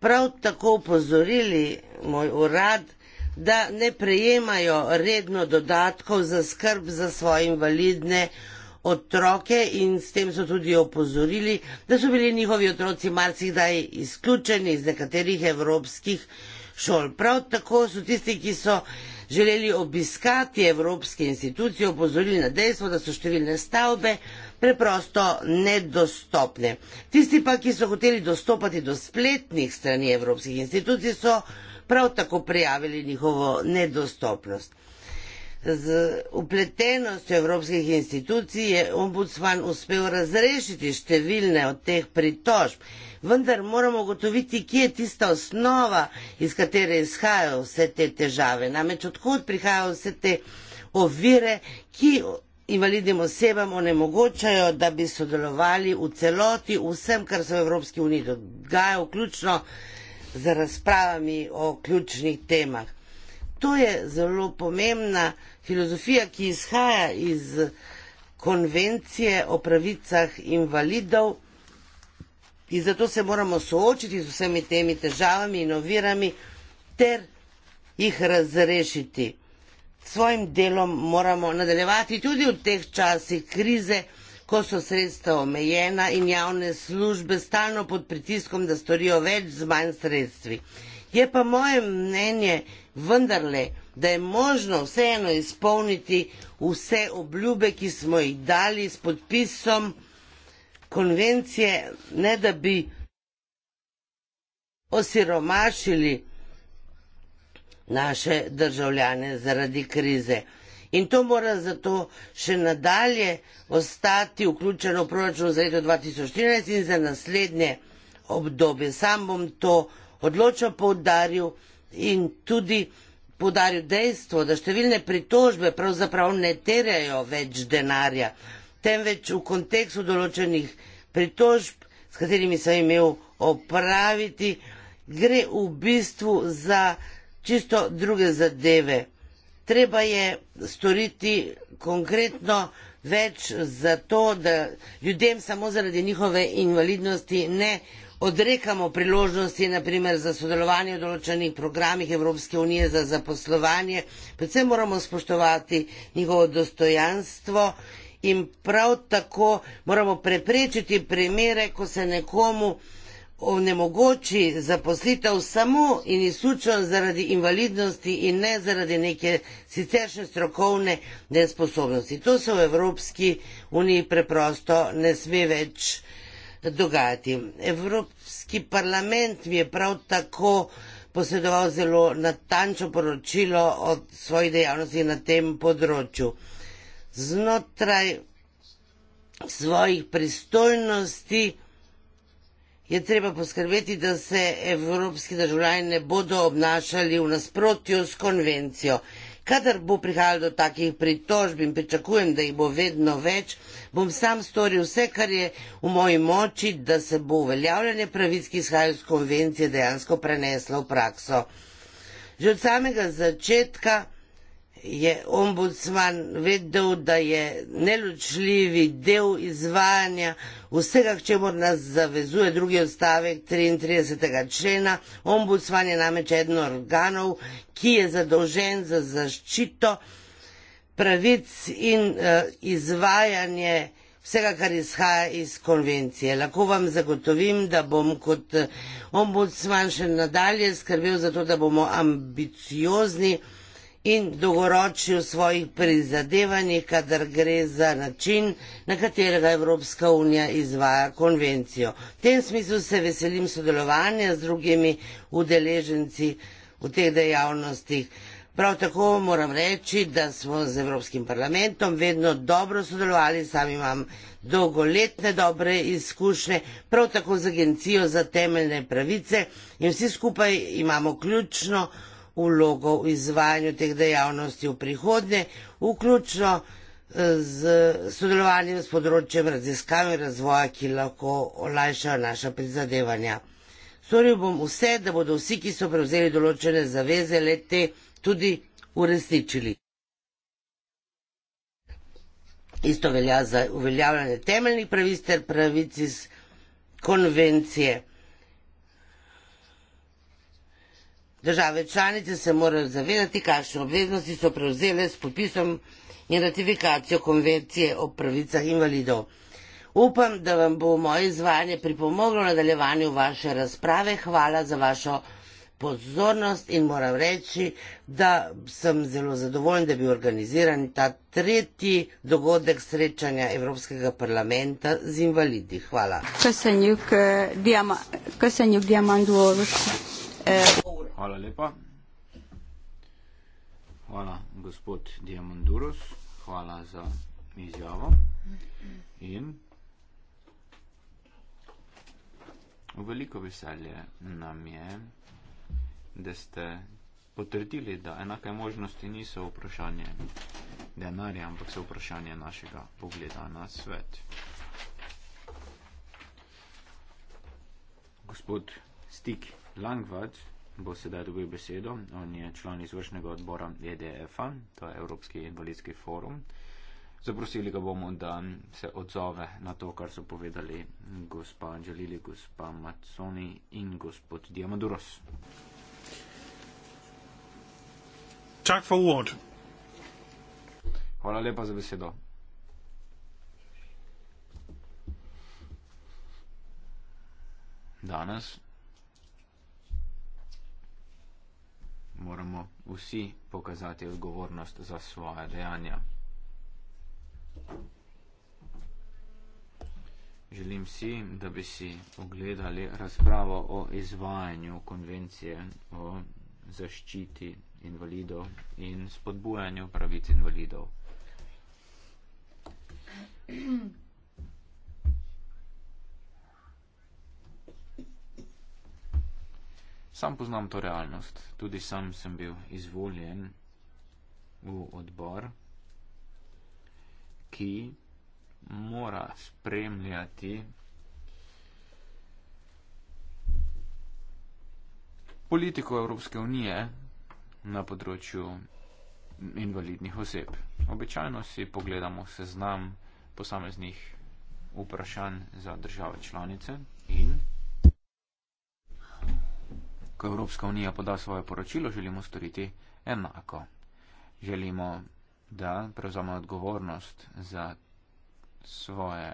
prav tako upozorili moj urad, da ne prejemajo redno dodatkov za skrb za svoje invalidne otroke in s tem so tudi opozorili, da so bili njihovi otroci marsikdaj izključeni iz nekaterih evropskih šol. Prav tako so tisti, ki so želeli obiskati evropske institucije, opozorili na dejstvo, da so številne stavbe preprosto nedostopne. Tisti pa, ki so hoteli dostopati do spletnih strani evropskih institucij, so prav tako prijavili njihovo nedostopnost. Z upletenostjo evropskih institucij je ombudsman uspel razrešiti številne od teh pritožb, vendar moramo ugotoviti, kje je tista osnova, iz katere izhajajo vse te težave, namreč odkud prihajajo vse te ovire, ki invalidnim osebam onemogočajo, da bi sodelovali v celoti vsem, kar se v Evropski uniji dogaja, vključno z razpravami o ključnih temah. To je zelo pomembna filozofija, ki izhaja iz konvencije o pravicah invalidov in zato se moramo soočiti z vsemi temi težavami in ovirami ter jih razrešiti svojim delom moramo nadaljevati tudi v teh časih krize, ko so sredstva omejena in javne službe stalno pod pritiskom, da storijo več z manj sredstvi. Je pa moje mnenje vendarle, da je možno vseeno izpolniti vse obljube, ki smo jih dali s podpisom konvencije, ne da bi osiromašili naše državljane zaradi krize. In to mora zato še nadalje ostati vključeno v proračun za leto 2014 in za naslednje obdobje. Sam bom to odločno poudaril in tudi poudaril dejstvo, da številne pritožbe pravzaprav ne terjajo več denarja, temveč v kontekstu določenih pritožb, s katerimi sem imel opraviti, gre v bistvu za čisto druge zadeve. Treba je storiti konkretno več za to, da ljudem samo zaradi njihove invalidnosti ne odrekamo priložnosti, naprimer za sodelovanje v določenih programih Evropske unije za zaposlovanje, predvsem moramo spoštovati njihovo dostojanstvo in prav tako moramo preprečiti primere, ko se nekomu onemogoči zaposlitev samo in izključno zaradi invalidnosti in ne zaradi neke siceršnje strokovne nesposobnosti. To se v Evropski uniji preprosto ne sme več dogajati. Evropski parlament mi je prav tako posedoval zelo natančno poročilo o svoji dejavnosti na tem področju. Znotraj svojih pristojnosti je treba poskrbeti, da se evropski državljani ne bodo obnašali v nasprotju s konvencijo. Kadar bo prihajalo do takih pritožb in pričakujem, da jih bo vedno več, bom sam storil vse, kar je v moji moči, da se bo uveljavljanje pravic, ki izhajajo iz konvencije, dejansko preneslo v prakso. Že od samega začetka je ombudsman vedel, da je neločljivi del izvajanja vsega, k čemu nas zavezuje drugi odstavek 33. člena. Ombudsman je namreč eden organov, ki je zadolžen za zaščito pravic in uh, izvajanje vsega, kar izhaja iz konvencije. Lahko vam zagotovim, da bom kot eh, ombudsman še nadalje skrbel za to, da bomo ambiciozni, in dolgoročni v svojih prizadevanjih, kadar gre za način, na katerega Evropska unija izvaja konvencijo. V tem smislu se veselim sodelovanja z drugimi udeleženci v teh dejavnostih. Prav tako moram reči, da smo z Evropskim parlamentom vedno dobro sodelovali, sam imam dolgoletne dobre izkušnje, prav tako z Agencijo za temeljne pravice in vsi skupaj imamo ključno vlogo v izvajanju teh dejavnosti v prihodnje, vključno eh, z sodelovanjem s področjem raziskav in razvoja, ki lahko olajšajo naša prizadevanja. Storil bom vse, da bodo vsi, ki so prevzeli določene zaveze, le te tudi uresničili. Isto velja za uveljavljanje temeljnih pravic ter pravic iz konvencije. Države članice se morajo zavedati, kakšne obveznosti so prevzele s podpisom in ratifikacijo konvencije o pravicah invalidov. Upam, da vam bo moje izvajanje pripomoglo nadaljevanju vaše razprave. Hvala za vašo pozornost in moram reči, da sem zelo zadovoljen, da bi organiziran ta tretji dogodek srečanja Evropskega parlamenta z invalidi. Hvala. Kasanjuk, eh, diama, kasanjuk, Hvala lepa. Hvala, gospod Diamanduros. Hvala za izjavo. In veliko veselje nam je, da ste potrdili, da enake možnosti niso vprašanje denarja, ampak so vprašanje našega pogleda na svet. Gospod Stik Langvad, bo sedaj dobil besedo. On je član izvršnega odbora EDF-a, to je Evropski invalidski forum. Zaprosili ga bomo, da se odzove na to, kar so povedali gospa Anželili, gospa Maconi in gospod Diamaduros. Hvala lepa za besedo. Danes moramo vsi pokazati odgovornost za svoje dejanja. Želim si, da bi si ogledali razpravo o izvajanju konvencije o zaščiti invalidov in spodbujanju pravic invalidov. Sam poznam to realnost. Tudi sam sem bil izvoljen v odbor, ki mora spremljati politiko Evropske unije na področju invalidnih oseb. Običajno si pogledamo seznam posameznih vprašanj za države članice, ko Evropska unija poda svoje poročilo, želimo storiti enako. Želimo, da prevzame odgovornost za svoje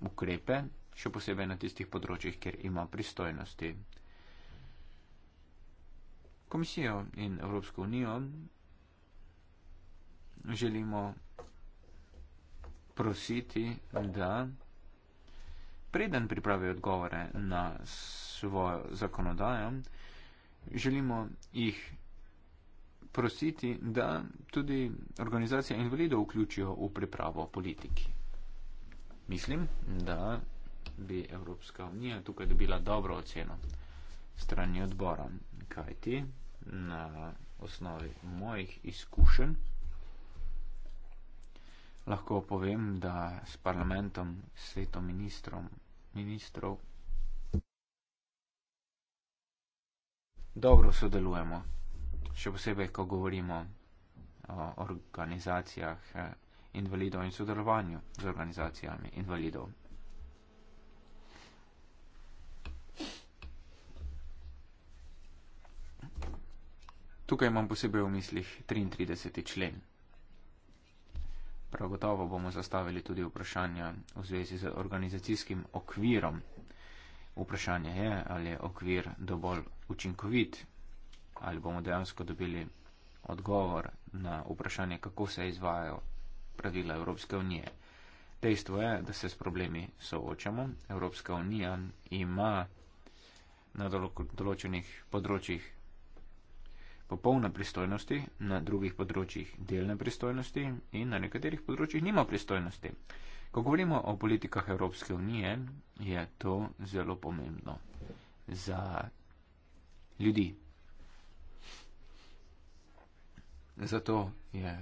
ukrepe, še posebej na tistih področjih, kjer ima pristojnosti. Komisijo in Evropsko unijo želimo prositi, da preden pripravijo odgovore na svojo zakonodajo, želimo jih prositi, da tudi organizacije invalidov vključijo v pripravo politiki. Mislim, da bi Evropska unija tukaj dobila dobro oceno strani odbora, kajti na osnovi mojih izkušenj lahko povem, da s parlamentom, svetom ministrom, ministrov dobro sodelujemo. Še posebej, ko govorimo o organizacijah eh, invalidov in sodelovanju z organizacijami invalidov. Tukaj imam posebej v mislih 33. člen Prav gotovo bomo zastavili tudi vprašanja v zvezi z organizacijskim okvirom. Vprašanje je, ali je okvir dovolj učinkovit, ali bomo dejansko dobili odgovor na vprašanje, kako se izvajajo pravila Evropske unije. Dejstvo je, da se s problemi soočamo. Evropska unija ima na določenih področjih popolne pristojnosti, na drugih področjih delne pristojnosti in na nekaterih področjih nima pristojnosti. Ko govorimo o politikah Evropske unije, je to zelo pomembno za ljudi. Zato je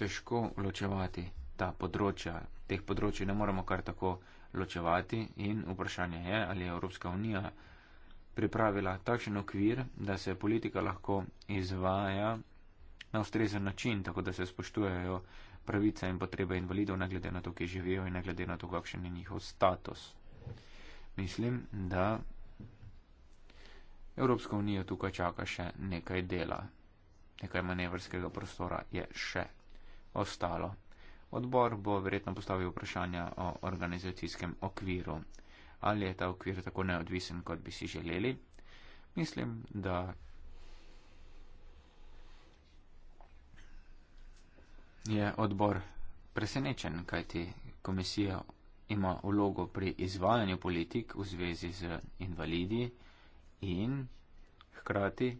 težko ločevati ta področja. Teh področji ne moremo kar tako ločevati in vprašanje je, ali je Evropska unija pripravila takšen okvir, da se politika lahko izvaja na ustrezen način, tako da se spoštujejo pravice in potrebe invalidov, ne glede na to, kje živijo in ne glede na to, kakšen je njihov status. Mislim, da Evropska unija tukaj čaka še nekaj dela, nekaj manevrskega prostora je še ostalo. Odbor bo verjetno postavil vprašanja o organizacijskem okviru ali je ta okvir tako neodvisen, kot bi si želeli. Mislim, da. Je odbor presenečen, kajti komisija ima vlogo pri izvajanju politik v zvezi z invalidi in hkrati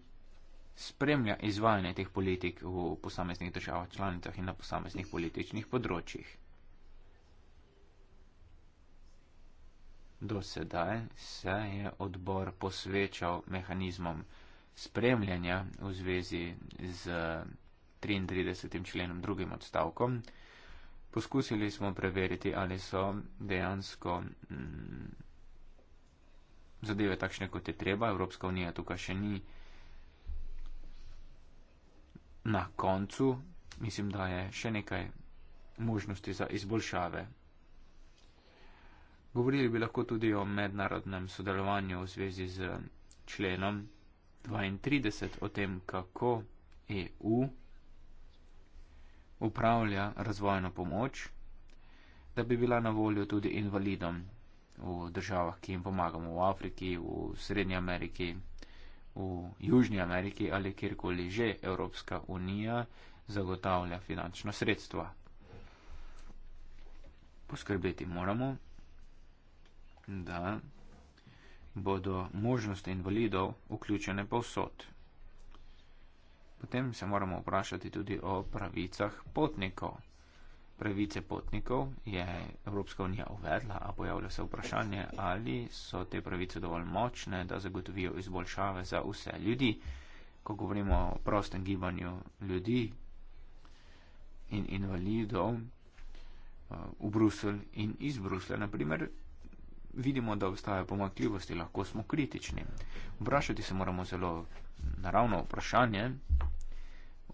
spremlja izvajanje teh politik v posameznih državah članicah in na posameznih političnih področjih. Do sedaj se je odbor posvečal mehanizmom spremljanja v zvezi z 33. členom drugim odstavkom. Poskusili smo preveriti, ali so dejansko mm, zadeve takšne, kot je treba. Evropska unija tukaj še ni na koncu. Mislim, da je še nekaj možnosti za izboljšave. Govorili bi lahko tudi o mednarodnem sodelovanju v zvezi z členom 32, o tem, kako EU upravlja razvojno pomoč, da bi bila na voljo tudi invalidom v državah, ki jim pomagamo v Afriki, v Srednji Ameriki, v Južnji Ameriki ali kjerkoli že Evropska unija zagotavlja finančno sredstvo. Poskrbeti moramo, da bodo možnosti invalidov vključene povsod. Potem se moramo vprašati tudi o pravicah potnikov. Pravice potnikov je Evropska unija uvedla, a pojavlja se vprašanje, ali so te pravice dovolj močne, da zagotovijo izboljšave za vse ljudi. Ko govorimo o prostem gibanju ljudi in invalidov eh, v Bruselj in iz Bruselja, naprimer, vidimo, da obstajajo pomakljivosti, lahko smo kritični. Vprašati se moramo zelo naravno vprašanje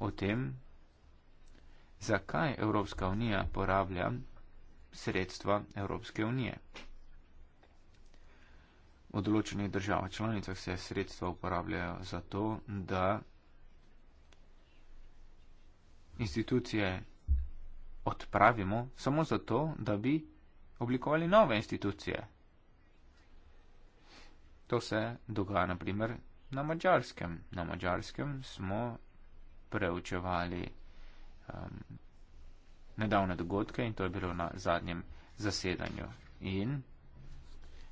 o tem, zakaj Evropska unija porablja sredstva Evropske unije. V določenih državah članicah se sredstva uporabljajo za to, da institucije odpravimo samo zato, da bi oblikovali nove institucije to se dogaja naprimer na mačarskem. Na mačarskem smo preučevali um, nedavne dogodke in to je bilo na zadnjem zasedanju. In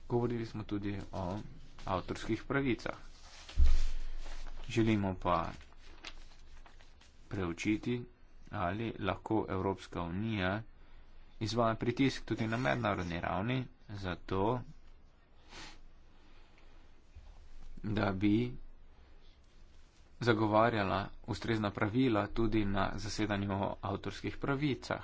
govorili smo tudi o avtorskih pravicah. Želimo pa preučiti, ali lahko Evropska unija izvaja pritisk tudi na mednarodni ravni, zato da bi zagovarjala ustrezna pravila tudi na zasedanju o avtorskih pravicah.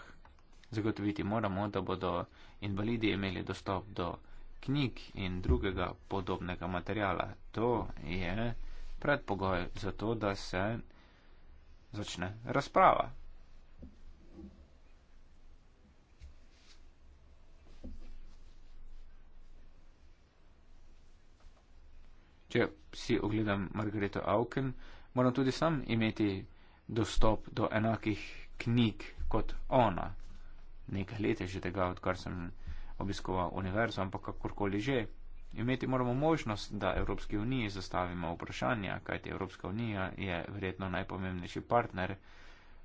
Zagotoviti moramo, da bodo invalidi imeli dostop do knjig in drugega podobnega materijala. To je predpogoj za to, da se začne razprava. Če si ogledam Margareto Auken, moram tudi sam imeti dostop do enakih knjig kot ona. Nekaj let je že tega, odkar sem obiskoval univerzo, ampak kakorkoli že. Imeti moramo možnost, da Evropski uniji zastavimo vprašanja, kajti Evropska unija je verjetno najpomembnejši partner,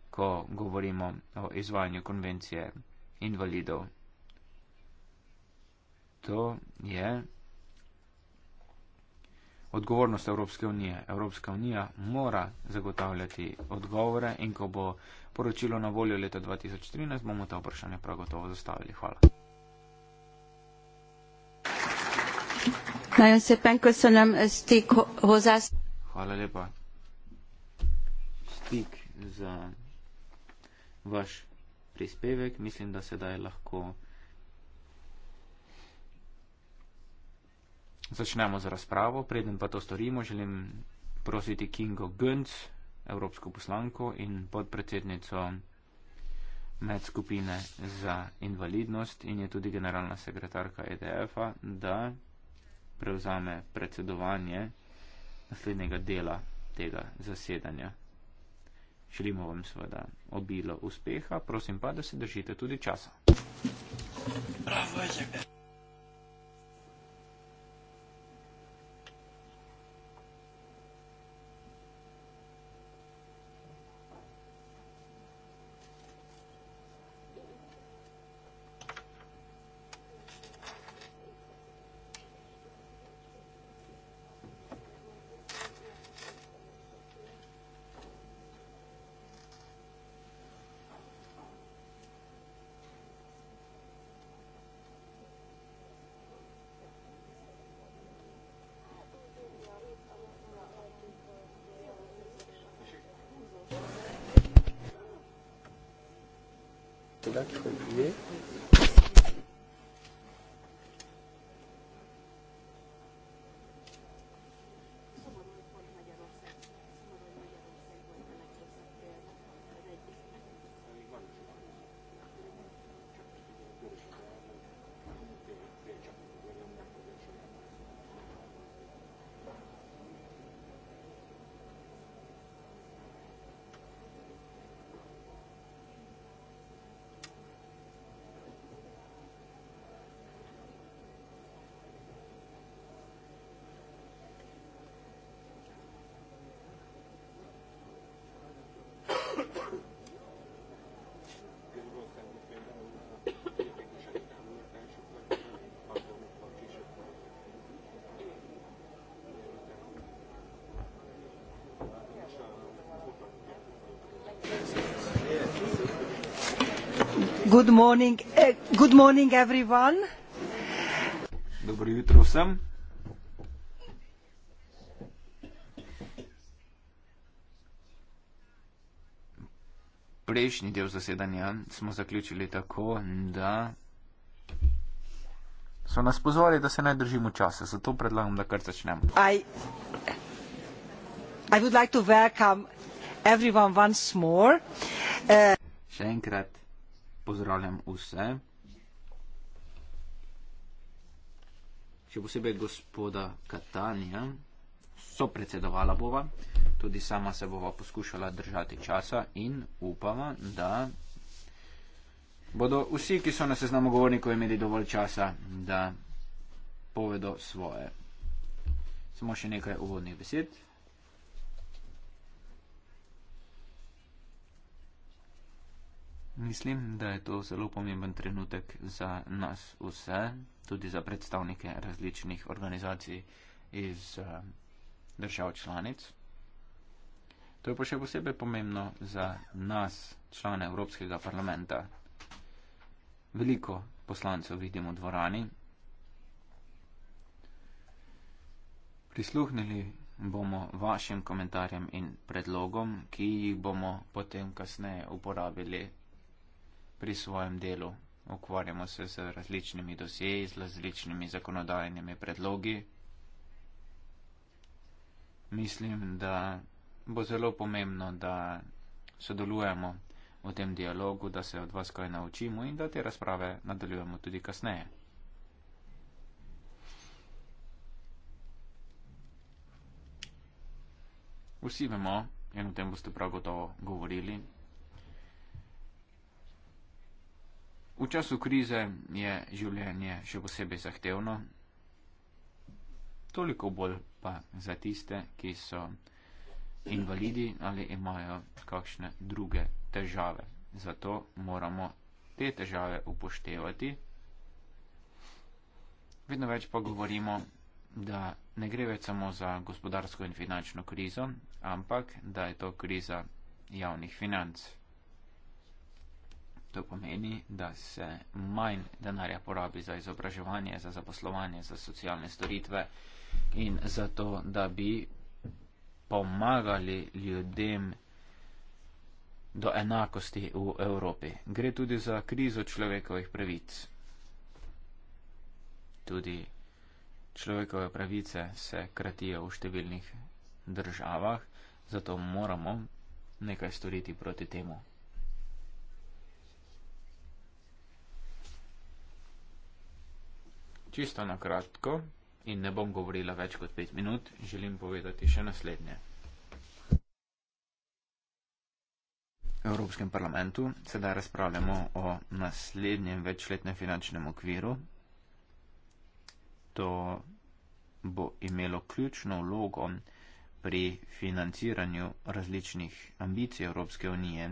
ko govorimo o izvajanju konvencije invalidov. To je odgovornost Evropske unije. Evropska unija mora zagotavljati odgovore in ko bo poročilo na voljo leta 2013, bomo ta vprašanja prav gotovo zastavili. Hvala. Hvala lepa. Stik za vaš prispevek. Mislim, da sedaj lahko. Začnemo z razpravo. Preden pa to storimo, želim prositi Kingo Gunc, evropsko poslanko in podpredsednico medskupine za invalidnost in je tudi generalna sekretarka EDF-a, da prevzame predsedovanje naslednjega dela tega zasedanja. Želimo vam seveda obilo uspeha, prosim pa, da se držite tudi časa. Bravo, là qu'il faut appuyer. Eh, Dobro jutro vsem. Prejšnji del zasedanja smo zaključili tako, da so nas pozvali, da se naj držimo časa, zato predlagam, da kar začnemo. I, I would like to welcome everyone once more. Uh, Še enkrat pozdravljam vse. Še posebej gospoda Katanja, so predsedovala bova, tudi sama se bova poskušala držati časa in upava, da bodo vsi, ki so na seznamu govornikov, imeli dovolj časa, da povedo svoje. Samo še nekaj uvodnih besed. Mislim, da je to zelo pomemben trenutek za nas vse, tudi za predstavnike različnih organizacij iz uh, držav članic. To je pa še posebej pomembno za nas, člane Evropskega parlamenta. Veliko poslancev vidimo v dvorani. Prisluhnili bomo vašim komentarjem in predlogom, ki jih bomo potem kasneje uporabili pri svojem delu. Ukvarjamo se z različnimi dosjeji, z različnimi zakonodajnimi predlogi. Mislim, da bo zelo pomembno, da sodelujemo v tem dialogu, da se od vas kaj naučimo in da te razprave nadaljujemo tudi kasneje. Vsi vemo, in o tem boste prav gotovo govorili, V času krize je življenje še posebej zahtevno, toliko bolj pa za tiste, ki so invalidi ali imajo kakšne druge težave. Zato moramo te težave upoštevati. Vedno več pa govorimo, da ne gre več samo za gospodarsko in finančno krizo, ampak da je to kriza javnih financ. To pomeni, da se manj denarja porabi za izobraževanje, za zaposlovanje, za socialne storitve in za to, da bi pomagali ljudem do enakosti v Evropi. Gre tudi za krizo človekovih pravic. Tudi človekove pravice se kratijo v številnih državah, zato moramo nekaj storiti proti temu. Čisto na kratko in ne bom govorila več kot pet minut, želim povedati še naslednje. V Evropskem parlamentu sedaj razpravljamo o naslednjem večletnem finančnem okviru. To bo imelo ključno vlogo pri financiranju različnih ambicij Evropske unije.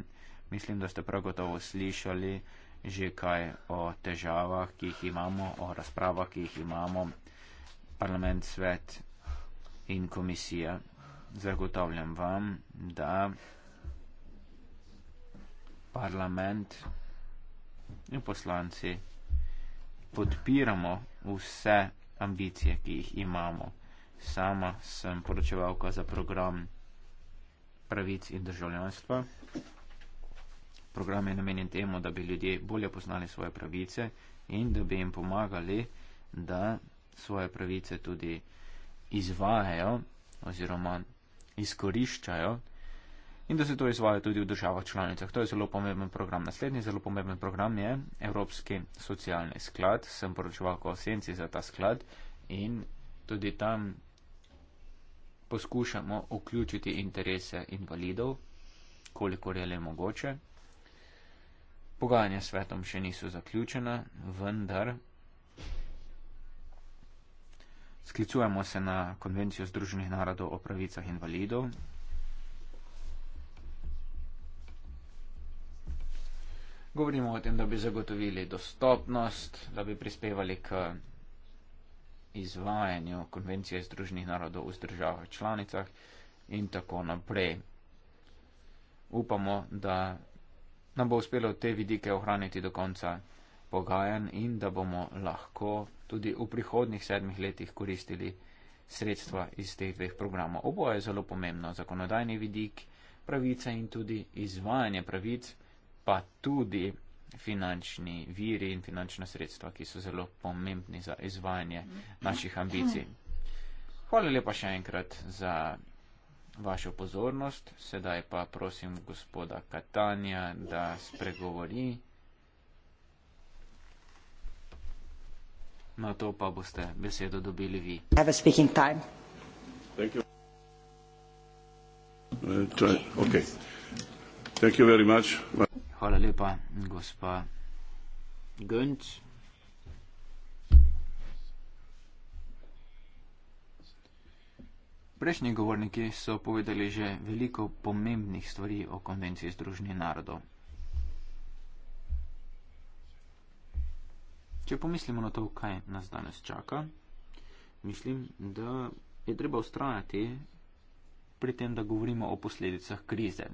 Mislim, da ste prav gotovo slišali, že kaj o težavah, ki jih imamo, o razpravah, ki jih imamo. Parlament, svet in komisija. Zagotavljam vam, da parlament in poslanci podpiramo vse ambicije, ki jih imamo. Sama sem poročevalka za program pravic in državljanstva. Program je namenjen temu, da bi ljudje bolje poznali svoje pravice in da bi jim pomagali, da svoje pravice tudi izvajajo oziroma izkoriščajo in da se to izvaja tudi v državah članicah. To je zelo pomemben program. Naslednji zelo pomemben program je Evropski socialni sklad. Sem poročeval ko osenci za ta sklad in tudi tam poskušamo vključiti interese invalidov, kolikor je le mogoče. Pogajanja s svetom še niso zaključena, vendar sklicujemo se na konvencijo Združenih narodov o pravicah invalidov. Govorimo o tem, da bi zagotovili dostopnost, da bi prispevali k izvajanju konvencije Združenih narodov v državah članicah in tako naprej. Upamo, da nam bo uspelo te vidike ohraniti do konca pogajanj in da bomo lahko tudi v prihodnih sedmih letih koristili sredstva iz teh dveh programov. Oboje je zelo pomembno, zakonodajni vidik, pravice in tudi izvajanje pravic, pa tudi finančni viri in finančna sredstva, ki so zelo pomembni za izvajanje mhm. naših ambicij. Hvala lepa še enkrat za vašo pozornost, sedaj pa prosim gospoda Katanja, da spregovori. Na to pa boste besedo dobili vi. Uh, Hvala lepa, gospa Gönč. Prejšnji govorniki so povedali že veliko pomembnih stvari o konvenciji Združenih narodov. Če pomislimo na to, kaj nas danes čaka, mislim, da je treba ustrajati pri tem, da govorimo o posledicah krize.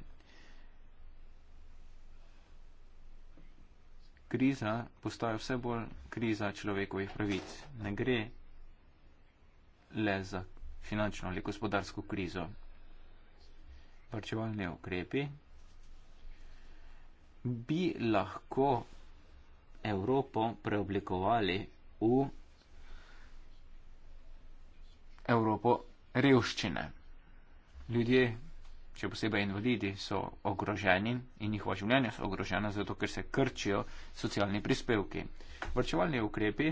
Kriza postaja vse bolj kriza človekovih pravic. Ne gre le za finančno ali gospodarsko krizo. Varčevalni ukrepi bi lahko Evropo preoblikovali v Evropo revščine. Ljudje, še posebej invalidi, so ogroženi in njihova življenja so ogrožena, zato ker se krčijo socialni prispevki. Vrčevalni ukrepi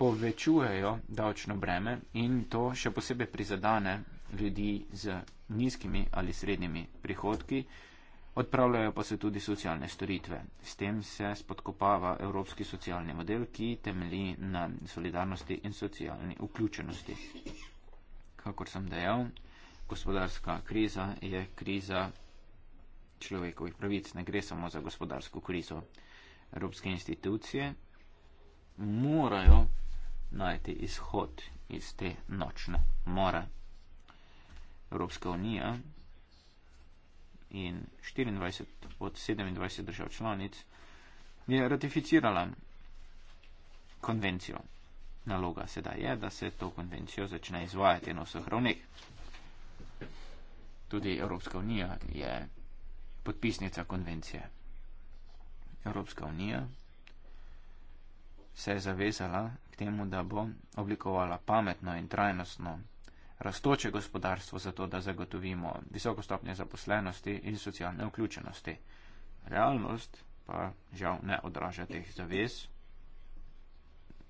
povečujejo davčno breme in to še posebej prizadane ljudi z nizkimi ali srednjimi prihodki, odpravljajo pa se tudi socialne storitve. S tem se spodkopava evropski socialni model, ki temelji na solidarnosti in socialni vključenosti. Kakor sem dejal, gospodarska kriza je kriza človekovih pravic, ne gre samo za gospodarsko krizo. Evropske institucije morajo najti izhod iz te nočne more. Evropska unija in 24 od 27 držav članic je ratificirala konvencijo. Naloga sedaj je, da se to konvencijo začne izvajati na vseh ravneh. Tudi Evropska unija je podpisnica konvencije. Evropska unija se je zavezala k temu, da bo oblikovala pametno in trajnostno rastoče gospodarstvo za to, da zagotovimo visoko stopnje zaposlenosti in socialne vključenosti. Realnost pa žal ne odraža teh zavez,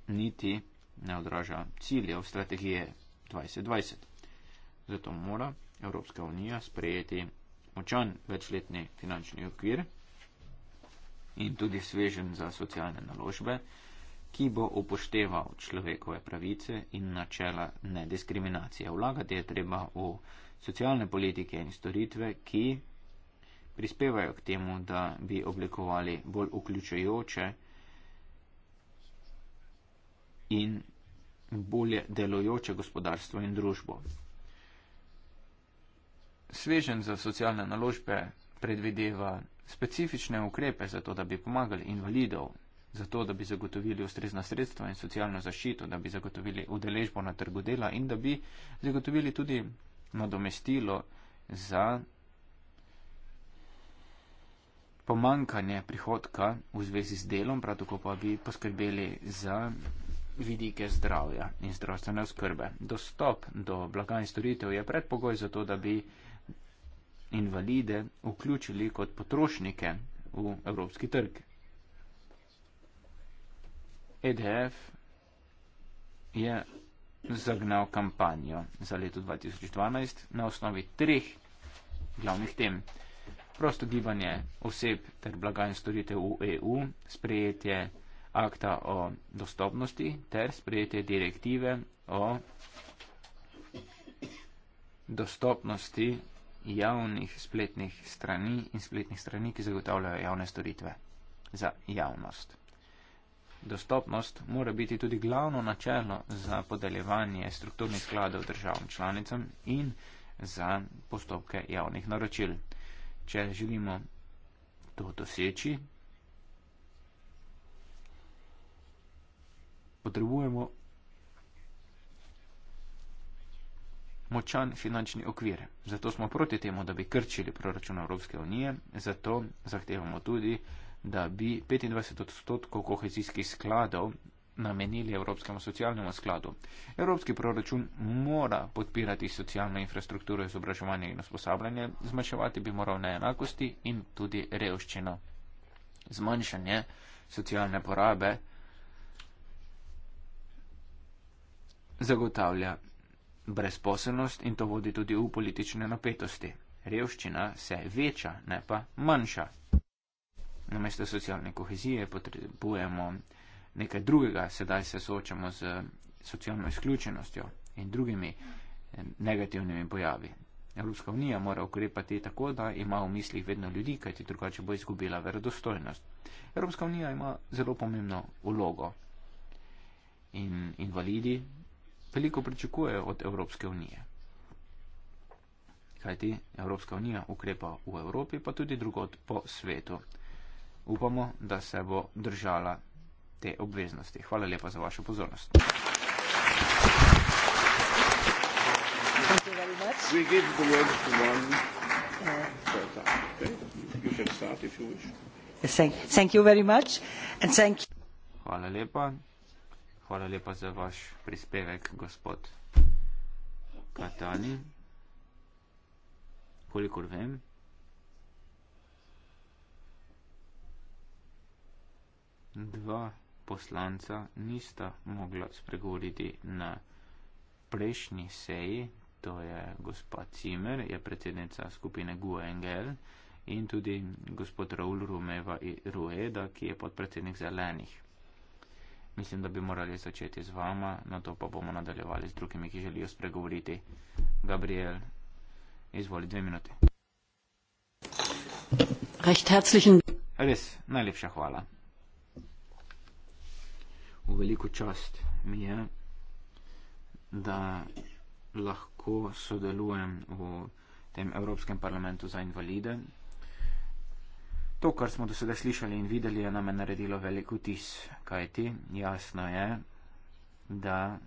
niti ne odraža ciljev strategije 2020. Zato mora Evropska unija sprejeti močan večletni finančni okvir in tudi svežen za socialne naložbe ki bo upošteval človekove pravice in načela nediskriminacije. Vlagati je treba v socialne politike in storitve, ki prispevajo k temu, da bi oblikovali bolj vključujoče in bolje delojoče gospodarstvo in družbo. Svežen za socialne naložbe predvideva specifične ukrepe za to, da bi pomagali invalidov, zato, da bi zagotovili ustrezna sredstva in socialno zaščito, da bi zagotovili udeležbo na trgu dela in da bi zagotovili tudi nadomestilo za pomankanje prihodka v zvezi z delom, prav tako pa bi poskrbeli za vidike zdravja in zdravstvene oskrbe. Dostop do blaga in storitev je predpogoj za to, da bi invalide vključili kot potrošnike v evropski trg. EDF je zagnal kampanjo za leto 2012 na osnovi treh glavnih tem. Prosto gibanje oseb ter blaga in storitev v EU, sprejetje akta o dostopnosti ter sprejetje direktive o dostopnosti javnih spletnih strani in spletnih strani, ki zagotavljajo javne storitve za javnost. Dostopnost mora biti tudi glavno načelo za podeljevanje strukturnih skladov državam članicam in za postopke javnih naročil. Če želimo to doseči, potrebujemo močan finančni okvir. Zato smo proti temu, da bi krčili proračun Evropske unije, zato zahtevamo tudi, da bi 25 odstotkov kohezijskih skladov namenili Evropskemu socialnemu skladu. Evropski proračun mora podpirati socialno infrastrukturo izobraževanja in usposabljanja, zmanjševati bi moral neenakosti in tudi revščino. Zmanjšanje socialne porabe zagotavlja brezposelnost in to vodi tudi v politične napetosti. Revščina se veča, ne pa manjša namesto socialne kohezije potrebujemo nekaj drugega, sedaj se soočamo z socialno izključenostjo in drugimi eh, negativnimi pojavi. Evropska unija mora ukrepati tako, da ima v mislih vedno ljudi, kajti drugače bo izgubila verodostojnost. Evropska unija ima zelo pomembno vlogo in invalidi veliko pričakujejo od Evropske unije. Kajti Evropska unija ukrepa v Evropi, pa tudi drugot po svetu upamo, da se bo držala te obveznosti. Hvala lepa za vašo pozornost. Uh, Hvala lepa. Hvala lepa za vaš prispevek, gospod Katani. Kolikor vem, dva poslanca nista mogla spregovoriti na prejšnji seji, to je gospa Cimer, je predsednica skupine Guengel in tudi gospod Raul Rumeva in Rueda, ki je podpredsednik zelenih. Mislim, da bi morali začeti z vama, na to pa bomo nadaljevali z drugimi, ki želijo spregovoriti. Gabriel, izvoli dve minuti. Recht herzlichen. Res, najlepša hvala v veliko čast mi je, da lahko sodelujem v tem Evropskem parlamentu za invalide. To, kar smo do sedaj slišali in videli, je name naredilo veliko tis, kajti jasno je, da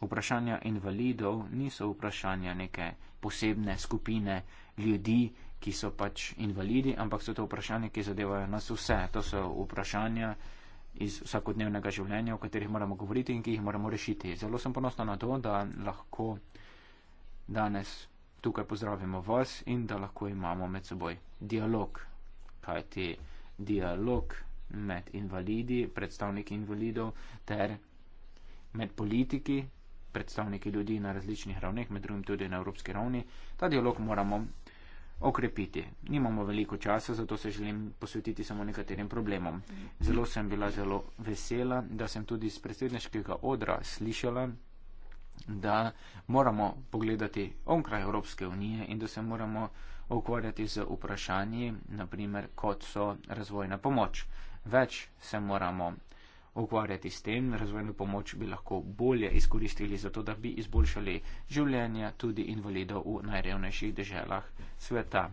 vprašanja invalidov niso vprašanja neke posebne skupine ljudi, ki so pač invalidi, ampak so to vprašanja, ki zadevajo nas vse. To so vprašanja, iz vsakodnevnega življenja, o katerih moramo govoriti in ki jih moramo rešiti. Zelo sem ponosna na to, da lahko danes tukaj pozdravimo vas in da lahko imamo med seboj dialog. Kaj ti dialog med invalidi, predstavniki invalidov ter med politiki, predstavniki ljudi na različnih ravneh, med drugim tudi na evropski ravni, ta dialog moramo okrepiti. Nimamo veliko časa, zato se želim posvetiti samo nekaterim problemom. Zelo sem bila zelo vesela, da sem tudi iz predsedniškega odra slišala, da moramo pogledati onkraj Evropske unije in da se moramo ukvarjati z vprašanji, naprimer kot so razvojna pomoč. Več se moramo ukvarjati s tem. Razvojno pomoč bi lahko bolje izkoristili za to, da bi izboljšali življenja tudi invalidov v najrevnejših deželah sveta.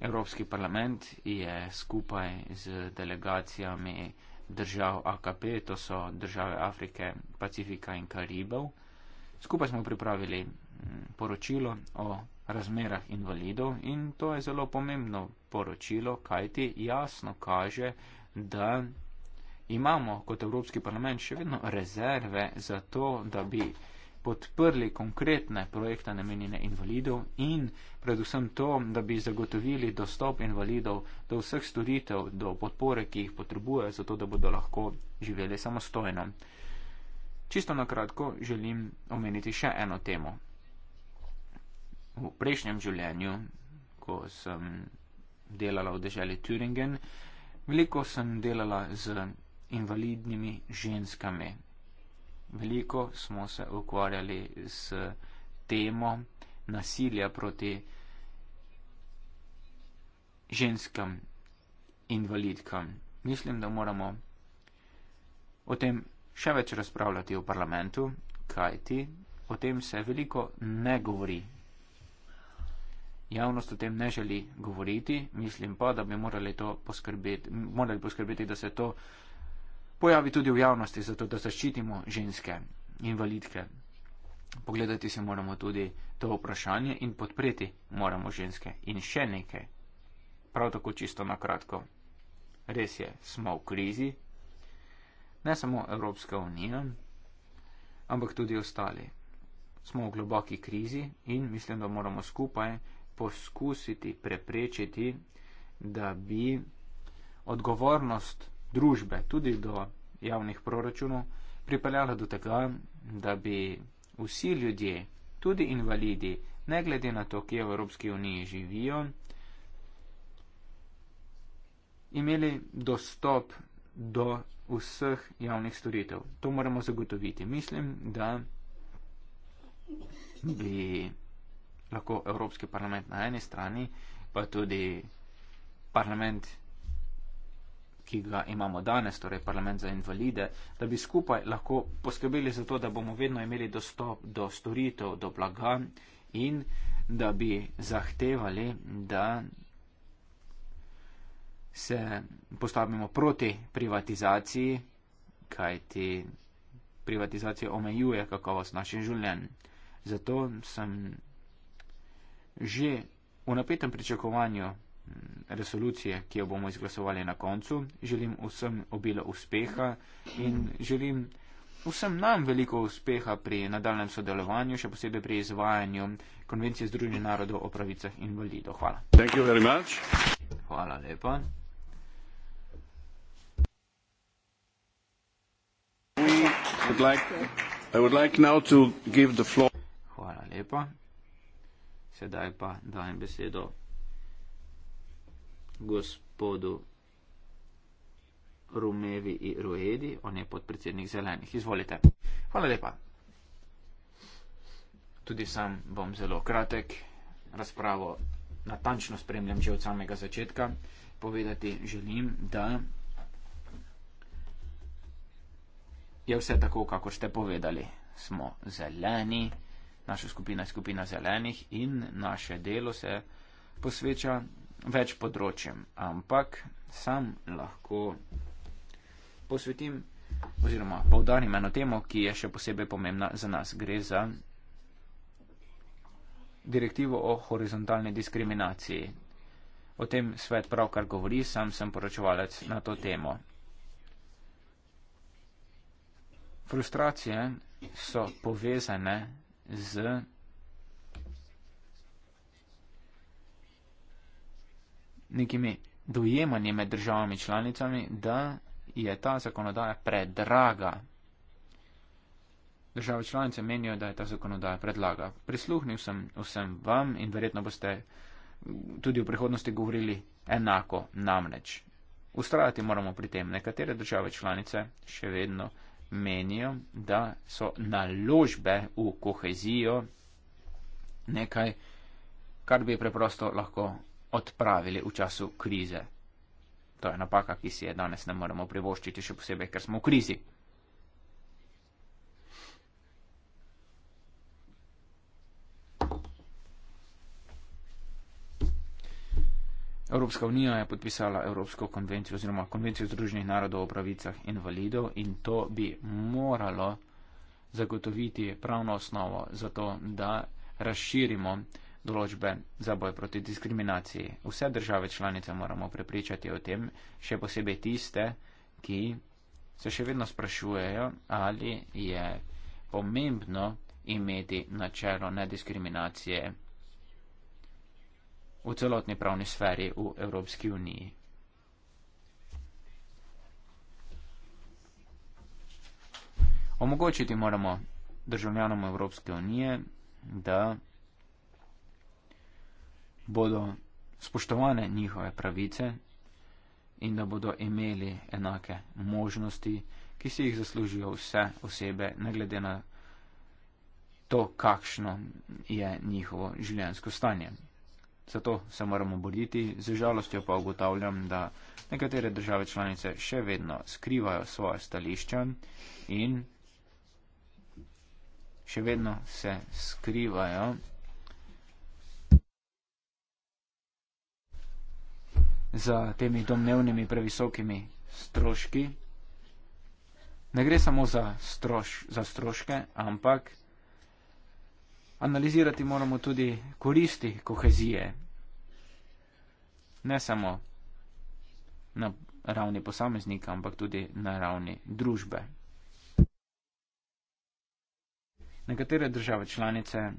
Evropski parlament je skupaj z delegacijami držav AKP, to so države Afrike, Pacifika in Karibov, skupaj smo pripravili mm, poročilo o razmerah invalidov in to je zelo pomembno poročilo, kajti jasno kaže, da imamo kot Evropski parlament še vedno rezerve za to, da bi podprli konkretne projekte namenjene invalidov in predvsem to, da bi zagotovili dostop invalidov do vseh storitev, do podpore, ki jih potrebujejo, zato da bodo lahko živeli samostojno. Čisto na kratko želim omeniti še eno temo. V prejšnjem življenju, ko sem delala v deželi Turingen, veliko sem delala z invalidnimi ženskami. Veliko smo se ukvarjali s temo nasilja proti ženskam invalidkam. Mislim, da moramo o tem še več razpravljati v parlamentu, kajti o tem se veliko ne govori. Javnost o tem ne želi govoriti, mislim pa, da bi morali, to poskrbeti, morali poskrbeti, da se to pojavi tudi v javnosti, zato da zaščitimo ženske invalidke. Pogledati si moramo tudi to vprašanje in podpreti moramo ženske. In še nekaj, prav tako čisto na kratko. Res je, smo v krizi, ne samo Evropska unija, ampak tudi ostali. Smo v globoki krizi in mislim, da moramo skupaj poskusiti preprečiti, da bi odgovornost družbe, tudi do javnih proračunov, pripeljala do tega, da bi vsi ljudje, tudi invalidi, ne glede na to, kje v Evropski uniji živijo, imeli dostop do vseh javnih storitev. To moramo zagotoviti. Mislim, da bi lahko Evropski parlament na eni strani, pa tudi parlament ki ga imamo danes, torej parlament za invalide, da bi skupaj lahko poskrbeli za to, da bomo vedno imeli dostop do storitev, do blaga in da bi zahtevali, da se postavimo proti privatizaciji, kajti privatizacija omejuje kakovost naših življenj. Zato sem že v napetem pričakovanju resolucije, ki jo bomo izglasovali na koncu. Želim vsem obilo uspeha in želim vsem nam veliko uspeha pri nadaljem sodelovanju, še posebej pri izvajanju Konvencije Združenih narodov o pravicah invalidov. Hvala. Hvala lepa. Like, like Hvala lepa. Sedaj pa dajem besedo gospodu Rumevi i Ruedi, on je podpredsednik zelenih. Izvolite. Hvala lepa. Tudi sam bom zelo kratek. Razpravo natančno spremljam že od samega začetka. Povedati želim, da je vse tako, kako ste povedali. Smo zeleni, naša skupina je skupina zelenih in naše delo se posveča več področjem, ampak sam lahko posvetim oziroma povdarim eno temo, ki je še posebej pomembna za nas. Gre za direktivo o horizontalni diskriminaciji. O tem svet pravkar govori, sam sem poročevalec na to temo. Frustracije so povezane z nekimi dojemanji med državami članicami, da je ta zakonodaja predraga. Države članice menijo, da je ta zakonodaja predlaga. Prisluhnil sem vsem vam in verjetno boste tudi v prihodnosti govorili enako namreč. Ustrajati moramo pri tem. Nekatere države članice še vedno menijo, da so naložbe v kohezijo nekaj, kar bi preprosto lahko odpravili v času krize. To je napaka, ki si je danes ne moremo privoščiti, še posebej, ker smo v krizi. Evropska unija je podpisala Evropsko konvencijo oziroma konvencijo Združenih narodov o pravicah invalidov in to bi moralo zagotoviti pravno osnovo za to, da razširimo določbe za boj proti diskriminaciji. Vse države članice moramo prepričati o tem, še posebej tiste, ki se še vedno sprašujejo, ali je pomembno imeti načelo nediskriminacije v celotni pravni sferi v Evropski uniji. Omogočiti moramo državljanom Evropske unije, da bodo spoštovane njihove pravice in da bodo imeli enake možnosti, ki si jih zaslužijo vse osebe, ne glede na to, kakšno je njihovo življenjsko stanje. Zato se moramo boriti, z žalostjo pa ugotavljam, da nekatere države članice še vedno skrivajo svoje stališča in še vedno se skrivajo. za temi domnevnimi previsokimi stroški. Ne gre samo za, stroš, za stroške, ampak analizirati moramo tudi koristi kohezije. Ne samo na ravni posameznika, ampak tudi na ravni družbe. Nekatere države članice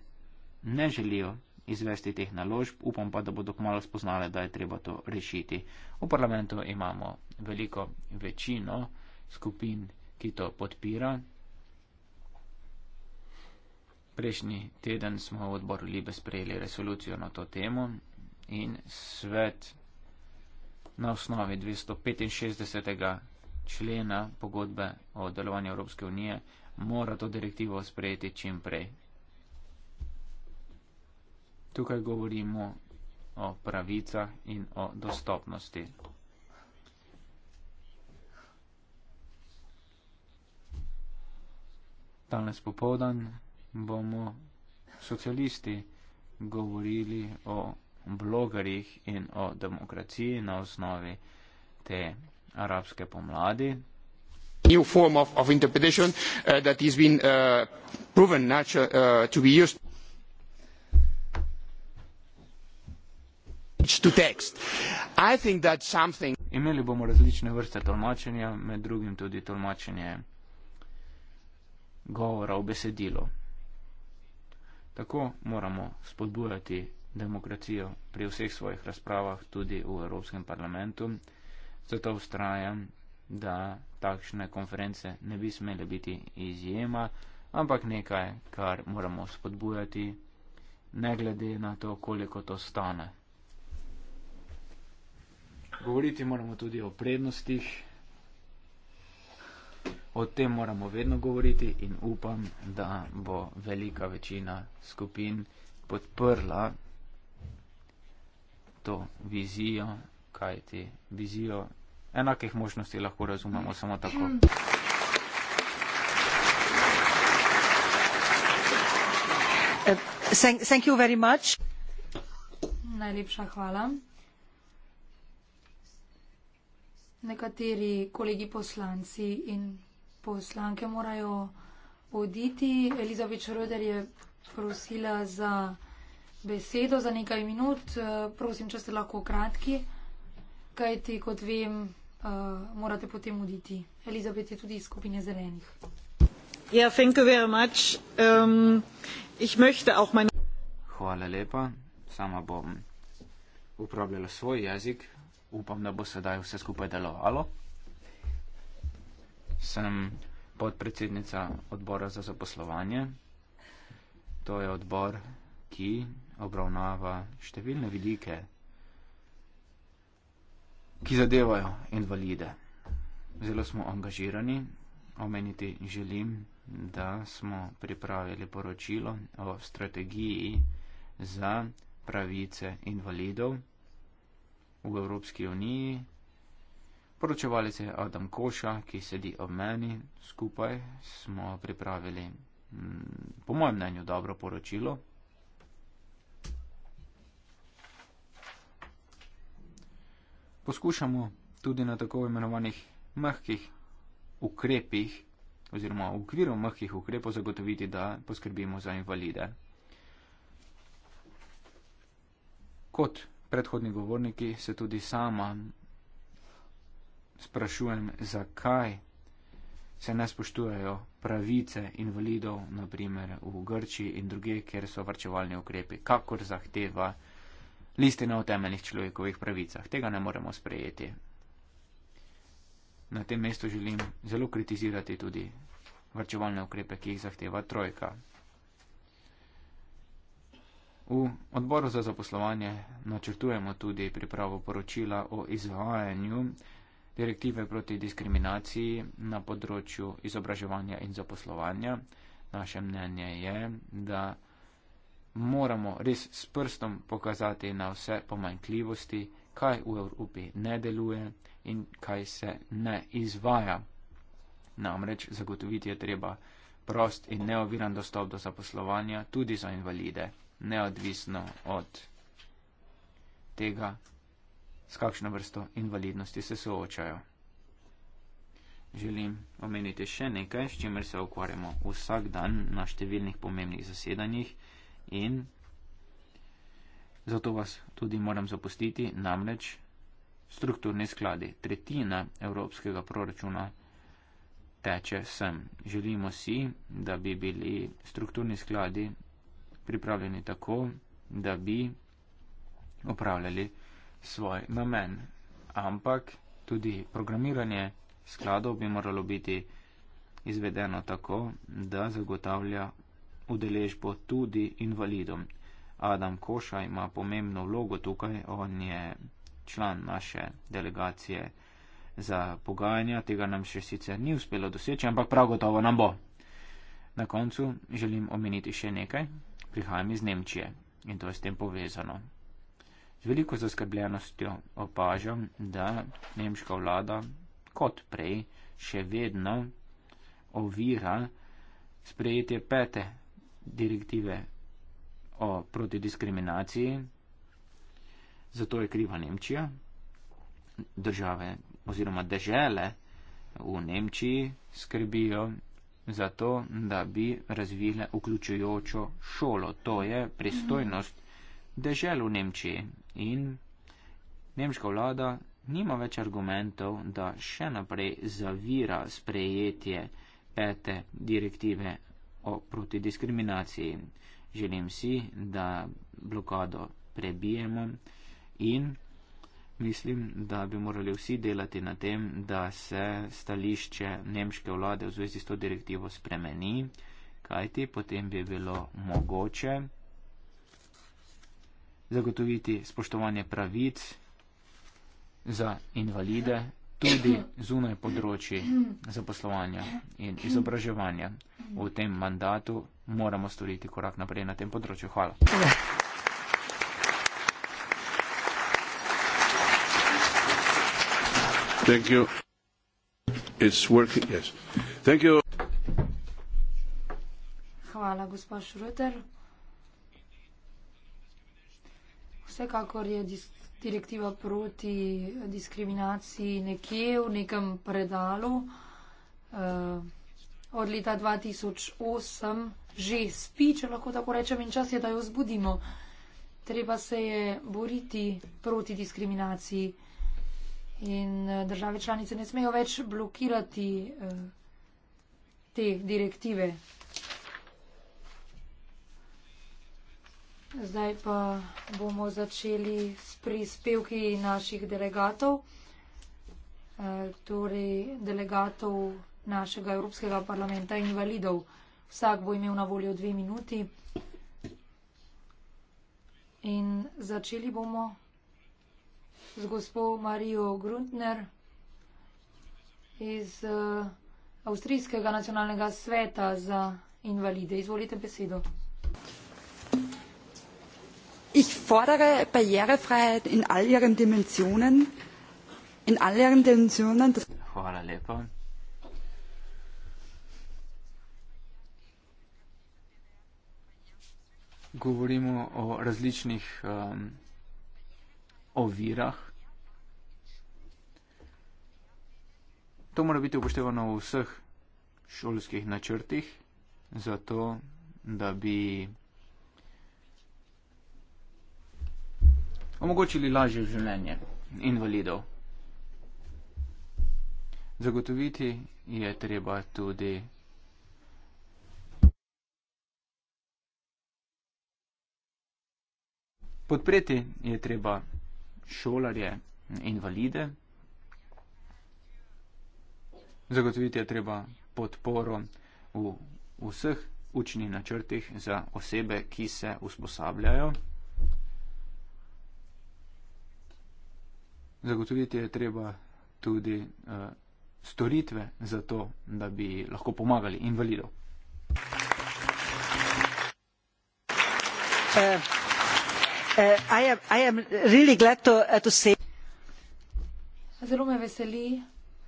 ne želijo izvesti teh naložb, upam pa, da bodo kmalo spoznale, da je treba to rešiti. V parlamentu imamo veliko večino skupin, ki to podpira. Prejšnji teden smo v odboru Libe sprejeli resolucijo na to temo in svet na osnovi 265. člena pogodbe o delovanju Evropske unije mora to direktivo sprejeti čim prej. Tukaj govorimo o pravicah in o dostopnosti. Danes popovdan bomo socialisti govorili o blogerjih in o demokraciji na osnovi te arabske pomladi. New form of, of interpretation uh, that has been uh, proven natural, uh, to be used. Something... Imeli bomo različne vrste tolmačenja, med drugim tudi tolmačenje govora v besedilo. Tako moramo spodbujati demokracijo pri vseh svojih razpravah, tudi v Evropskem parlamentu. Zato ustrajam, da takšne konference ne bi smele biti izjema, ampak nekaj, kar moramo spodbujati, ne glede na to, koliko to stane. Govoriti moramo tudi o prednostih. O tem moramo vedno govoriti in upam, da bo velika večina skupin podprla to vizijo, kaj ti vizijo enakih možnosti lahko razumemo samo tako. Uh, thank, thank you very much. Najlepša hvala. nekateri kolegi poslanci in poslanke morajo oditi. Elizabet Šroder je prosila za besedo za nekaj minut. Eh, prosim, če ste lahko kratki, kajti, kot vem, eh, morate potem oditi. Elizabet je tudi iz skupine zelenih. Ja, um, hvala lepa. Sama bom upravljala svoj jezik upam, da bo sedaj vse skupaj delovalo. Sem podpredsednica odbora za zaposlovanje. To je odbor, ki obravnava številne vidike, ki zadevajo invalide. Zelo smo angažirani. Omeniti želim, da smo pripravili poročilo o strategiji za pravice invalidov v Evropski uniji. Poročevalec je Adam Koša, ki sedi ob meni. Skupaj smo pripravili, mm, po mojem mnenju, dobro poročilo. Poskušamo tudi na tako imenovanih mehkih ukrepih oziroma v okviru mehkih ukrepov zagotoviti, da poskrbimo za invalide. Kot predhodni govorniki, se tudi sama sprašujem, zakaj se ne spoštujejo pravice invalidov, naprimer v Grči in druge, kjer so varčevalni ukrepi, kakor zahteva listina o temeljnih človekovih pravicah. Tega ne moremo sprejeti. Na tem mestu želim zelo kritizirati tudi varčevalne ukrepe, ki jih zahteva trojka. V odboru za zaposlovanje načrtujemo tudi pripravo poročila o izvajanju direktive proti diskriminaciji na področju izobraževanja in zaposlovanja. Naše mnenje je, da moramo res s prstom pokazati na vse pomanjkljivosti, kaj v Evropi ne deluje in kaj se ne izvaja. Namreč zagotoviti je treba prost in neoviran dostop do zaposlovanja tudi za invalide neodvisno od tega, s kakšno vrsto invalidnosti se soočajo. Želim omeniti še nekaj, s čimer se ukvarjamo vsak dan na številnih pomembnih zasedanjih in zato vas tudi moram zapustiti, namreč strukturni skladi. Tretjina evropskega proračuna teče sem. Želimo si, da bi bili strukturni skladi pripravljeni tako, da bi upravljali svoj namen. Ampak tudi programiranje skladov bi moralo biti izvedeno tako, da zagotavlja udeležbo tudi invalidom. Adam Koša ima pomembno vlogo tukaj, on je član naše delegacije za pogajanja, tega nam še sicer ni uspelo doseči, ampak prav gotovo nam bo. Na koncu želim omeniti še nekaj prihajam iz Nemčije in to je s tem povezano. Z veliko zaskrbljenostjo opažam, da nemška vlada kot prej še vedno ovira sprejetje pete direktive o protidiskriminaciji, zato je kriva Nemčija, države oziroma dežele v Nemčiji skrbijo zato, da bi razvile vključujočo šolo. To je pristojnost dežel v Nemčiji in nemška vlada nima več argumentov, da še naprej zavira sprejetje pete direktive o protidiskriminaciji. Želim si, da blokado prebijemo in Mislim, da bi morali vsi delati na tem, da se stališče nemške vlade v zvezi s to direktivo spremeni, kajti potem bi bilo mogoče zagotoviti spoštovanje pravic za invalide tudi zunaj področji zaposlovanja in izobraževanja. V tem mandatu moramo storiti korak naprej na tem področju. Hvala. Thank you. It's working, yes. Thank you. Hvala, gospod Šruter. Vsekakor je direktiva proti diskriminaciji nekje v nekem predalu. Eh, od leta 2008 že spi, če lahko tako rečem, in čas je, da jo zbudimo. Treba se je boriti proti diskriminaciji in eh, države članice ne smejo več blokirati eh, te direktive. Zdaj pa bomo začeli s prispevki naših delegatov, eh, torej delegatov našega Evropskega parlamenta invalidov. Vsak bo imel na voljo dve minuti. In začeli bomo z gospod Marijo Gruntner iz eh, Avstrijskega nacionalnega sveta za invalide. Izvolite besedo. Ich fordere Barrierefreiheit in all ihren Dimensionen. In all ihren Dimensionen. Hvala lepa. Govorimo o različnih um, ovirah. To mora biti upoštevano v vseh šolskih načrtih, zato da bi omogočili lažje življenje invalidov. Zagotoviti je treba tudi podpreti je treba šolarje, invalide. Zagotoviti je treba podporo v vseh učnih načrtih za osebe, ki se usposabljajo. Zagotoviti je treba tudi uh, storitve za to, da bi lahko pomagali invalidov. Eh. Zelo me veseli,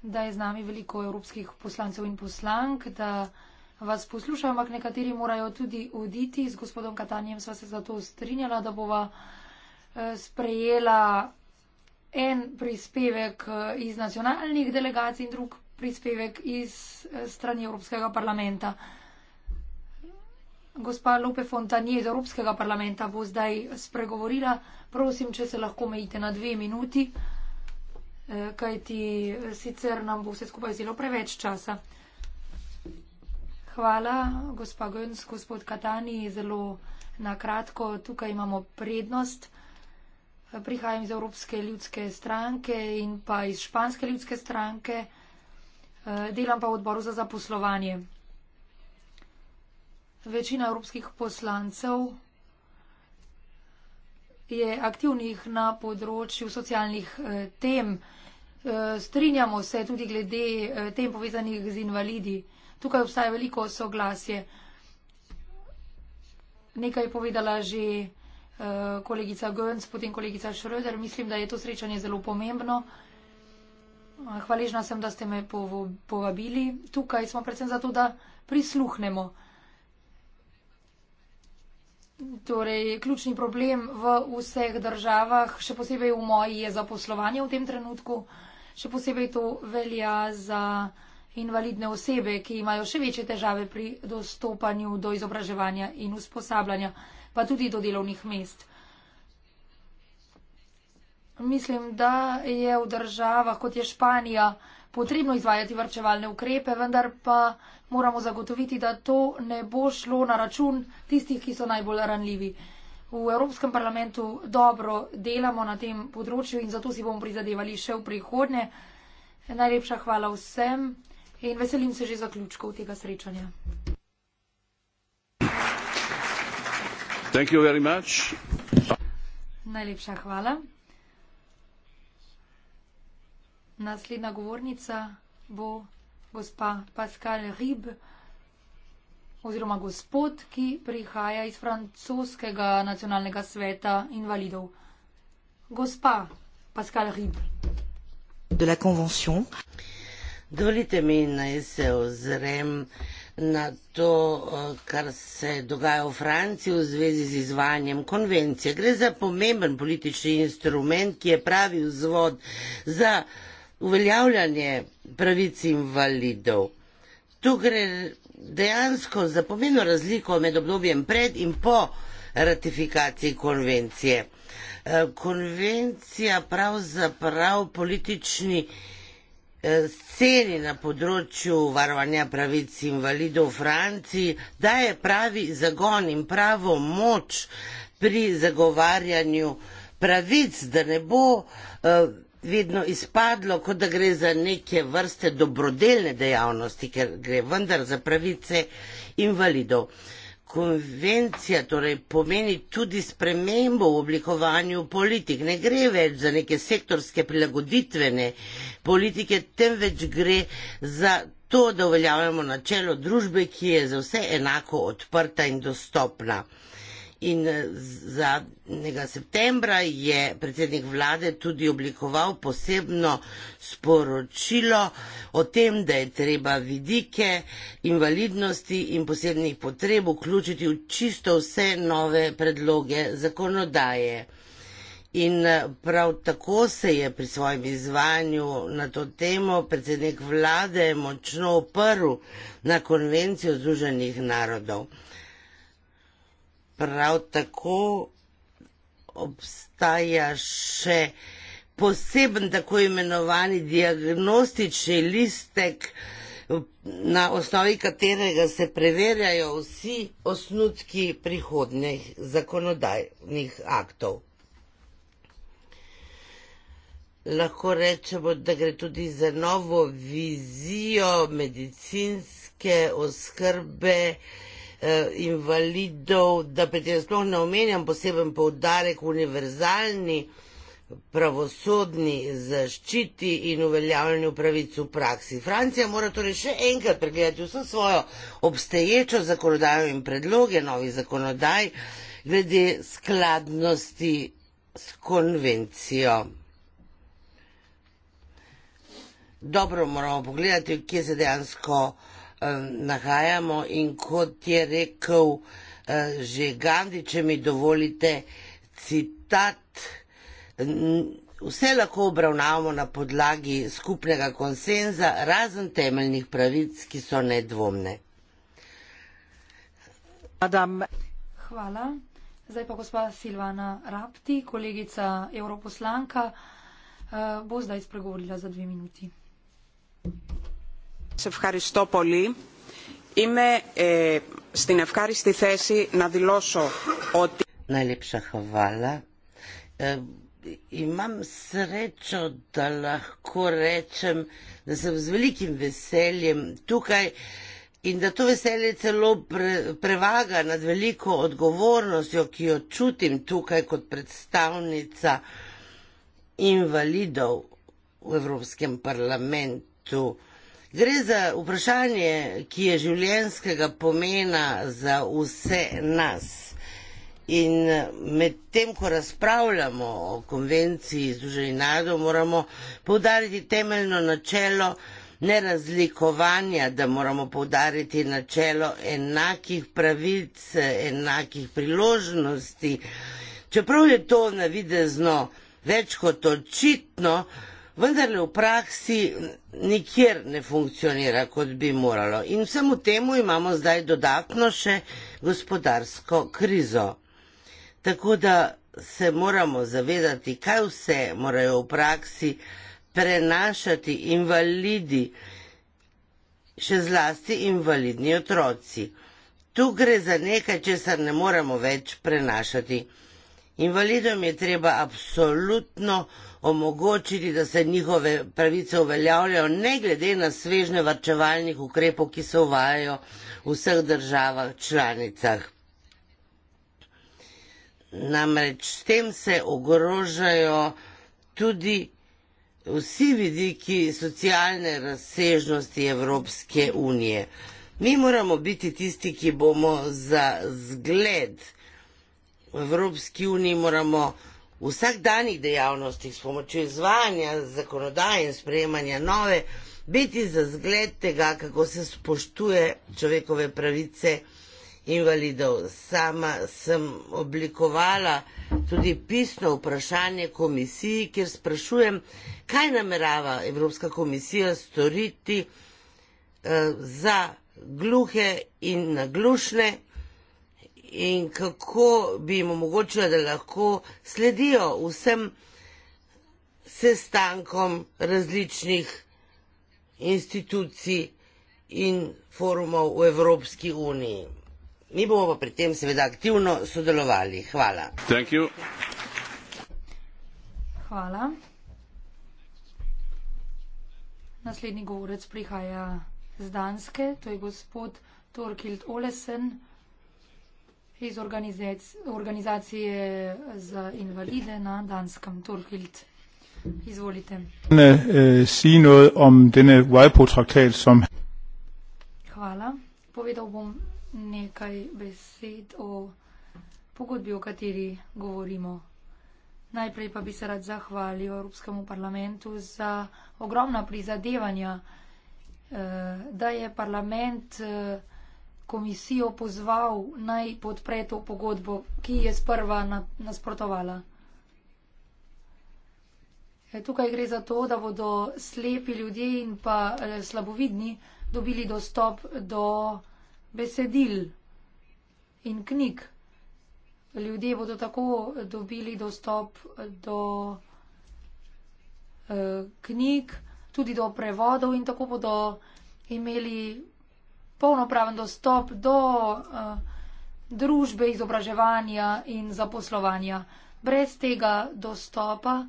da je z nami veliko evropskih poslancev in poslank, da vas poslušajo, ampak nekateri morajo tudi oditi. Z gospodom Katanjem sva se zato strinjala, da bova uh, sprejela en prispevek uh, iz nacionalnih delegacij in drug prispevek iz uh, strani Evropskega parlamenta. Gospa Lope Fontani iz Evropskega parlamenta bo zdaj spregovorila. Prosim, če se lahko mejite na dve minuti, eh, kajti eh, sicer nam bo vse skupaj zelo preveč časa. Hvala, gospa Gönc, gospod Katani, zelo nakratko. Tukaj imamo prednost. Eh, prihajam iz Evropske ljudske stranke in pa iz Španske ljudske stranke. Delam pa v odboru za zaposlovanje. Večina evropskih poslancev je aktivnih na področju socialnih eh, tem. Eh, strinjamo se tudi glede eh, tem povezanih z invalidi. Tukaj obstaja veliko soglasje. Nekaj je povedala že kolegica Gönc, potem kolegica Šröder. Mislim, da je to srečanje zelo pomembno. Hvaležna sem, da ste me povabili. Tukaj smo predvsem zato, da prisluhnemo torej, ključni problem v vseh državah, še posebej v moji, je zaposlovanje v tem trenutku. Še posebej to velja za invalidne osebe, ki imajo še večje težave pri dostopanju do izobraževanja in usposabljanja, pa tudi do delovnih mest. Mislim, da je v državah, kot je Španija, potrebno izvajati vrčevalne ukrepe, vendar pa moramo zagotoviti, da to ne bo šlo na račun tistih, ki so najbolj ranljivi. V Evropskem parlamentu dobro delamo na tem področju in zato si bomo prizadevali še v prihodnje. Najlepša hvala vsem in veselim se že zaključkov tega srečanja. Najlepša hvala. Naslednja govornica bo gospa Pascal Rib oziroma gospod, ki prihaja iz francoskega nacionalnega sveta invalidov. Gospa Pascal Rib. De la convention. Dovolite mi, naj se ozrem na to, eh, kar se dogaja v Franciji v zvezi z izvanjem konvencije. Gre za pomemben politični instrument, ki je pravi vzvod za uveljavljanje pravic invalidov. Tu gre dejansko za pomeno razliko med obdobjem pred in po ratifikaciji konvencije. Eh, konvencija pravzaprav politični eh, sceni na področju varovanja pravic invalidov v Franciji daje pravi zagon in pravo moč pri zagovarjanju pravic, da ne bo eh, vedno izpadlo, kot da gre za neke vrste dobrodelne dejavnosti, ker gre vendar za pravice invalidov. Konvencija torej pomeni tudi spremembo v oblikovanju politik. Ne gre več za neke sektorske prilagoditvene politike, temveč gre za to, da uveljavljamo načelo družbe, ki je za vse enako odprta in dostopna. In eh, zadnjega septembra je predsednik vlade tudi oblikoval posebno sporočilo o tem, da je treba vidike invalidnosti in posebnih potreb vključiti v čisto vse nove predloge zakonodaje. In eh, prav tako se je pri svojem izvajanju na to temo predsednik vlade močno oprl na konvencijo Združenih narodov prav tako obstaja še poseben tako imenovani diagnostični listek, na osnovi katerega se preverjajo vsi osnutki prihodnjih zakonodajnih aktov. Lahko rečemo, da gre tudi za novo vizijo medicinske oskrbe, Eh, invalidov, da predtem sploh ne omenjam poseben povdarek univerzalni pravosodni zaščiti in uveljavljanju pravic v praksi. Francija mora torej še enkrat pregledati vso svojo obstoječo zakonodajo in predloge novih zakonodaj glede skladnosti s konvencijo. Dobro moramo pogledati, kje se dejansko nahajamo in kot je rekel eh, že Gandhi, če mi dovolite citat, vse lahko obravnavamo na podlagi skupnega konsenza, razen temeljnih pravic, ki so nedvomne. Adam. Hvala. Zdaj pa gospa Silvana Rapti, kolegica europoslanka, eh, bo zdaj spregovorila za dve minuti. Thank you. Σε ευχαριστώ πολύ. Είμαι ε, στην ευχάριστη θέση να δηλώσω ότι... Να λείψω χαβάλα. Ε, imam srečo, da lahko rečem, da sem z velikim veseljem tukaj in da to veselje celo pre, prevaga nad veliko odgovornostjo, ki jo čutim tukaj kot predstavnica invalidov v Evropskem parlamentu. Gre za vprašanje, ki je življenskega pomena za vse nas. In med tem, ko razpravljamo o konvenciji Združenih narodov, moramo povdariti temeljno načelo nerazlikovanja, da moramo povdariti načelo enakih pravic, enakih priložnosti. Čeprav je to navidezno več kot očitno, vendarle v praksi nikjer ne funkcionira, kot bi moralo. In vsemu temu imamo zdaj dodatno še gospodarsko krizo. Tako da se moramo zavedati, kaj vse morajo v praksi prenašati invalidi, še zlasti invalidni otroci. Tu gre za nekaj, česar ne moremo več prenašati. Invalidom je treba absolutno omogočiti, da se njihove pravice uveljavljajo, ne glede na svežne varčevalnih ukrepov, ki se uvajajo v vseh državah članicah. Namreč s tem se ogrožajo tudi vsi vidiki socialne razsežnosti Evropske unije. Mi moramo biti tisti, ki bomo za zgled v Evropski uniji moramo v vsakdanjih dejavnostih s pomočjo izvajanja zakonodaje in sprejemanja nove biti za zgled tega, kako se spoštuje človekove pravice invalidov. Sama sem oblikovala tudi pisno vprašanje komisiji, kjer sprašujem, kaj namerava Evropska komisija storiti eh, za gluhe in naglušne in kako bi jim omogočila, da lahko sledijo vsem sestankom različnih institucij in forumov v Evropski uniji. Mi bomo pa pri tem seveda aktivno sodelovali. Hvala. Hvala. Naslednji govorec prihaja z Danske, to je gospod Torkild Olesen iz organizacije za invalide na Danskem, Torhild. Izvolite. Ne, eh, si noget om denne WIPO traktat, som... Hvala. Povedal bom nekaj besed o pogodbi, o kateri govorimo. Najprej pa bi se rad zahvalil Evropskemu parlamentu za ogromna prizadevanja, eh, da je parlament eh, komisijo pozval naj podpre to pogodbo, ki je sprva nasprotovala. E, tukaj gre za to, da bodo slepi ljudje in pa e, slabovidni dobili dostop do besedil in knjig. Ljudje bodo tako dobili dostop do e, knjig, tudi do prevodov in tako bodo imeli polnopraven dostop do uh, družbe, izobraževanja in zaposlovanja. Brez tega dostopa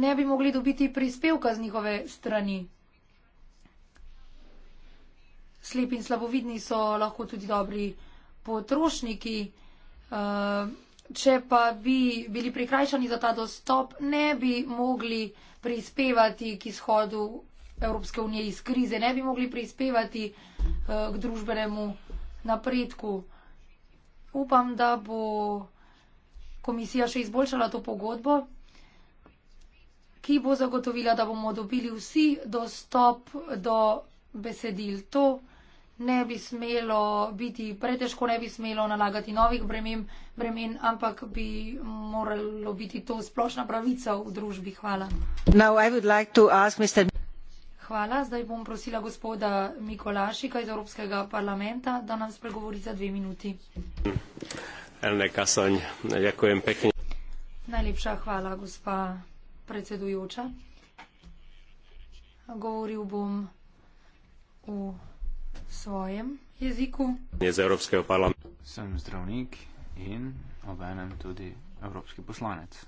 ne bi mogli dobiti prispevka z njihove strani. Slepi in slabovidni so lahko tudi dobri potrošniki. Uh, Če pa bi bili prikrajšani za ta dostop, ne bi mogli prispevati k izhodu Evropske unije iz krize ne bi mogli prispevati eh, k družbenemu napredku. Upam, da bo komisija še izboljšala to pogodbo, ki bo zagotovila, da bomo dobili vsi dostop do besedil. To ne bi smelo biti pretežko, ne bi smelo nalagati novih bremen, bremen ampak bi moralo biti to splošna pravica v družbi. Hvala. Now, Hvala. Zdaj bom prosila gospoda Mikolašika iz Evropskega parlamenta, da nam spregovori za dve minuti. Najlepša hvala, gospa predsedujoča. Govoril bom v svojem jeziku. Sem zdravnik in obenem tudi evropski poslanec.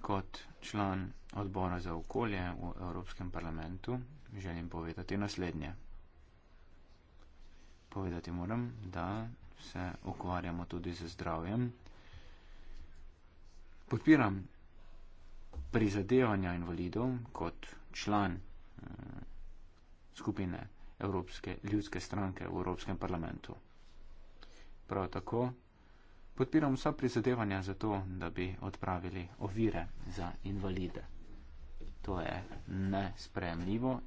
kot član odbora za okolje v Evropskem parlamentu želim povedati naslednje. Povedati moram, da se ukvarjamo tudi z zdravjem. Podpiram prizadevanja invalidov kot član eh, skupine Evropske ljudske stranke v Evropskem parlamentu. Prav tako podpiram vsa prizadevanja za to, da bi odpravili ovire za invalide. To je nespremljivo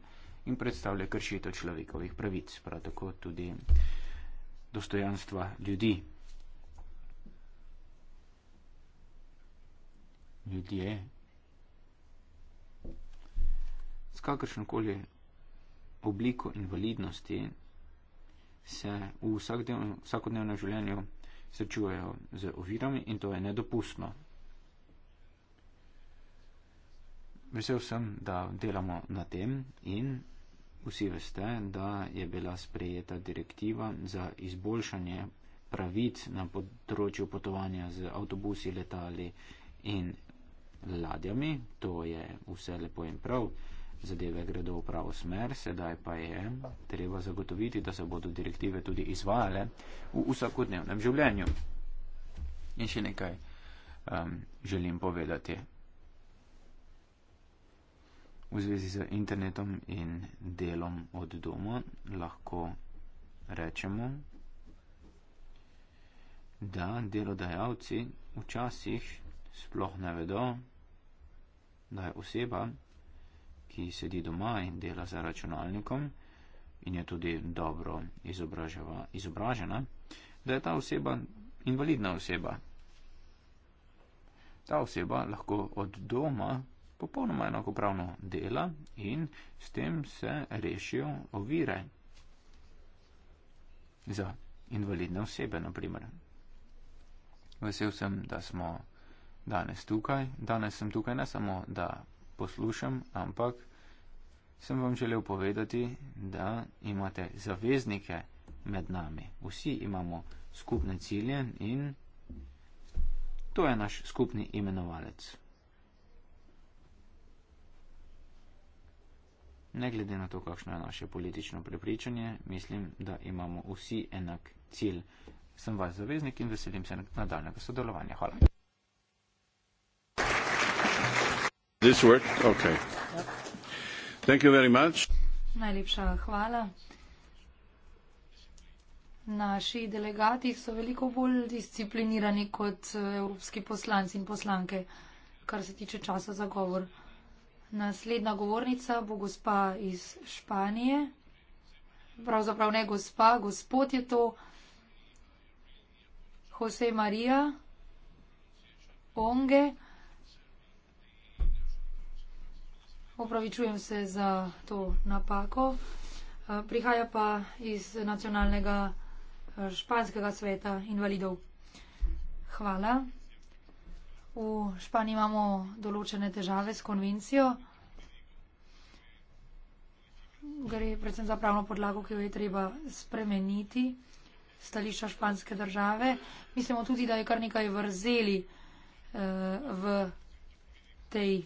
in predstavlja kršitev človekovih pravic, prav tako tudi dostojanstva ljudi. Ljudje s kakršnokoli obliko invalidnosti se v vsakodnevnem življenju srečujejo z ovirami in to je nedopustno. Vesel sem, da delamo na tem in vsi veste, da je bila sprejeta direktiva za izboljšanje pravic na področju potovanja z avtobusi, letali in ladjami. To je vse lepo in prav zadeve gredo v pravo smer, sedaj pa je treba zagotoviti, da se bodo direktive tudi izvajale v vsakodnevnem življenju. In še nekaj um, želim povedati v zvezi z internetom in delom od doma. Lahko rečemo, da delodajalci včasih sploh ne vedo, da je oseba, ki sedi doma in dela za računalnikom in je tudi dobro izobražena, da je ta oseba invalidna oseba. Ta oseba lahko od doma popolnoma enakopravno dela in s tem se rešijo ovire za invalidne osebe, naprimer. Vesel sem, da smo danes tukaj. Danes sem tukaj ne samo, da poslušam, ampak sem vam želel povedati, da imate zaveznike med nami. Vsi imamo skupne cilje in to je naš skupni imenovalec. Ne glede na to, kakšno je naše politično prepričanje, mislim, da imamo vsi enak cilj. Sem vaš zaveznik in veselim se nadaljnega sodelovanja. Hvala. Najlepša hvala. Naši delegati so veliko bolj disciplinirani kot eh, evropski poslanci in poslanke, kar se tiče časa za govor. Naslednja govornica bo gospa iz Španije. Pravzaprav ne gospa, gospod je to. Jose Maria Onge. Opravičujem se za to napako. Eh, prihaja pa iz nacionalnega eh, španskega sveta invalidov. Hvala. V Španiji imamo določene težave s konvencijo. Gre predvsem za pravno podlago, ki jo je treba spremeniti, stališča španske države. Mislimo tudi, da je kar nekaj vrzeli eh, v tej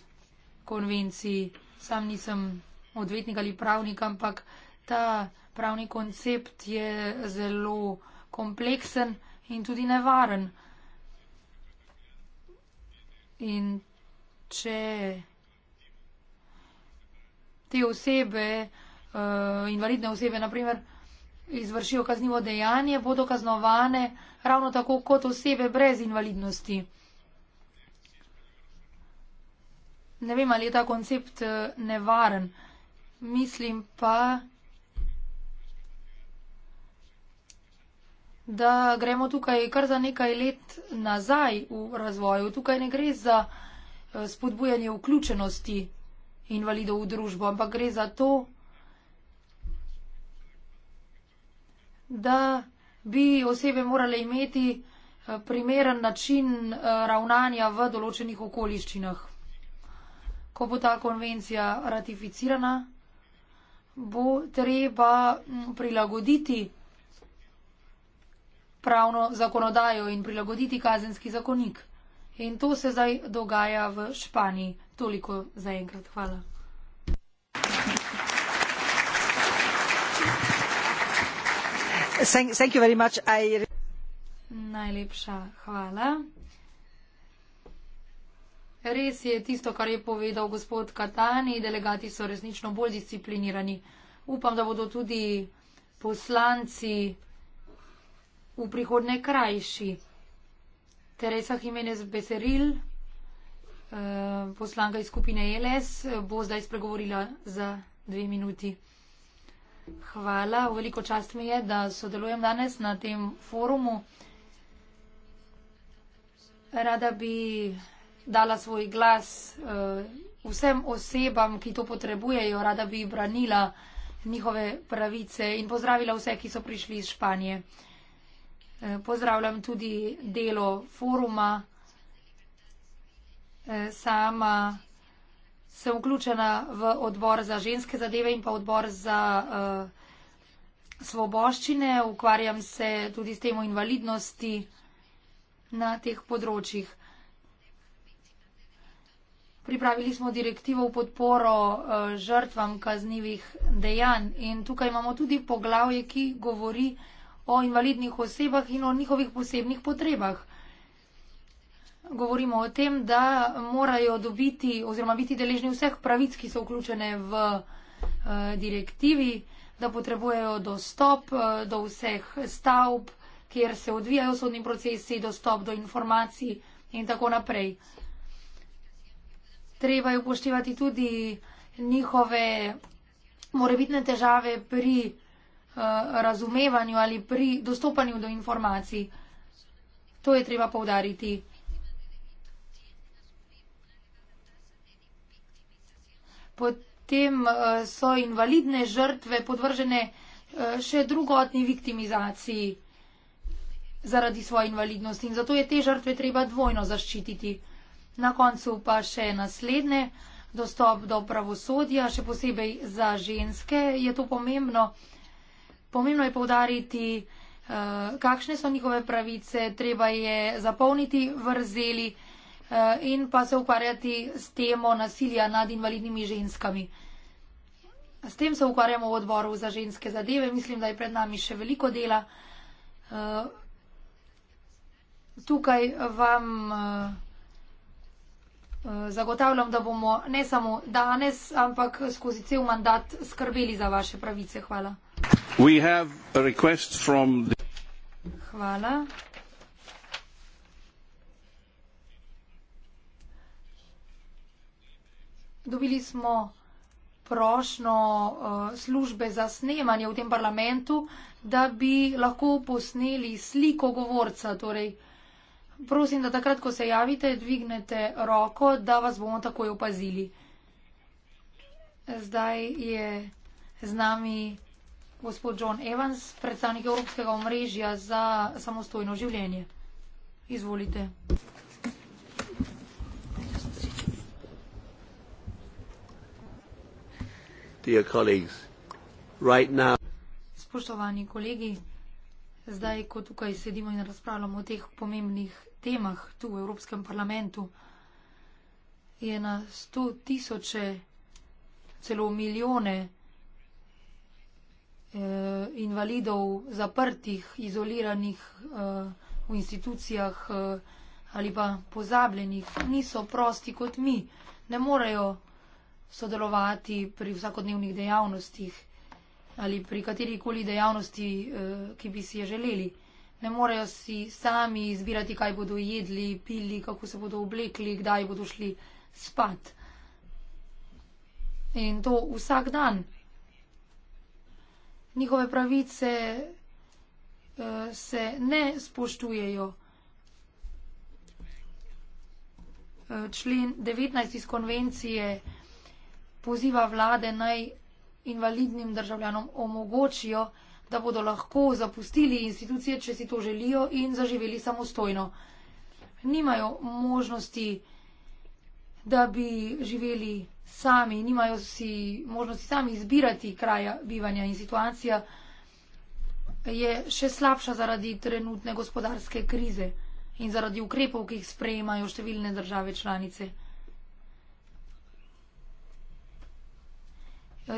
konvencij. Sam nisem odvetnik ali pravnik, ampak ta pravni koncept je zelo kompleksen in tudi nevaren. In če te osebe, uh, invalidne osebe, naprimer, izvršijo kaznivo dejanje, bodo kaznovane ravno tako kot osebe brez invalidnosti. ne vem, ali je ta koncept eh, nevaren. Mislim pa, da gremo tukaj kar za nekaj let nazaj v razvoju. Tukaj ne gre za eh, spodbujanje vključenosti invalidov v družbo, ampak gre za to, da bi osebe morale imeti eh, primeren način ravnanja v določenih okoliščinah ko bo ta konvencija ratificirana, bo treba prilagoditi pravno zakonodajo in prilagoditi kazenski zakonik. In to se zdaj dogaja v Španiji. Toliko za enkrat. Hvala. Thank, thank I... Najlepša hvala. Res je tisto, kar je povedal gospod Katani, delegati so resnično bolj disciplinirani. Upam, da bodo tudi poslanci v prihodne krajši. Teresa Jimenez Beceril, eh, poslanka iz skupine LS, bo zdaj spregovorila za dve minuti. Hvala, veliko čast mi je, da sodelujem danes na tem forumu. Rada bi dala svoj glas uh, vsem osebam, ki to potrebujejo, rada bi branila njihove pravice in pozdravila vse, ki so prišli iz Španije. Eh, pozdravljam tudi delo foruma. Eh, sama sem vključena v odbor za ženske zadeve in pa odbor za uh, svoboščine. Ukvarjam se tudi s temo invalidnosti na teh področjih. Pripravili smo direktivo v podporo eh, žrtvam kaznivih dejanj in tukaj imamo tudi poglavje, ki govori o invalidnih osebah in o njihovih posebnih potrebah. Govorimo o tem, da morajo dobiti oziroma biti deležni vseh pravic, ki so vključene v eh, direktivi, da potrebujejo dostop eh, do vseh stavb, kjer se odvijajo sodni procesi, dostop do informacij in tako naprej treba je upoštevati tudi njihove morebitne težave pri uh, razumevanju ali pri dostopanju do informacij. To je treba povdariti. Potem uh, so invalidne žrtve podvržene uh, še drugotni viktimizaciji zaradi svoje invalidnosti in zato je te žrtve treba dvojno zaščititi. Uh, Na koncu pa še naslednje. Dostop do pravosodja, še posebej za ženske, je to pomembno. Pomembno je povdariti, eh, kakšne so njihove pravice, treba je zapolniti vrzeli eh, in pa se ukvarjati s temo nasilja nad invalidnimi ženskami. S tem se ukvarjamo v odboru za ženske zadeve. Mislim, da je pred nami še veliko dela. Eh, tukaj vam. Eh, zagotavljam, da bomo ne samo danes, ampak skozi cel mandat skrbeli za vaše pravice. Hvala. Hvala. Dobili smo prošno uh, eh, službe za snemanje v tem parlamentu, da bi lahko posneli sliko govorca. Torej, uh, prosim, da takrat, ko se javite, dvignete roko, da vas bomo takoj opazili. Zdaj je z nami gospod John Evans, predstavnik Evropskega omrežja za samostojno življenje. Izvolite. Right now... Spoštovani kolegi, zdaj, ko tukaj sedimo in razpravljamo o teh pomembnih temah tu v Evropskem parlamentu, je na sto tisoče, celo milijone eh, invalidov zaprtih, izoliranih eh, v institucijah eh, ali pa pozabljenih, niso prosti kot mi, ne morejo sodelovati pri vsakodnevnih dejavnostih ali pri katerikoli dejavnosti, eh, ki bi si je želeli ne morejo si sami izbirati, kaj bodo jedli, pili, kako se bodo oblekli, kdaj bodo šli spat. In to vsak dan. Njihove pravice eh, se ne spoštujejo. Eh, člen 19 iz konvencije poziva vlade naj invalidnim državljanom omogočijo, da bodo lahko zapustili institucije, če si to želijo in zaživeli samostojno. Nimajo možnosti, da bi živeli sami, nimajo si možnosti sami izbirati kraja bivanja in situacija je še slabša zaradi trenutne gospodarske krize in zaradi ukrepov, ki jih sprejemajo številne države članice.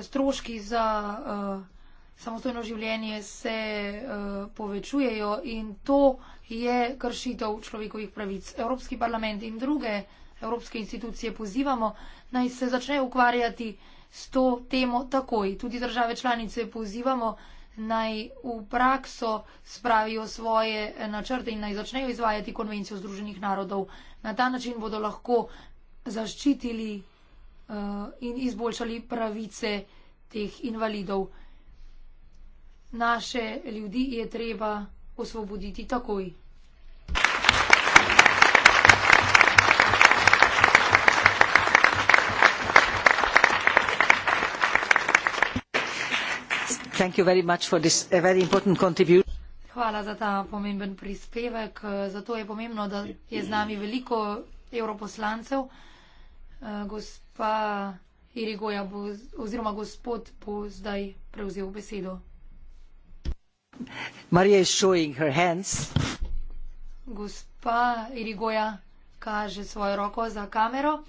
Stroški za uh, samostojno življenje se uh, povečujejo in to je kršitev človekovih pravic. Evropski parlament in druge evropske institucije pozivamo, naj se začne ukvarjati s to temo takoj. Tudi države članice pozivamo, naj v prakso spravijo svoje eh, načrte in naj začnejo izvajati konvencijo Združenih narodov. Na ta način bodo lahko zaščitili uh, in izboljšali pravice teh invalidov naše ljudi je treba osvoboditi takoj. Hvala za ta pomemben prispevek. Zato je pomembno, da je z nami veliko europoslancev. Eh, gospa Irigoja bo, oziroma gospod bo zdaj prevzel besedo. Gospa Irigoja kaže svojo roko za kamero.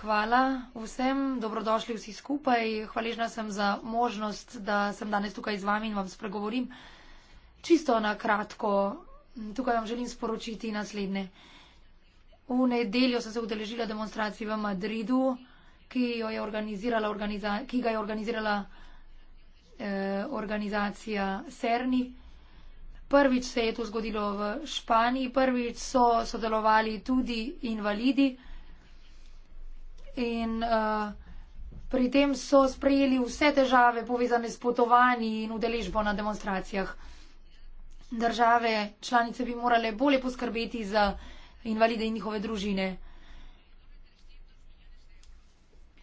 Hvala vsem, dobrodošli vsi skupaj. Hvaležna sem za možnost, da sem danes tukaj z vami in vam spregovorim. Čisto na kratko, tukaj vam želim sporočiti naslednje. V nedeljo sem se udeležila demonstracije v Madridu, ki, jo je organizirala organiza, ki ga je organizirala eh, organizacija Serni. Prvič se je to zgodilo v Španiji, prvič so sodelovali tudi invalidi in eh, pri tem so sprejeli vse težave povezane s potovanji in udeležbo na demonstracijah. Države članice bi morale bolje poskrbeti za invalide in njihove družine.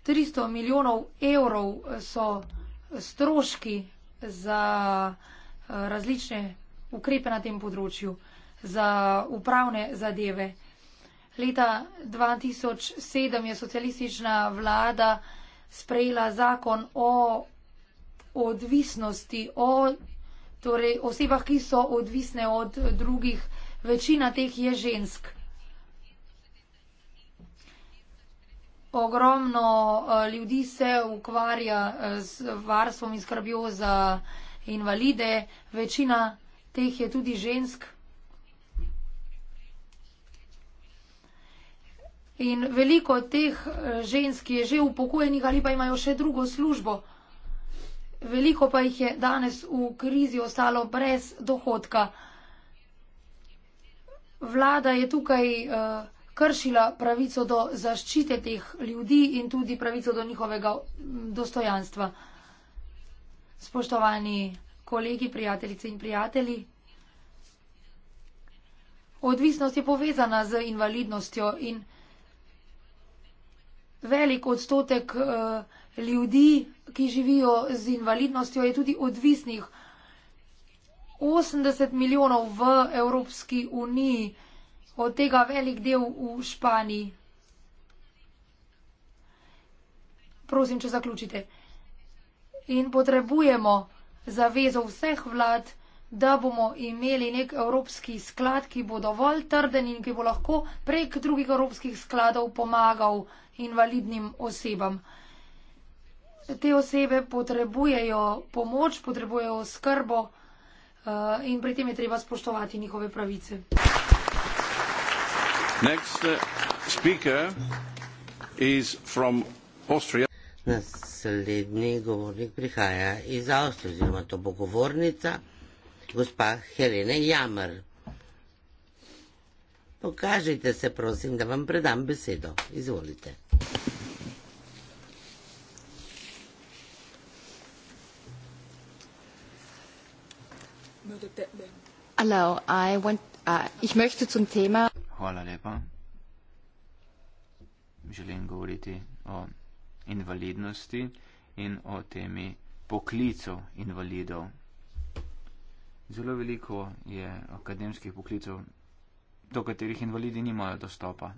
300 milijonov evrov so stroški za eh, različne ukrepe na tem področju, za upravne zadeve. Leta 2007 je socialistična vlada sprejela zakon o odvisnosti, o torej, osebah, ki so odvisne od drugih. Večina teh je žensk. ogromno eh, ljudi se ukvarja eh, z varstvom in skrbjo za invalide. Večina teh je tudi žensk. In veliko teh eh, žensk je že upokojenih ali pa imajo še drugo službo. Veliko pa jih je danes v krizi ostalo brez dohodka. Vlada je tukaj uh, kršila pravico do zaščite teh ljudi in tudi pravico do njihovega dostojanstva. Spoštovani kolegi, prijateljice in prijatelji, odvisnost je povezana z invalidnostjo in velik odstotek e, ljudi, ki živijo z invalidnostjo, je tudi odvisnih. 80 milijonov v Evropski uniji od tega velik del v Španiji. Prosim, če zaključite. In potrebujemo zavezo vseh vlad, da bomo imeli nek evropski sklad, ki bo dovolj trden in ki bo lahko prek drugih evropskih skladov pomagal invalidnim osebam. Te osebe potrebujejo pomoč, potrebujejo skrbo eh, in pri tem je treba spoštovati njihove pravice. Uh, Naslednji govornik prihaja iz Avstrije, oziroma to bo govornica, gospa Helene Jamr. Pokažite se, prosim, da vam predam besedo. Izvolite. Hello, I want, uh, ich möchte zum Thema. Hvala lepa. Želim govoriti o invalidnosti in o temi poklicov invalidov. Zelo veliko je akademskih poklicov, do katerih invalidi nimajo dostopa.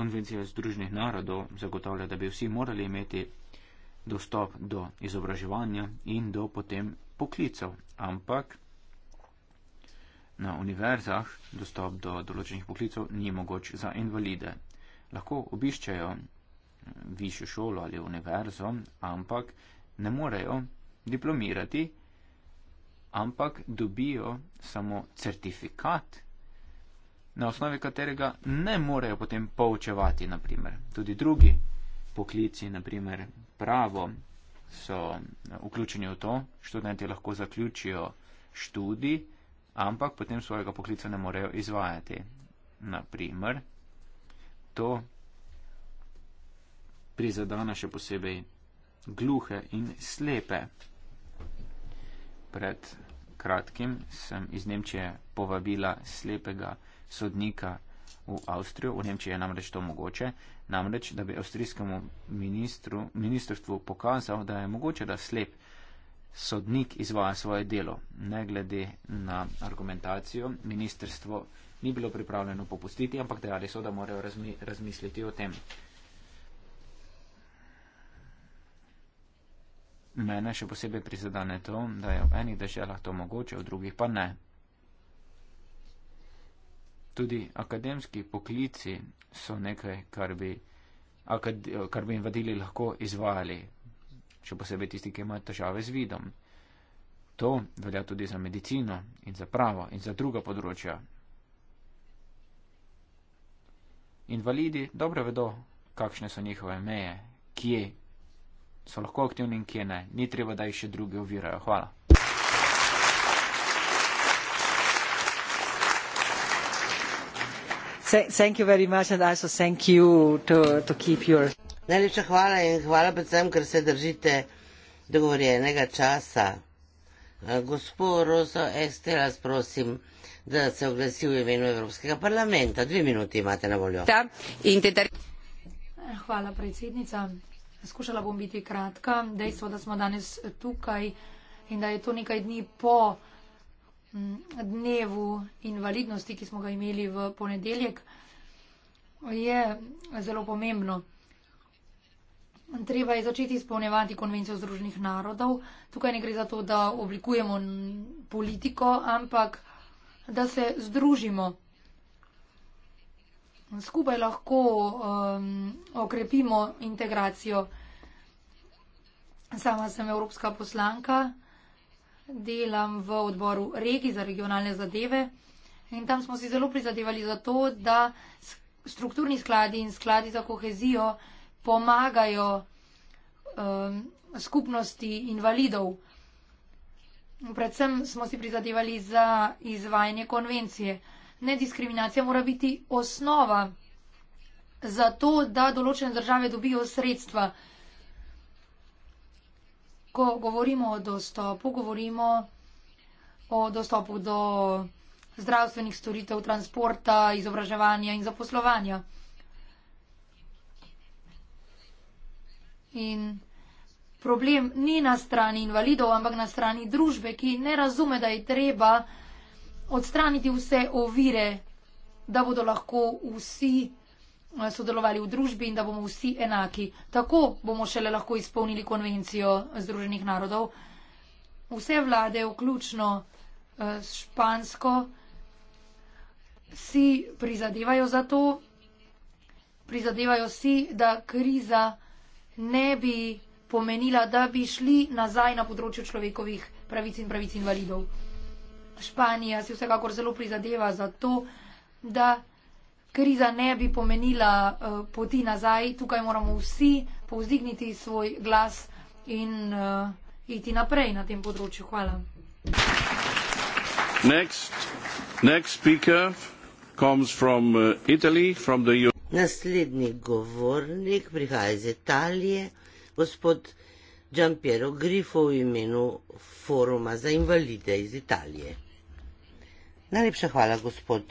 Konvencija Združenih narodov zagotavlja, da bi vsi morali imeti dostop do izobraževanja in do potem poklicev, ampak na univerzah dostop do določenih poklicev ni mogoč za invalide. Lahko obiščajo višjo šolo ali univerzo, ampak ne morejo diplomirati, ampak dobijo samo certifikat, na osnovi katerega ne morejo potem poučevati, naprimer, tudi drugi poklici, naprimer, pravo so vključeni v to, študenti lahko zaključijo študij, ampak potem svojega poklica ne morejo izvajati. Naprimer, to prizadane še posebej gluhe in slepe. Pred kratkim sem iz Nemčije povabila slepega sodnika v Avstrijo, v Nemčiji je namreč to mogoče, namreč, da bi avstrijskemu ministrstvu pokazal, da je mogoče, da slep sodnik izvaja svoje delo. Ne glede na argumentacijo, ministrstvo ni bilo pripravljeno popustiti, ampak dejali so, da morajo razmi, razmisliti o tem. Mene še posebej prizadane to, da je v enih državah to mogoče, v drugih pa ne. Tudi akademski poklici so nekaj, kar bi, akad, kar bi invadili lahko izvajali, še posebej tisti, ki imajo težave z vidom. To velja tudi za medicino in za pravo in za druga področja. Invalidi dobro vedo, kakšne so njihove meje, kje so lahko aktivni in kje ne. Ni treba, da jih še drugi ovirajo. Hvala. Najlepša hvala in hvala predvsem, ker se držite dogovorjenega časa. Eh, Gospod Roso Estela, prosim, da se oglasi v imenu Evropskega parlamenta. Dve minuti imate na voljo. Hvala, predsednica. Skušala bom biti kratka. Dejstvo, da smo danes tukaj in da je to nekaj dni po Mm, dnevu invalidnosti, ki smo ga imeli v ponedeljek, je zelo pomembno. Treba je začeti izpolnjevati konvencijo Združenih narodov. Tukaj ne gre za to, da oblikujemo politiko, ampak da se združimo. Skupaj lahko um, okrepimo integracijo. Sama sem evropska poslanka delam v odboru regij za regionalne zadeve in tam smo si zelo prizadevali za to, da strukturni skladi in skladi za kohezijo pomagajo um, skupnosti invalidov. Predvsem smo si prizadevali za izvajanje konvencije. Nediskriminacija mora biti osnova za to, da določene države dobijo sredstva ko govorimo o dostopu, govorimo o dostopu do zdravstvenih storitev, transporta, izobraževanja in zaposlovanja. In problem ni na strani invalidov, ampak na strani družbe, ki ne razume, da je treba odstraniti vse ovire, da bodo lahko vsi. Eh, sodelovali v družbi in da bomo vsi enaki. Tako bomo šele lahko izpolnili konvencijo Združenih narodov. Vse vlade, vključno eh, s špansko, si prizadevajo za to, prizadevajo si, da kriza ne bi pomenila, da bi šli nazaj na področju človekovih pravic in pravic invalidov. Španija si vsekakor zelo prizadeva za to, da kriza ne bi pomenila uh, poti nazaj. Tukaj moramo vsi povzdigniti svoj glas in uh, iti naprej na tem področju. Hvala. Next, next speaker comes from uh, Italy, from the EU. Naslednji govornik prihaja iz Italije, gospod Giampiero Grifo v imenu foruma za invalide iz Italije. Najlepša hvala, gospod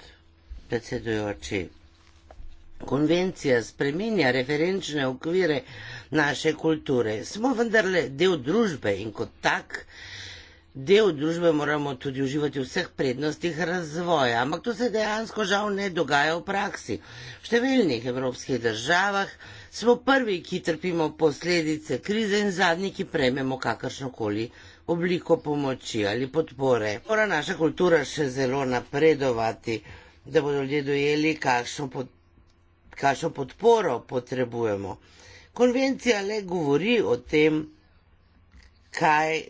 predsedujoči. Konvencija spreminja referenčne okvire naše kulture. Smo vendarle del družbe in kot tak del družbe moramo tudi uživati v vseh prednostih razvoja. Ampak to se dejansko žal ne dogaja v praksi. V številnih evropskih državah smo prvi, ki trpimo posledice krize in zadnji, ki prejmemo kakršnokoli obliko pomoči ali podpore. Mora naša kultura še zelo napredovati da bodo ljudje dojeli, kakšno, pod, kakšno podporo potrebujemo. Konvencija le govori o tem, kaj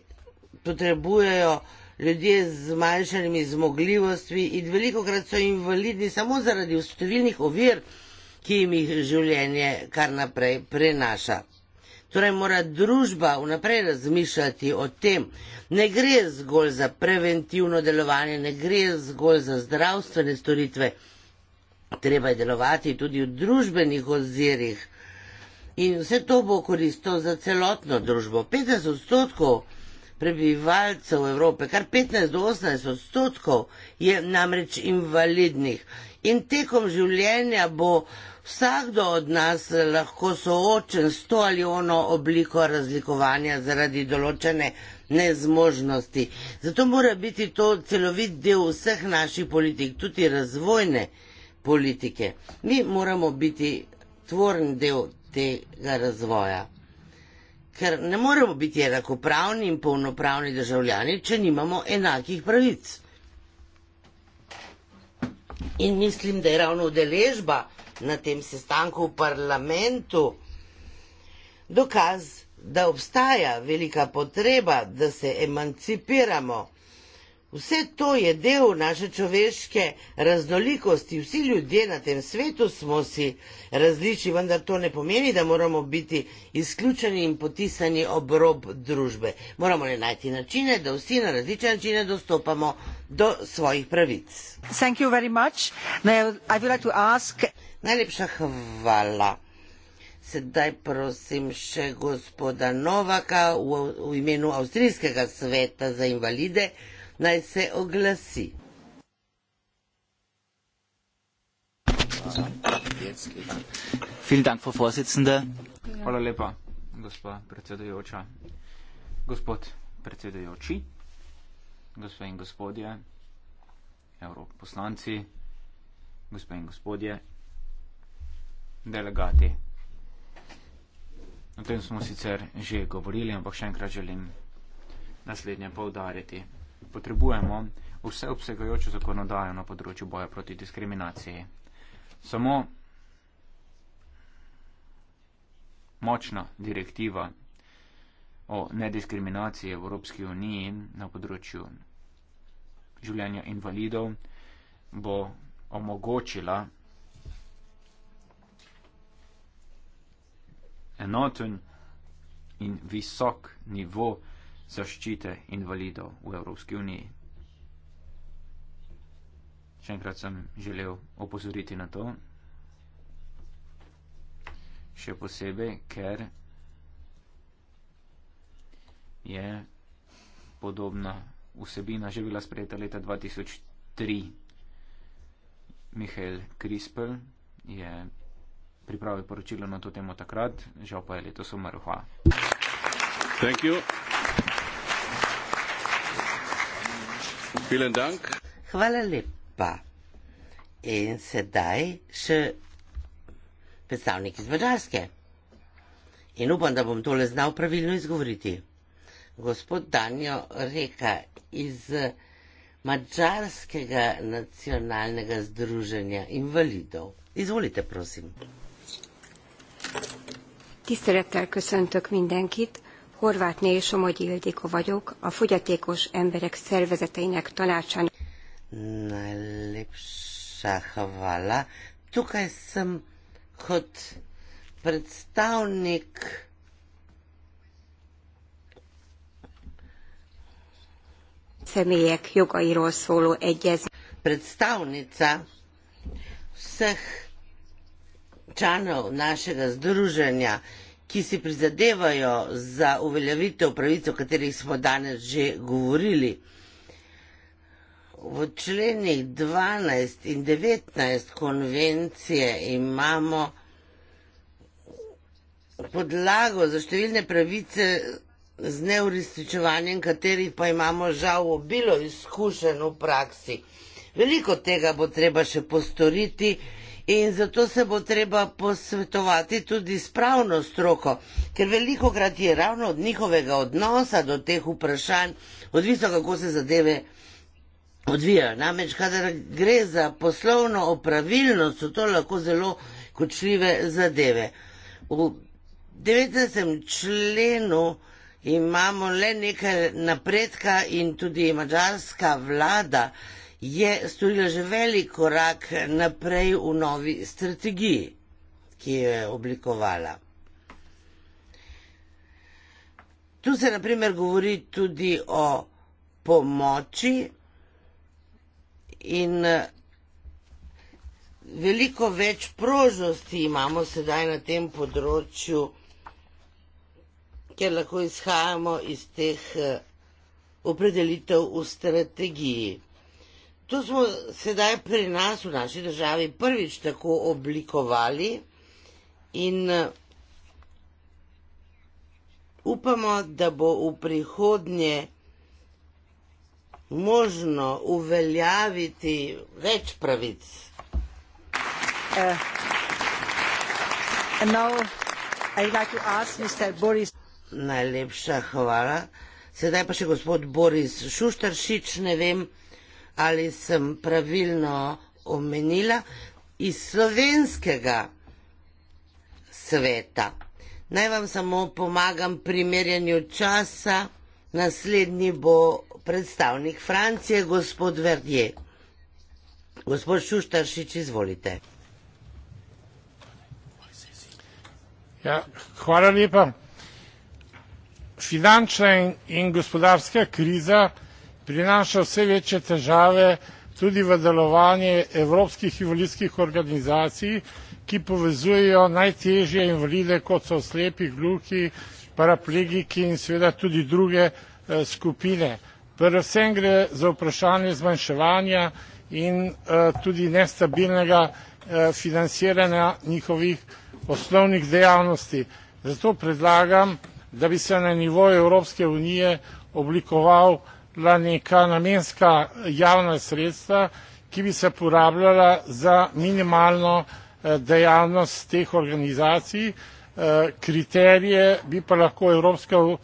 potrebujejo ljudje z manjšanimi zmogljivostmi in veliko krat so invalidni samo zaradi številnih ovir, ki jim jih življenje kar naprej prenaša. Torej mora družba vnaprej razmišljati o tem. Ne gre zgolj za preventivno delovanje, ne gre zgolj za zdravstvene storitve. Treba je delovati tudi v družbenih ozirih. In vse to bo koristo za celotno družbo. 50 odstotkov prebivalcev Evrope, kar 15 do 18 odstotkov je namreč invalidnih in tekom življenja bo vsakdo od nas lahko soočen s to ali ono obliko razlikovanja zaradi določene nezmožnosti. Zato mora biti to celovit del vseh naših politik, tudi razvojne politike. Mi moramo biti tvoren del tega razvoja. Ker ne moremo biti enakopravni in polnopravni državljani, če nimamo enakih pravic. In mislim, da je ravno udeležba na tem sestanku v parlamentu dokaz, da obstaja velika potreba, da se emancipiramo. Vse to je del naše človeške raznolikosti. Vsi ljudje na tem svetu smo si različni, vendar to ne pomeni, da moramo biti izključeni in potisani ob rob družbe. Moramo le najti načine, da vsi na različne načine dostopamo do svojih pravic. Najlepša hvala. Sedaj prosim še gospoda Novaka v, v imenu Avstrijskega sveta za invalide naj se oglasi. Dank, Hvala lepa, gospod predsedujoča. Gospod predsedujoči, gospe in gospodje, europoslanci, gospe in gospodje, delegati. O tem smo sicer že govorili, ampak še enkrat želim naslednje poudariti potrebujemo vseobsegajočo zakonodajo na področju boja proti diskriminaciji. Samo močna direktiva o nediskriminaciji v Evropski uniji na področju življenja invalidov bo omogočila enoten in visok nivo zaščite invalidov v Evropski uniji. Še enkrat sem želel opozoriti na to, še posebej, ker je podobna vsebina že bila sprejeta leta 2003. Mihajl Krispel je pripravil poročilo na to temo takrat, žal pa je letos umrl. Hvala. Thank you. Hvala lepa. In sedaj še predstavnik iz Mačarske. In upam, da bom tole znal pravilno izgovoriti. Gospod Danjo Reka iz Mačarskega nacionalnega združenja invalidov. Izvolite, prosim. Tisztelettel köszöntök mindenkit. Horvátné és Somogyi Ildiko vagyok, a Fogyatékos Emberek Szervezeteinek tanácsán. Najlepša hvala. Tukaj sem kot predstavnik személyek jogairól szóló egyezmény. Predstavnica vseh članov našega združenja ki si prizadevajo za uveljavitev pravic, o katerih smo danes že govorili. V členih 12 in 19 konvencije imamo podlago za številne pravice z neurističevanjem, katerih pa imamo žal obilo izkušen v praksi. Veliko tega bo treba še postoriti, in zato se bo treba posvetovati tudi s pravno stroko, ker veliko krat je ravno od njihovega odnosa do teh vprašanj odvisno, kako se zadeve odvijajo. Namreč, kadar gre za poslovno opravilnost, so to lahko zelo kočljive zadeve. V 19. členu imamo le nekaj napredka in tudi mađarska vlada je storila že velik korak naprej v novi strategiji, ki jo je oblikovala. Tu se naprimer govori tudi o pomoči in veliko več prožnosti imamo sedaj na tem področju, ker lahko izhajamo iz teh opredelitev v strategiji. To smo sedaj pri nas v naši državi prvič tako oblikovali in eh, upamo, da bo v prihodnje možno uveljaviti več pravic. Eh, Najlepša hvala. Sedaj pa še gospod Boris Šuštaršič, ne vem, ali sem pravilno omenila, iz slovenskega sveta. Naj vam samo pomagam pri merjenju časa. Naslednji bo predstavnik Francije, gospod Verdje. Gospod Šuštaršič, izvolite. Ja, hvala lepa. Finančna in gospodarska kriza prinaša vse večje težave tudi v delovanje evropskih invalidskih organizacij, ki povezujejo najtežje invalide, kot so slepi, gluhi, paraplegiki in seveda tudi druge eh, skupine. Predvsem gre za vprašanje zmanjševanja in eh, tudi nestabilnega eh, financiranja njihovih osnovnih dejavnosti. Zato predlagam, da bi se na nivoju Evropske unije oblikoval bila neka namenska javna sredstva, ki bi se porabljala za minimalno eh, dejavnost teh organizacij. Eh, kriterije bi pa lahko Evropska eh,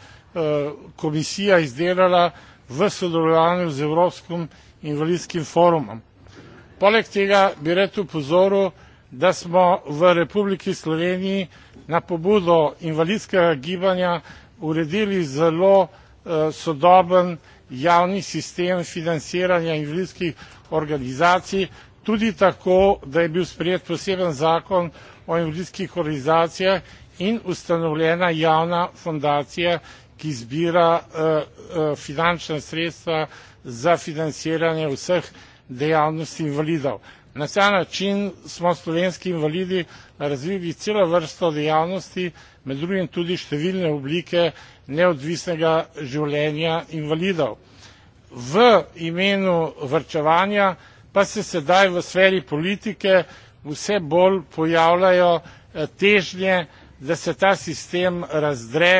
komisija izdelala v sodelovanju z Evropskim invalidskim forumom. Poleg tega bi rad upozoril, da smo v Republiki Sloveniji na pobudo invalidskega gibanja uredili zelo sodoben javni sistem financiranja invalidskih organizacij, tudi tako, da je bil sprejet poseben zakon o invalidskih organizacijah in ustanovljena javna fundacija, ki zbira uh, uh, finančna sredstva za financiranje vseh dejavnosti invalidov. Na ta način smo slovenski invalidi razvili celo vrsto dejavnosti, med drugim tudi številne oblike neodvisnega življenja invalidov. V imenu vrčevanja pa se sedaj v sferi politike vse bolj pojavljajo eh, težnje, da se ta sistem razdre,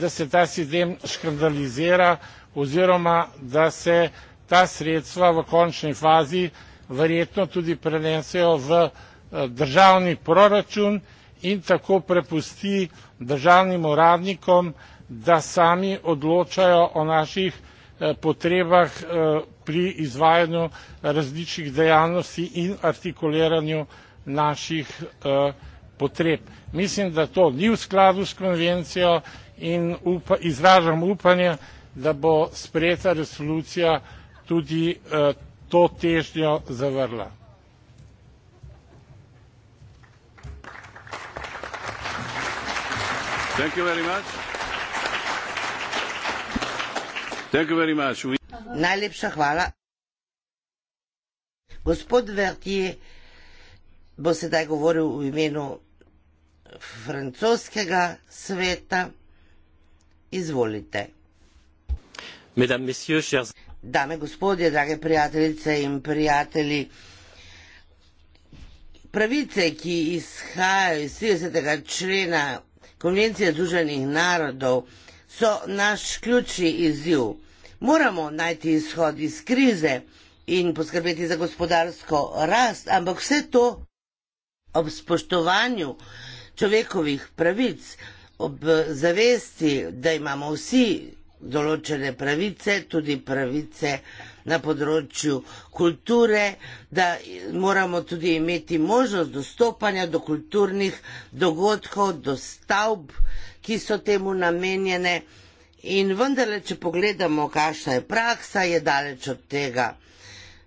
da se ta sistem škandalizira oziroma da se ta sredstva v končni fazi verjetno tudi prenesejo v eh, državni proračun in tako prepusti državnim uradnikom, da sami odločajo o naših eh, potrebah eh, pri izvajanju različnih dejavnosti in artikuliranju naših eh, potreb. Mislim, da to ni v skladu s konvencijo in upa, izražam upanje, da bo sprejeta resolucija tudi to težnjo zavrla. Thank you very much. Thank you very much. We... Najlepša hvala. Gospod Vertije bo sedaj govoril v imenu francoskega sveta. Izvolite. Mesdames, messieurs, chers... Dame, gospodje, drage prijateljice in prijatelji, pravice, ki izhajajo iz 30. člena konvencije Združenih narodov, so naš ključni izziv. Moramo najti izhod iz krize in poskrbeti za gospodarsko rast, ampak vse to ob spoštovanju človekovih pravic, ob zavesti, da imamo vsi določene pravice, tudi pravice na področju kulture, da moramo tudi imeti možnost dostopanja do kulturnih dogodkov, do stavb, ki so temu namenjene. In vendarle, če pogledamo, kakšna je praksa, je daleč od tega.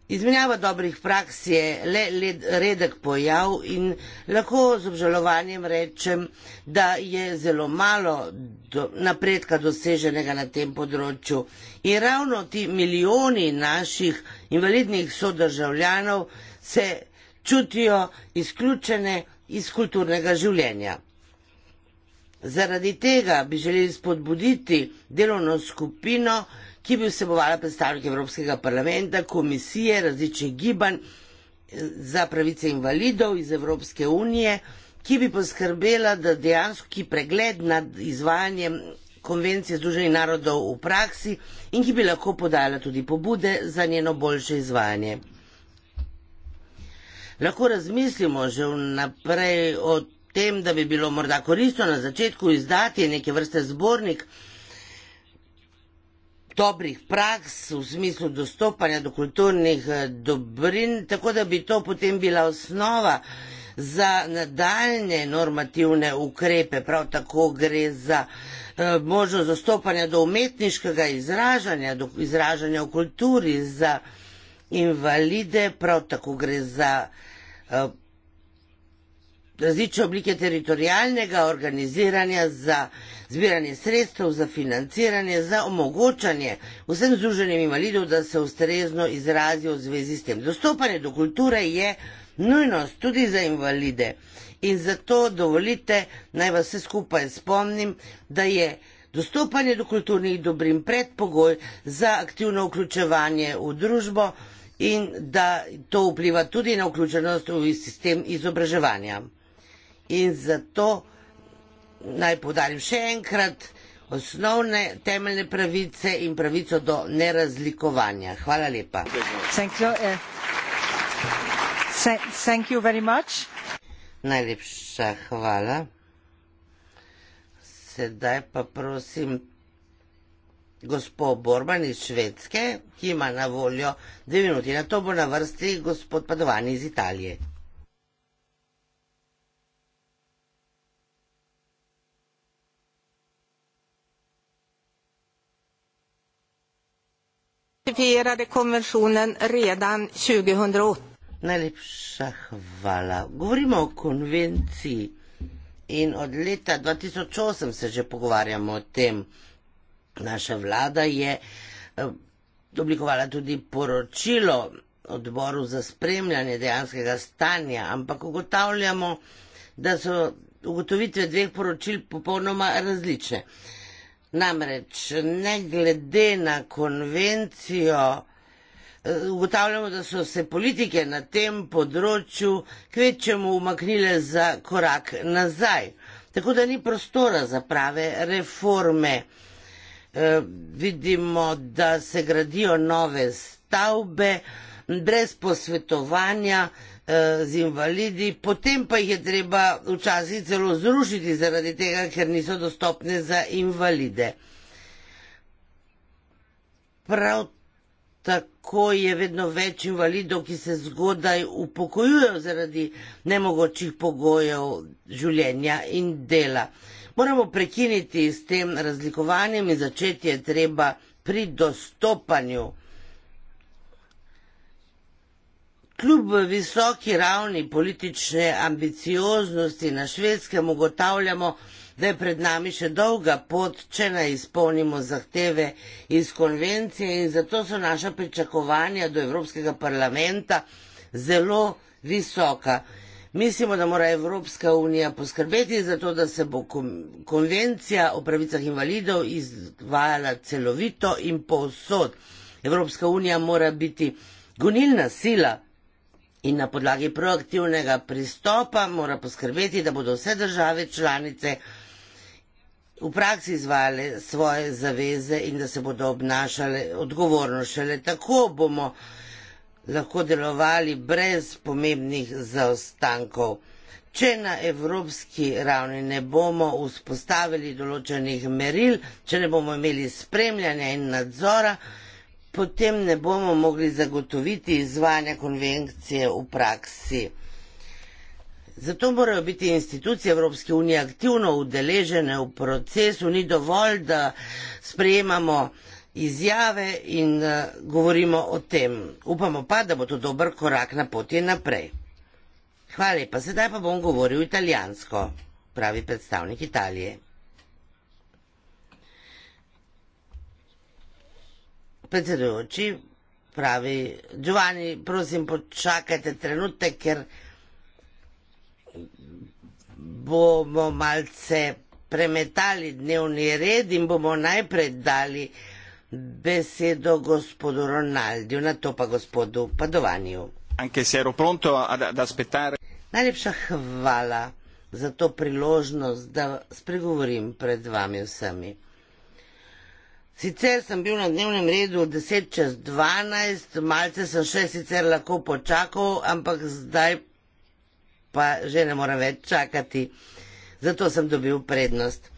Izmenjava dobrih praks je le led, redek pojav in lahko z obžalovanjem rečem, da je zelo malo do, napredka doseženega na tem področju. In ravno ti milijoni naših invalidnih sodržavljanov se čutijo izključene iz kulturnega življenja. Zaradi tega bi želeli spodbuditi delovno skupino, ki bi vsebovala predstavnike Evropskega parlamenta, komisije, različnih gibanj eh, za pravice invalidov iz Evropske unije, ki bi poskrbela, da dejanski pregled nad izvajanjem konvencije Združenih narodov v praksi in ki bi lahko podala tudi pobude za njeno boljše izvajanje. Lahko razmislimo že vnaprej o tem, da bi bilo morda koristno na začetku izdati neke vrste zbornik, dobrih praks v smislu dostopanja do kulturnih eh, dobrin, tako da bi to potem bila osnova za nadaljne normativne ukrepe, prav tako gre za eh, možnost dostopanja do umetniškega izražanja, do izražanja v kulturi za invalide, prav tako gre za eh, različne oblike teritorijalnega organiziranja za zbiranje sredstev, za financiranje, za omogočanje vsem združenjem invalidov, da se ustrezno izrazijo v zvezi s tem. Dostopanje do kulture je nujnost tudi za invalide in zato dovolite, naj vas vse skupaj spomnim, da je dostopanje do kulturnih dobrin predpogoj za aktivno vključevanje v družbo in da to vpliva tudi na vključenost v sistem izobraževanja. In zato naj podarim še enkrat osnovne temeljne pravice in pravico do nerazlikovanja. Hvala lepa. Thank you. Eh, thank you very much. Najlepša hvala. Sedaj pa prosim gospod Borman iz Švedske, ki ima na voljo dve minuti. Na to bo na vrsti gospod Padovani iz Italije. ratificerade konventionen redan 2008. Najlepša hvala. Govorimo o konvenciji in od leta 2008 se že pogovarjamo o tem. Naša vlada je eh, oblikovala tudi poročilo odboru za spremljanje dejanskega stanja, ampak ugotavljamo, da so ugotovitve dveh poročil popolnoma različne. Namreč, ne glede na konvencijo, eh, ugotavljamo, da so se politike na tem področju kvečemu umaknile za korak nazaj. Tako da ni prostora za prave reforme. E, vidimo, da se gradijo nove stavbe brez posvetovanja Eh, z invalidi, potem pa jih je treba včasih celo zrušiti, zaradi tega, ker niso dostopne za invalide. Prav tako je vedno več invalidov, ki se zgodaj upokojujejo zaradi nemogočih pogojev življenja in dela. Moramo prekiniti s tem razlikovanjem in začeti je treba pri dostopanju. Kljub visoki ravni politične ambicioznosti na švedskem ugotavljamo, da je pred nami še dolga pot, če ne izpolnimo zahteve iz konvencije in zato so naša pričakovanja do Evropskega parlamenta zelo visoka. Mislimo, da mora Evropska unija poskrbeti za to, da se bo konvencija o pravicah invalidov izvajala celovito in povsod. Evropska unija mora biti gonilna sila in na podlagi proaktivnega pristopa mora poskrbeti, da bodo vse države članice v praksi izvajale svoje zaveze in da se bodo obnašale odgovorno. Šele tako bomo lahko delovali brez pomembnih zaostankov. Če na evropski ravni ne bomo vzpostavili določenih meril, če ne bomo imeli spremljanja in nadzora, potem ne bomo mogli zagotoviti izvajanja konvencije v praksi. Zato morajo biti institucije Evropske unije aktivno udeležene v procesu, ni dovolj, da sprejemamo izjave in eh, govorimo o tem. Upamo pa, da bo to dober korak na poti naprej. Hvala lepa, sedaj pa bom govoril italijansko, pravi predstavnik Italije. predsedujoči, pravi Giovanni, prosim, počakajte trenutek, ker bomo malce premetali dnevni red in bomo najprej dali besedo gospodu Ronaldiju, na to pa gospodu Padovanju. Najlepša hvala za to priložnost, da spregovorim pred vami vsemi. Sicer sem bil na dnevnem redu 10 čez 12, malce sem še sicer lahko počakal, ampak zdaj pa že ne morem več čakati. Zato sem dobil prednost.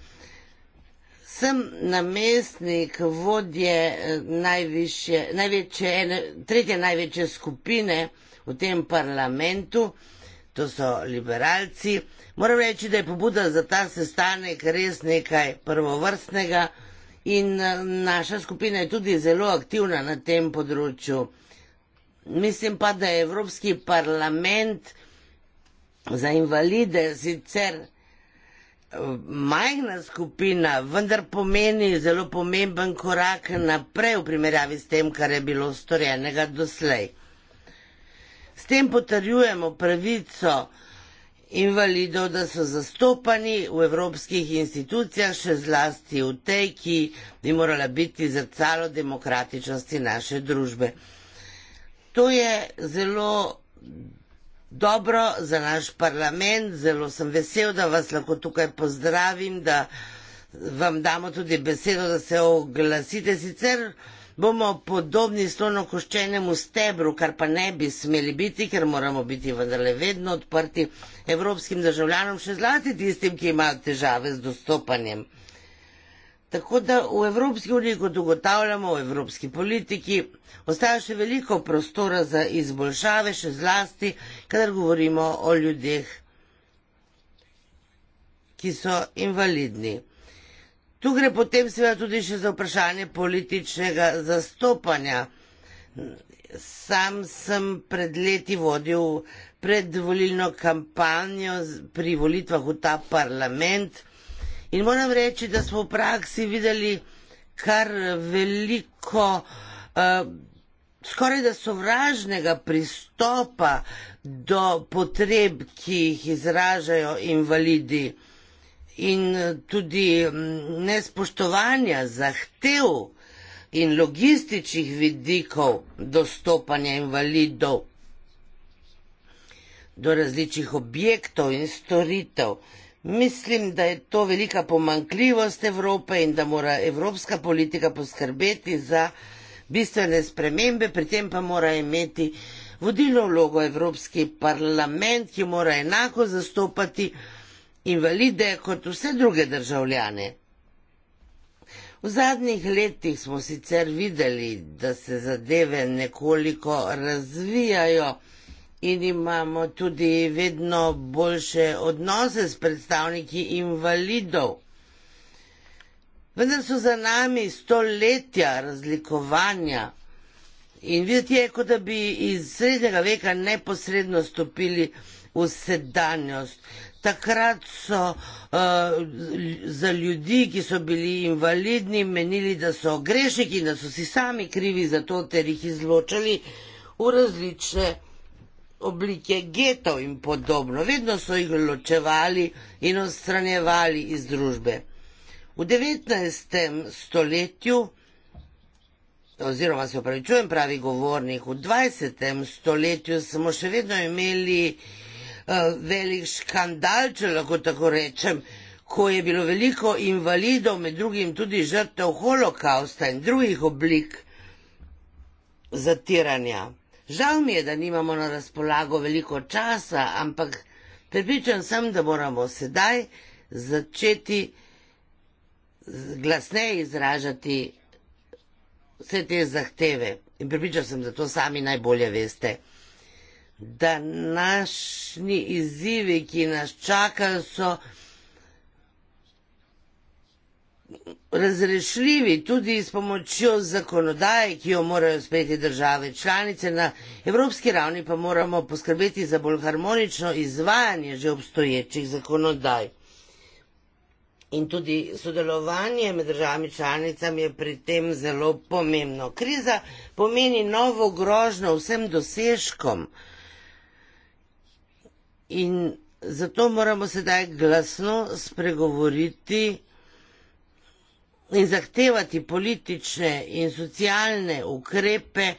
Sem namestnik vodje eh, najvišje, največje, ene, tretje največje skupine v tem parlamentu, to so liberalci. Moram reči, da je pobuda za ta sestanek res nekaj prvovrstnega. In eh, naša skupina je tudi zelo aktivna na tem področju. Mislim pa, da je Evropski parlament za invalide sicer eh, majhna skupina, vendar pomeni zelo pomemben korak naprej v primerjavi s tem, kar je bilo storjenega doslej. S tem potrjujemo pravico invalidov, da so zastopani v evropskih institucijah, še zlasti v tej, ki bi morala biti zrcalo demokratičnosti naše družbe. To je zelo dobro za naš parlament, zelo sem vesel, da vas lahko tukaj pozdravim, da vam damo tudi besedo, da se oglasite sicer bomo podobni slonokoščenemu stebru, kar pa ne bi smeli biti, ker moramo biti vendarle vedno odprti evropskim državljanom, še zlati tistim, ki imajo težave z dostopanjem. Tako da v Evropski uniji, kot ugotavljamo v evropski politiki, ostaja še veliko prostora za izboljšave, še zlasti, kadar govorimo o ljudeh, ki so invalidni. Tu gre potem seveda tudi še za vprašanje političnega zastopanja. Sam sem pred leti vodil predvolilno kampanjo pri volitvah v ta parlament in moram reči, da smo v praksi videli kar veliko, eh, skoraj da sovražnega pristopa do potreb, ki jih izražajo invalidi in eh, tudi mm, nespoštovanja zahtev in logističnih vidikov dostopanja invalidov do različnih objektov in storitev. Mislim, da je to velika pomankljivost Evrope in da mora evropska politika poskrbeti za bistvene spremembe, pri tem pa mora imeti vodilno vlogo Evropski parlament, ki mora enako zastopati invalide kot vse druge državljane. V zadnjih letih smo sicer videli, da se zadeve nekoliko razvijajo in imamo tudi vedno boljše odnose s predstavniki invalidov. Vendar so za nami stoletja razlikovanja in videti je, kot da bi iz srednjega veka neposredno stopili v sedanjost. Takrat so uh, za ljudi, ki so bili invalidni, menili, da so grešniki in da so si sami krivi za to, ter jih izločali v različne oblike getov in podobno. Vedno so jih ločevali in odstranjevali iz družbe. V 19. stoletju, oziroma se upravičujem pravi govornik, v 20. stoletju smo še vedno imeli uh, Eh, velik škandal, če lahko tako rečem, ko je bilo veliko invalidov, med drugim tudi žrtev holokausta in drugih oblik zatiranja. Žal mi je, da nimamo na razpolago veliko časa, ampak pripričan sem, da moramo sedaj začeti glasneje izražati vse te zahteve. In pripričal sem, da to sami najbolje veste današnji izzivi, ki nas čakajo, so razrešljivi tudi s pomočjo zakonodaje, ki jo morajo sprejeti države članice. Na evropski ravni pa moramo poskrbeti za bolj harmonično izvajanje že obstoječih zakonodaj. In tudi sodelovanje med državami članicami je pri tem zelo pomembno. Kriza pomeni novo grožno vsem dosežkom, in zato moramo sedaj glasno spregovoriti in zahtevati politične in socialne ukrepe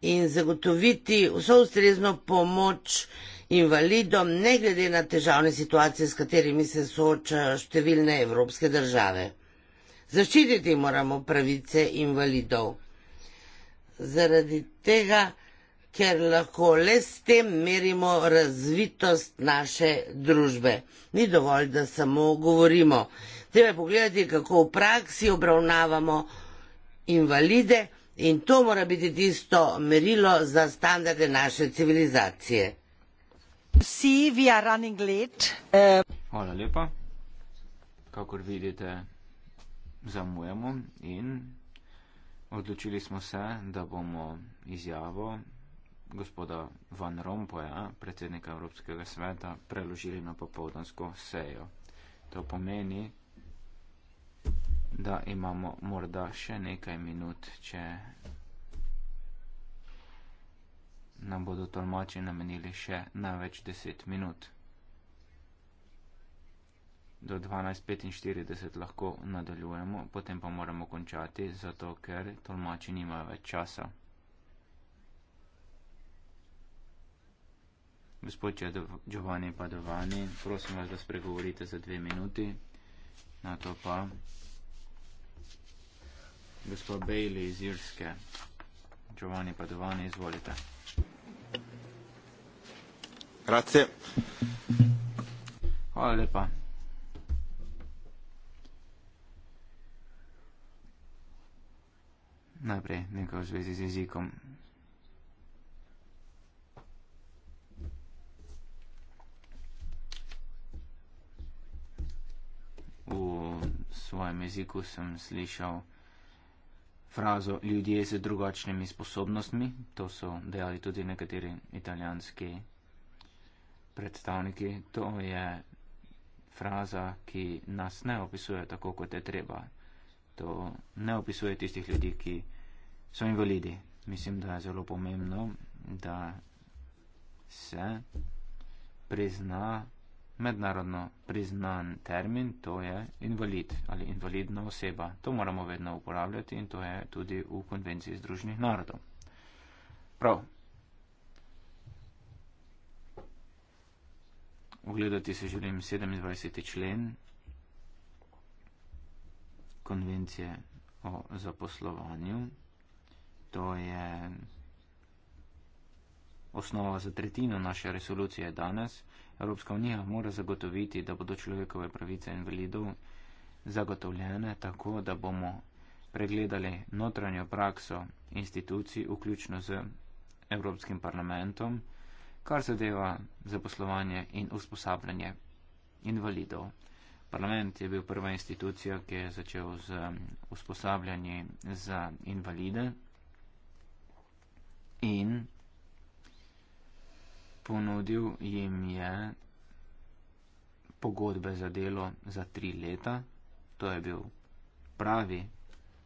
in zagotoviti vso ustrezno pomoč invalidom, ne glede na težavne situacije, s katerimi se soočajo številne evropske države. Zaščititi moramo pravice invalidov. Zaradi tega, ker lahko le s tem merimo razvitost naše družbe. Ni dovolj, da samo govorimo. Treba je pogledati, kako v praksi obravnavamo invalide in to mora biti tisto merilo za standarde naše civilizacije. Vsi, we are running late. Hvala lepa. Kakor vidite, zamujamo in odločili smo se, da bomo izjavo gospoda Van Rompoja, predsednika Evropskega sveta, preložili na popovdansko sejo. To pomeni, da imamo morda še nekaj minut, če nam bodo tolmači namenili še največ deset minut. Do 12.45 lahko nadaljujemo, potem pa moramo končati, zato ker tolmači nimajo več časa. Gospod Giovanni Padovani, prosim vas, da spregovorite za dve minuti. Na to pa gospod Bailey iz Irske. Giovanni Padovani, izvolite. Grazie. Hvala lepa. Najprej nekaj v zvezi z jezikom. v svojem jeziku sem slišal frazo ljudje z drugačnimi sposobnostmi. To so dejali tudi nekateri italijanski predstavniki. To je fraza, ki nas ne opisuje tako, kot je treba. To ne opisuje tistih ljudi, ki so invalidi. Mislim, da je zelo pomembno, da se prizna mednarodno priznan termin, to je invalid ali invalidna oseba. To moramo vedno uporabljati in to je tudi v konvenciji Združenih narodov. Prav. Ogledati se želim 27. člen konvencije o zaposlovanju. To je osnova za tretjino naše resolucije danes Evropska unija mora zagotoviti, da bodo človekove pravice invalidov zagotovljene tako, da bomo pregledali notranjo prakso institucij, vključno z Evropskim parlamentom, kar zadeva zaposlovanje in usposabljanje invalidov. Parlament je bil prva institucija, ki je začel z um, usposabljanjem za invalide in ponudil jim je pogodbe za delo za tri leta. To je bil pravi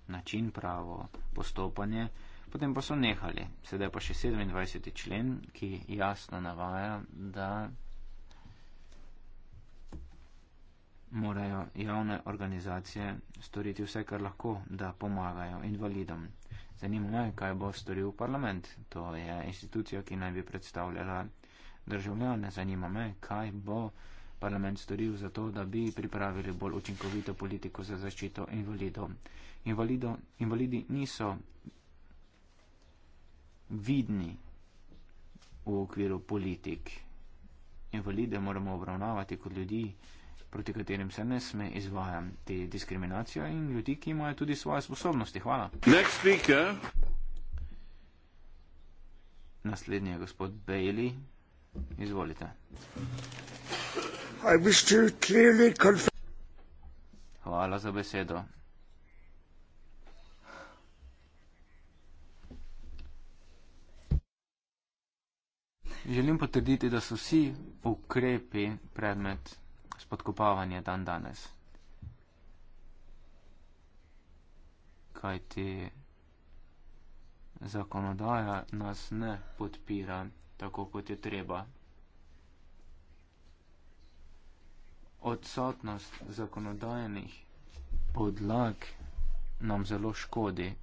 način, pravo postopanje. Potem pa so nehali. Sedaj pa še 27. člen, ki jasno navaja, da morajo javne organizacije storiti vse, kar lahko, da pomagajo invalidom. Zanima me, kaj bo storil parlament. To je institucija, ki naj bi predstavljala državljane zanima me, kaj bo parlament storil za to, da bi pripravili bolj učinkovito politiko za zaščito invalidov. Invalido, invalidi niso vidni v okviru politik. Invalide moramo obravnavati kot ljudi, proti katerim se ne sme izvajati diskriminacijo in ljudi, ki imajo tudi svoje sposobnosti. Hvala. Naslednji je gospod Bailey. Izvolite. Hvala za besedo. Želim potrditi, da so vsi ukrepi predmet spodkopavanja dan danes. Kajti zakonodaja nas ne podpira tako kot je treba. Odsotnost zakonodajnih podlag nam zelo škodi.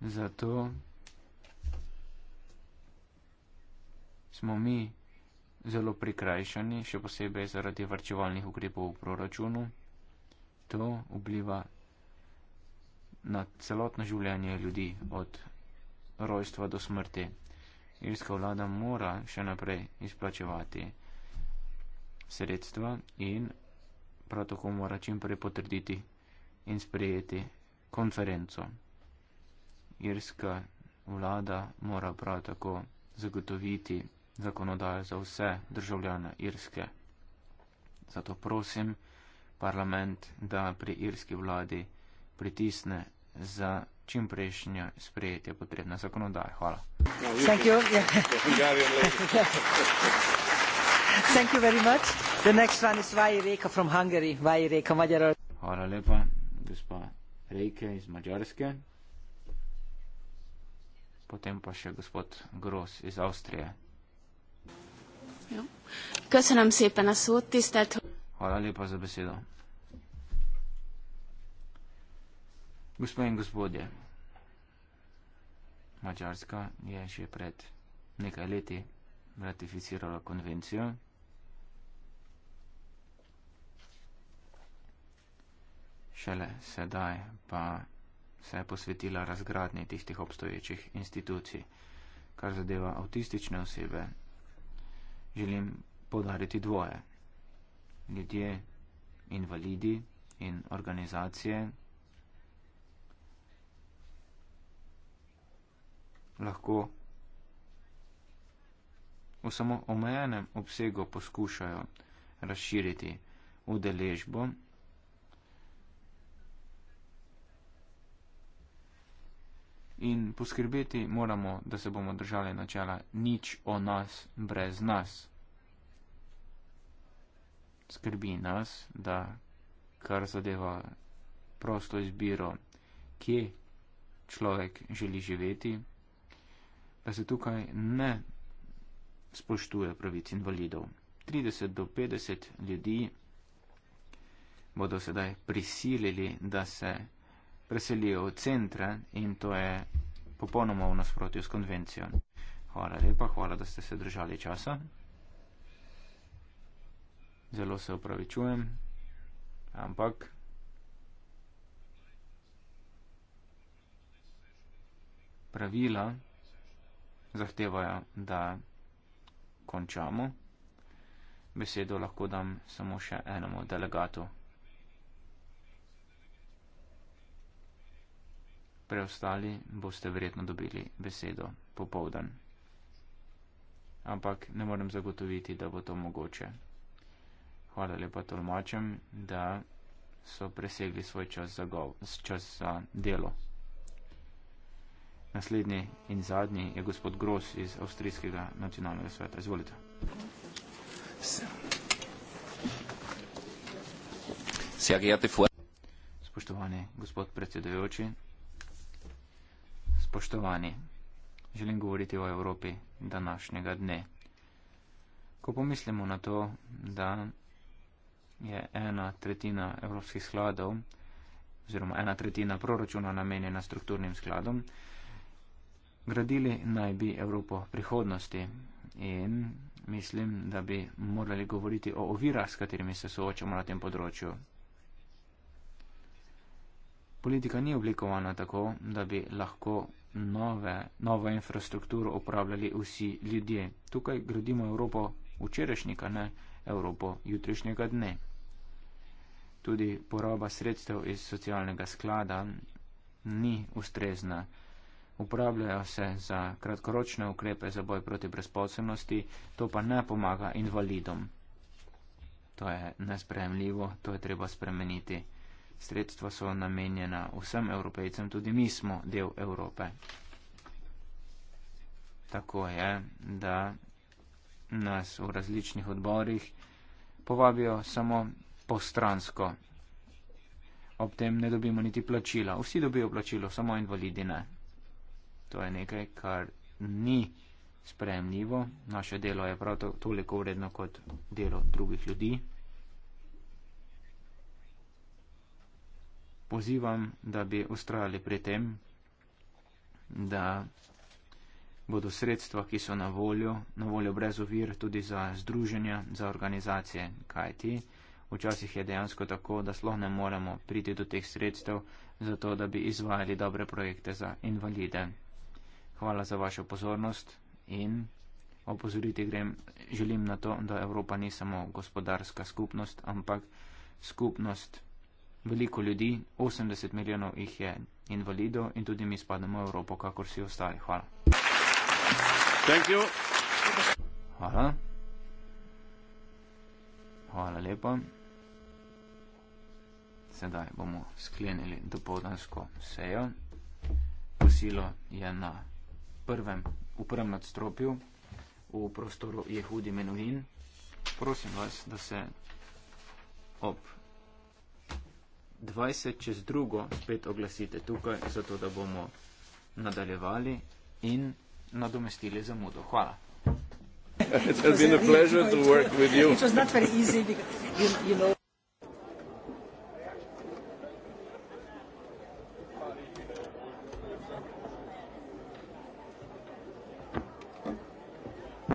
Zato smo mi zelo prikrajšani, še posebej zaradi varčevalnih ukrepov v proračunu. To vpliva na celotno življenje ljudi od rojstva do smrti. Irska vlada mora še naprej izplačevati sredstva in prav tako mora čimprej potrditi in sprejeti konferenco. Irska vlada mora prav tako zagotoviti zakonodajo za vse državljane Irske. Zato prosim parlament, da pri irski vladi pritisne za čimprejšnje sprejetje potrebne zakonodaje. Hvala. Thank you. (laughs) Thank you very much. The next one is Vai Reka from Hungary. Vai Reka, Magyarul. Hvala lepa, gospa Reke iz Mađarske. Potem pa še gospod Gross iz Avstrije. Jo. Köszönöm szépen a szót, tisztelt... Hvala lepa za besedo. Gospod in gospodje, Mačarska je še pred nekaj leti ratificirala konvencijo. Šele sedaj pa se je posvetila razgradnji tistih obstoječih institucij, kar zadeva avtistične osebe. Želim podariti dvoje. Ljudje, invalidi in organizacije, lahko v samo omejenem obsegu poskušajo razširiti udeležbo. In poskrbeti moramo, da se bomo držali načela nič o nas brez nas. Skrbi nas, da kar zadeva prosto izbiro, kje človek želi živeti, da se tukaj ne spoštuje pravic invalidov. 30 do 50 ljudi bodo sedaj prisilili, da se preselijo v centre in to je popolnoma v nasprotju s konvencijo. Hvala lepa, hvala, da ste se držali časa. Zelo se opravičujem, ampak. Pravila zahtevajo, da končamo. Besedo lahko dam samo še enemu delegatu. Preostali boste verjetno dobili besedo popovdan. Ampak ne morem zagotoviti, da bo to mogoče. Hvala lepa tolmačem, da so presegli svoj čas za, gov, čas za delo. Naslednji in zadnji je gospod Gross iz Avstrijskega nacionalnega sveta. Izvolite. Spoštovani gospod predsedujoči, spoštovani, želim govoriti o Evropi današnjega dne. Ko pomislimo na to, da je ena tretjina evropskih skladov oziroma ena tretjina proračuna namenjena strukturnim skladom, Gradili naj bi Evropo prihodnosti in mislim, da bi morali govoriti o ovirah, s katerimi se soočamo na tem področju. Politika ni oblikovana tako, da bi lahko nove, novo infrastrukturo uporabljali vsi ljudje. Tukaj gradimo Evropo včerajšnjega, ne Evropo jutrišnjega dne. Tudi poraba sredstev iz socialnega sklada ni ustrezna uporabljajo se za kratkoročne ukrepe za boj proti brezposobnosti, to pa ne pomaga invalidom. To je nespremljivo, to je treba spremeniti. Sredstva so namenjena vsem evropejcem, tudi mi smo del Evrope. Tako je, da nas v različnih odborih povabijo samo postransko. Ob tem ne dobimo niti plačila. Vsi dobijo plačilo, samo invalidi ne. To je nekaj, kar ni spremljivo. Naše delo je prav toliko vredno kot delo drugih ljudi. Pozivam, da bi ustrajali pri tem, da bodo sredstva, ki so na voljo, na voljo brez ovir tudi za združenja, za organizacije, kaj ti. Včasih je dejansko tako, da sloh ne moremo priti do teh sredstev, zato da bi izvajali dobre projekte za invalide. Hvala za vašo pozornost in opozoriti grem, želim na to, da Evropa ni samo gospodarska skupnost, ampak skupnost veliko ljudi, 80 milijonov jih je invalido in tudi mi spademo v Evropo, kakor vsi ostali. Hvala. Thank you. Hvala. Hvala lepa. Sedaj bomo sklenili dopoldansko sejo. Posilo je na prvem, v prvem nadstropju, v prostoru Jehudi Menuhin. Prosim vas, da se ob 20 čez drugo spet oglasite tukaj, zato da bomo nadaljevali in nadomestili zamudo. Hvala. (laughs) It has been a pleasure to work with you. It was not very easy, because, you, you know.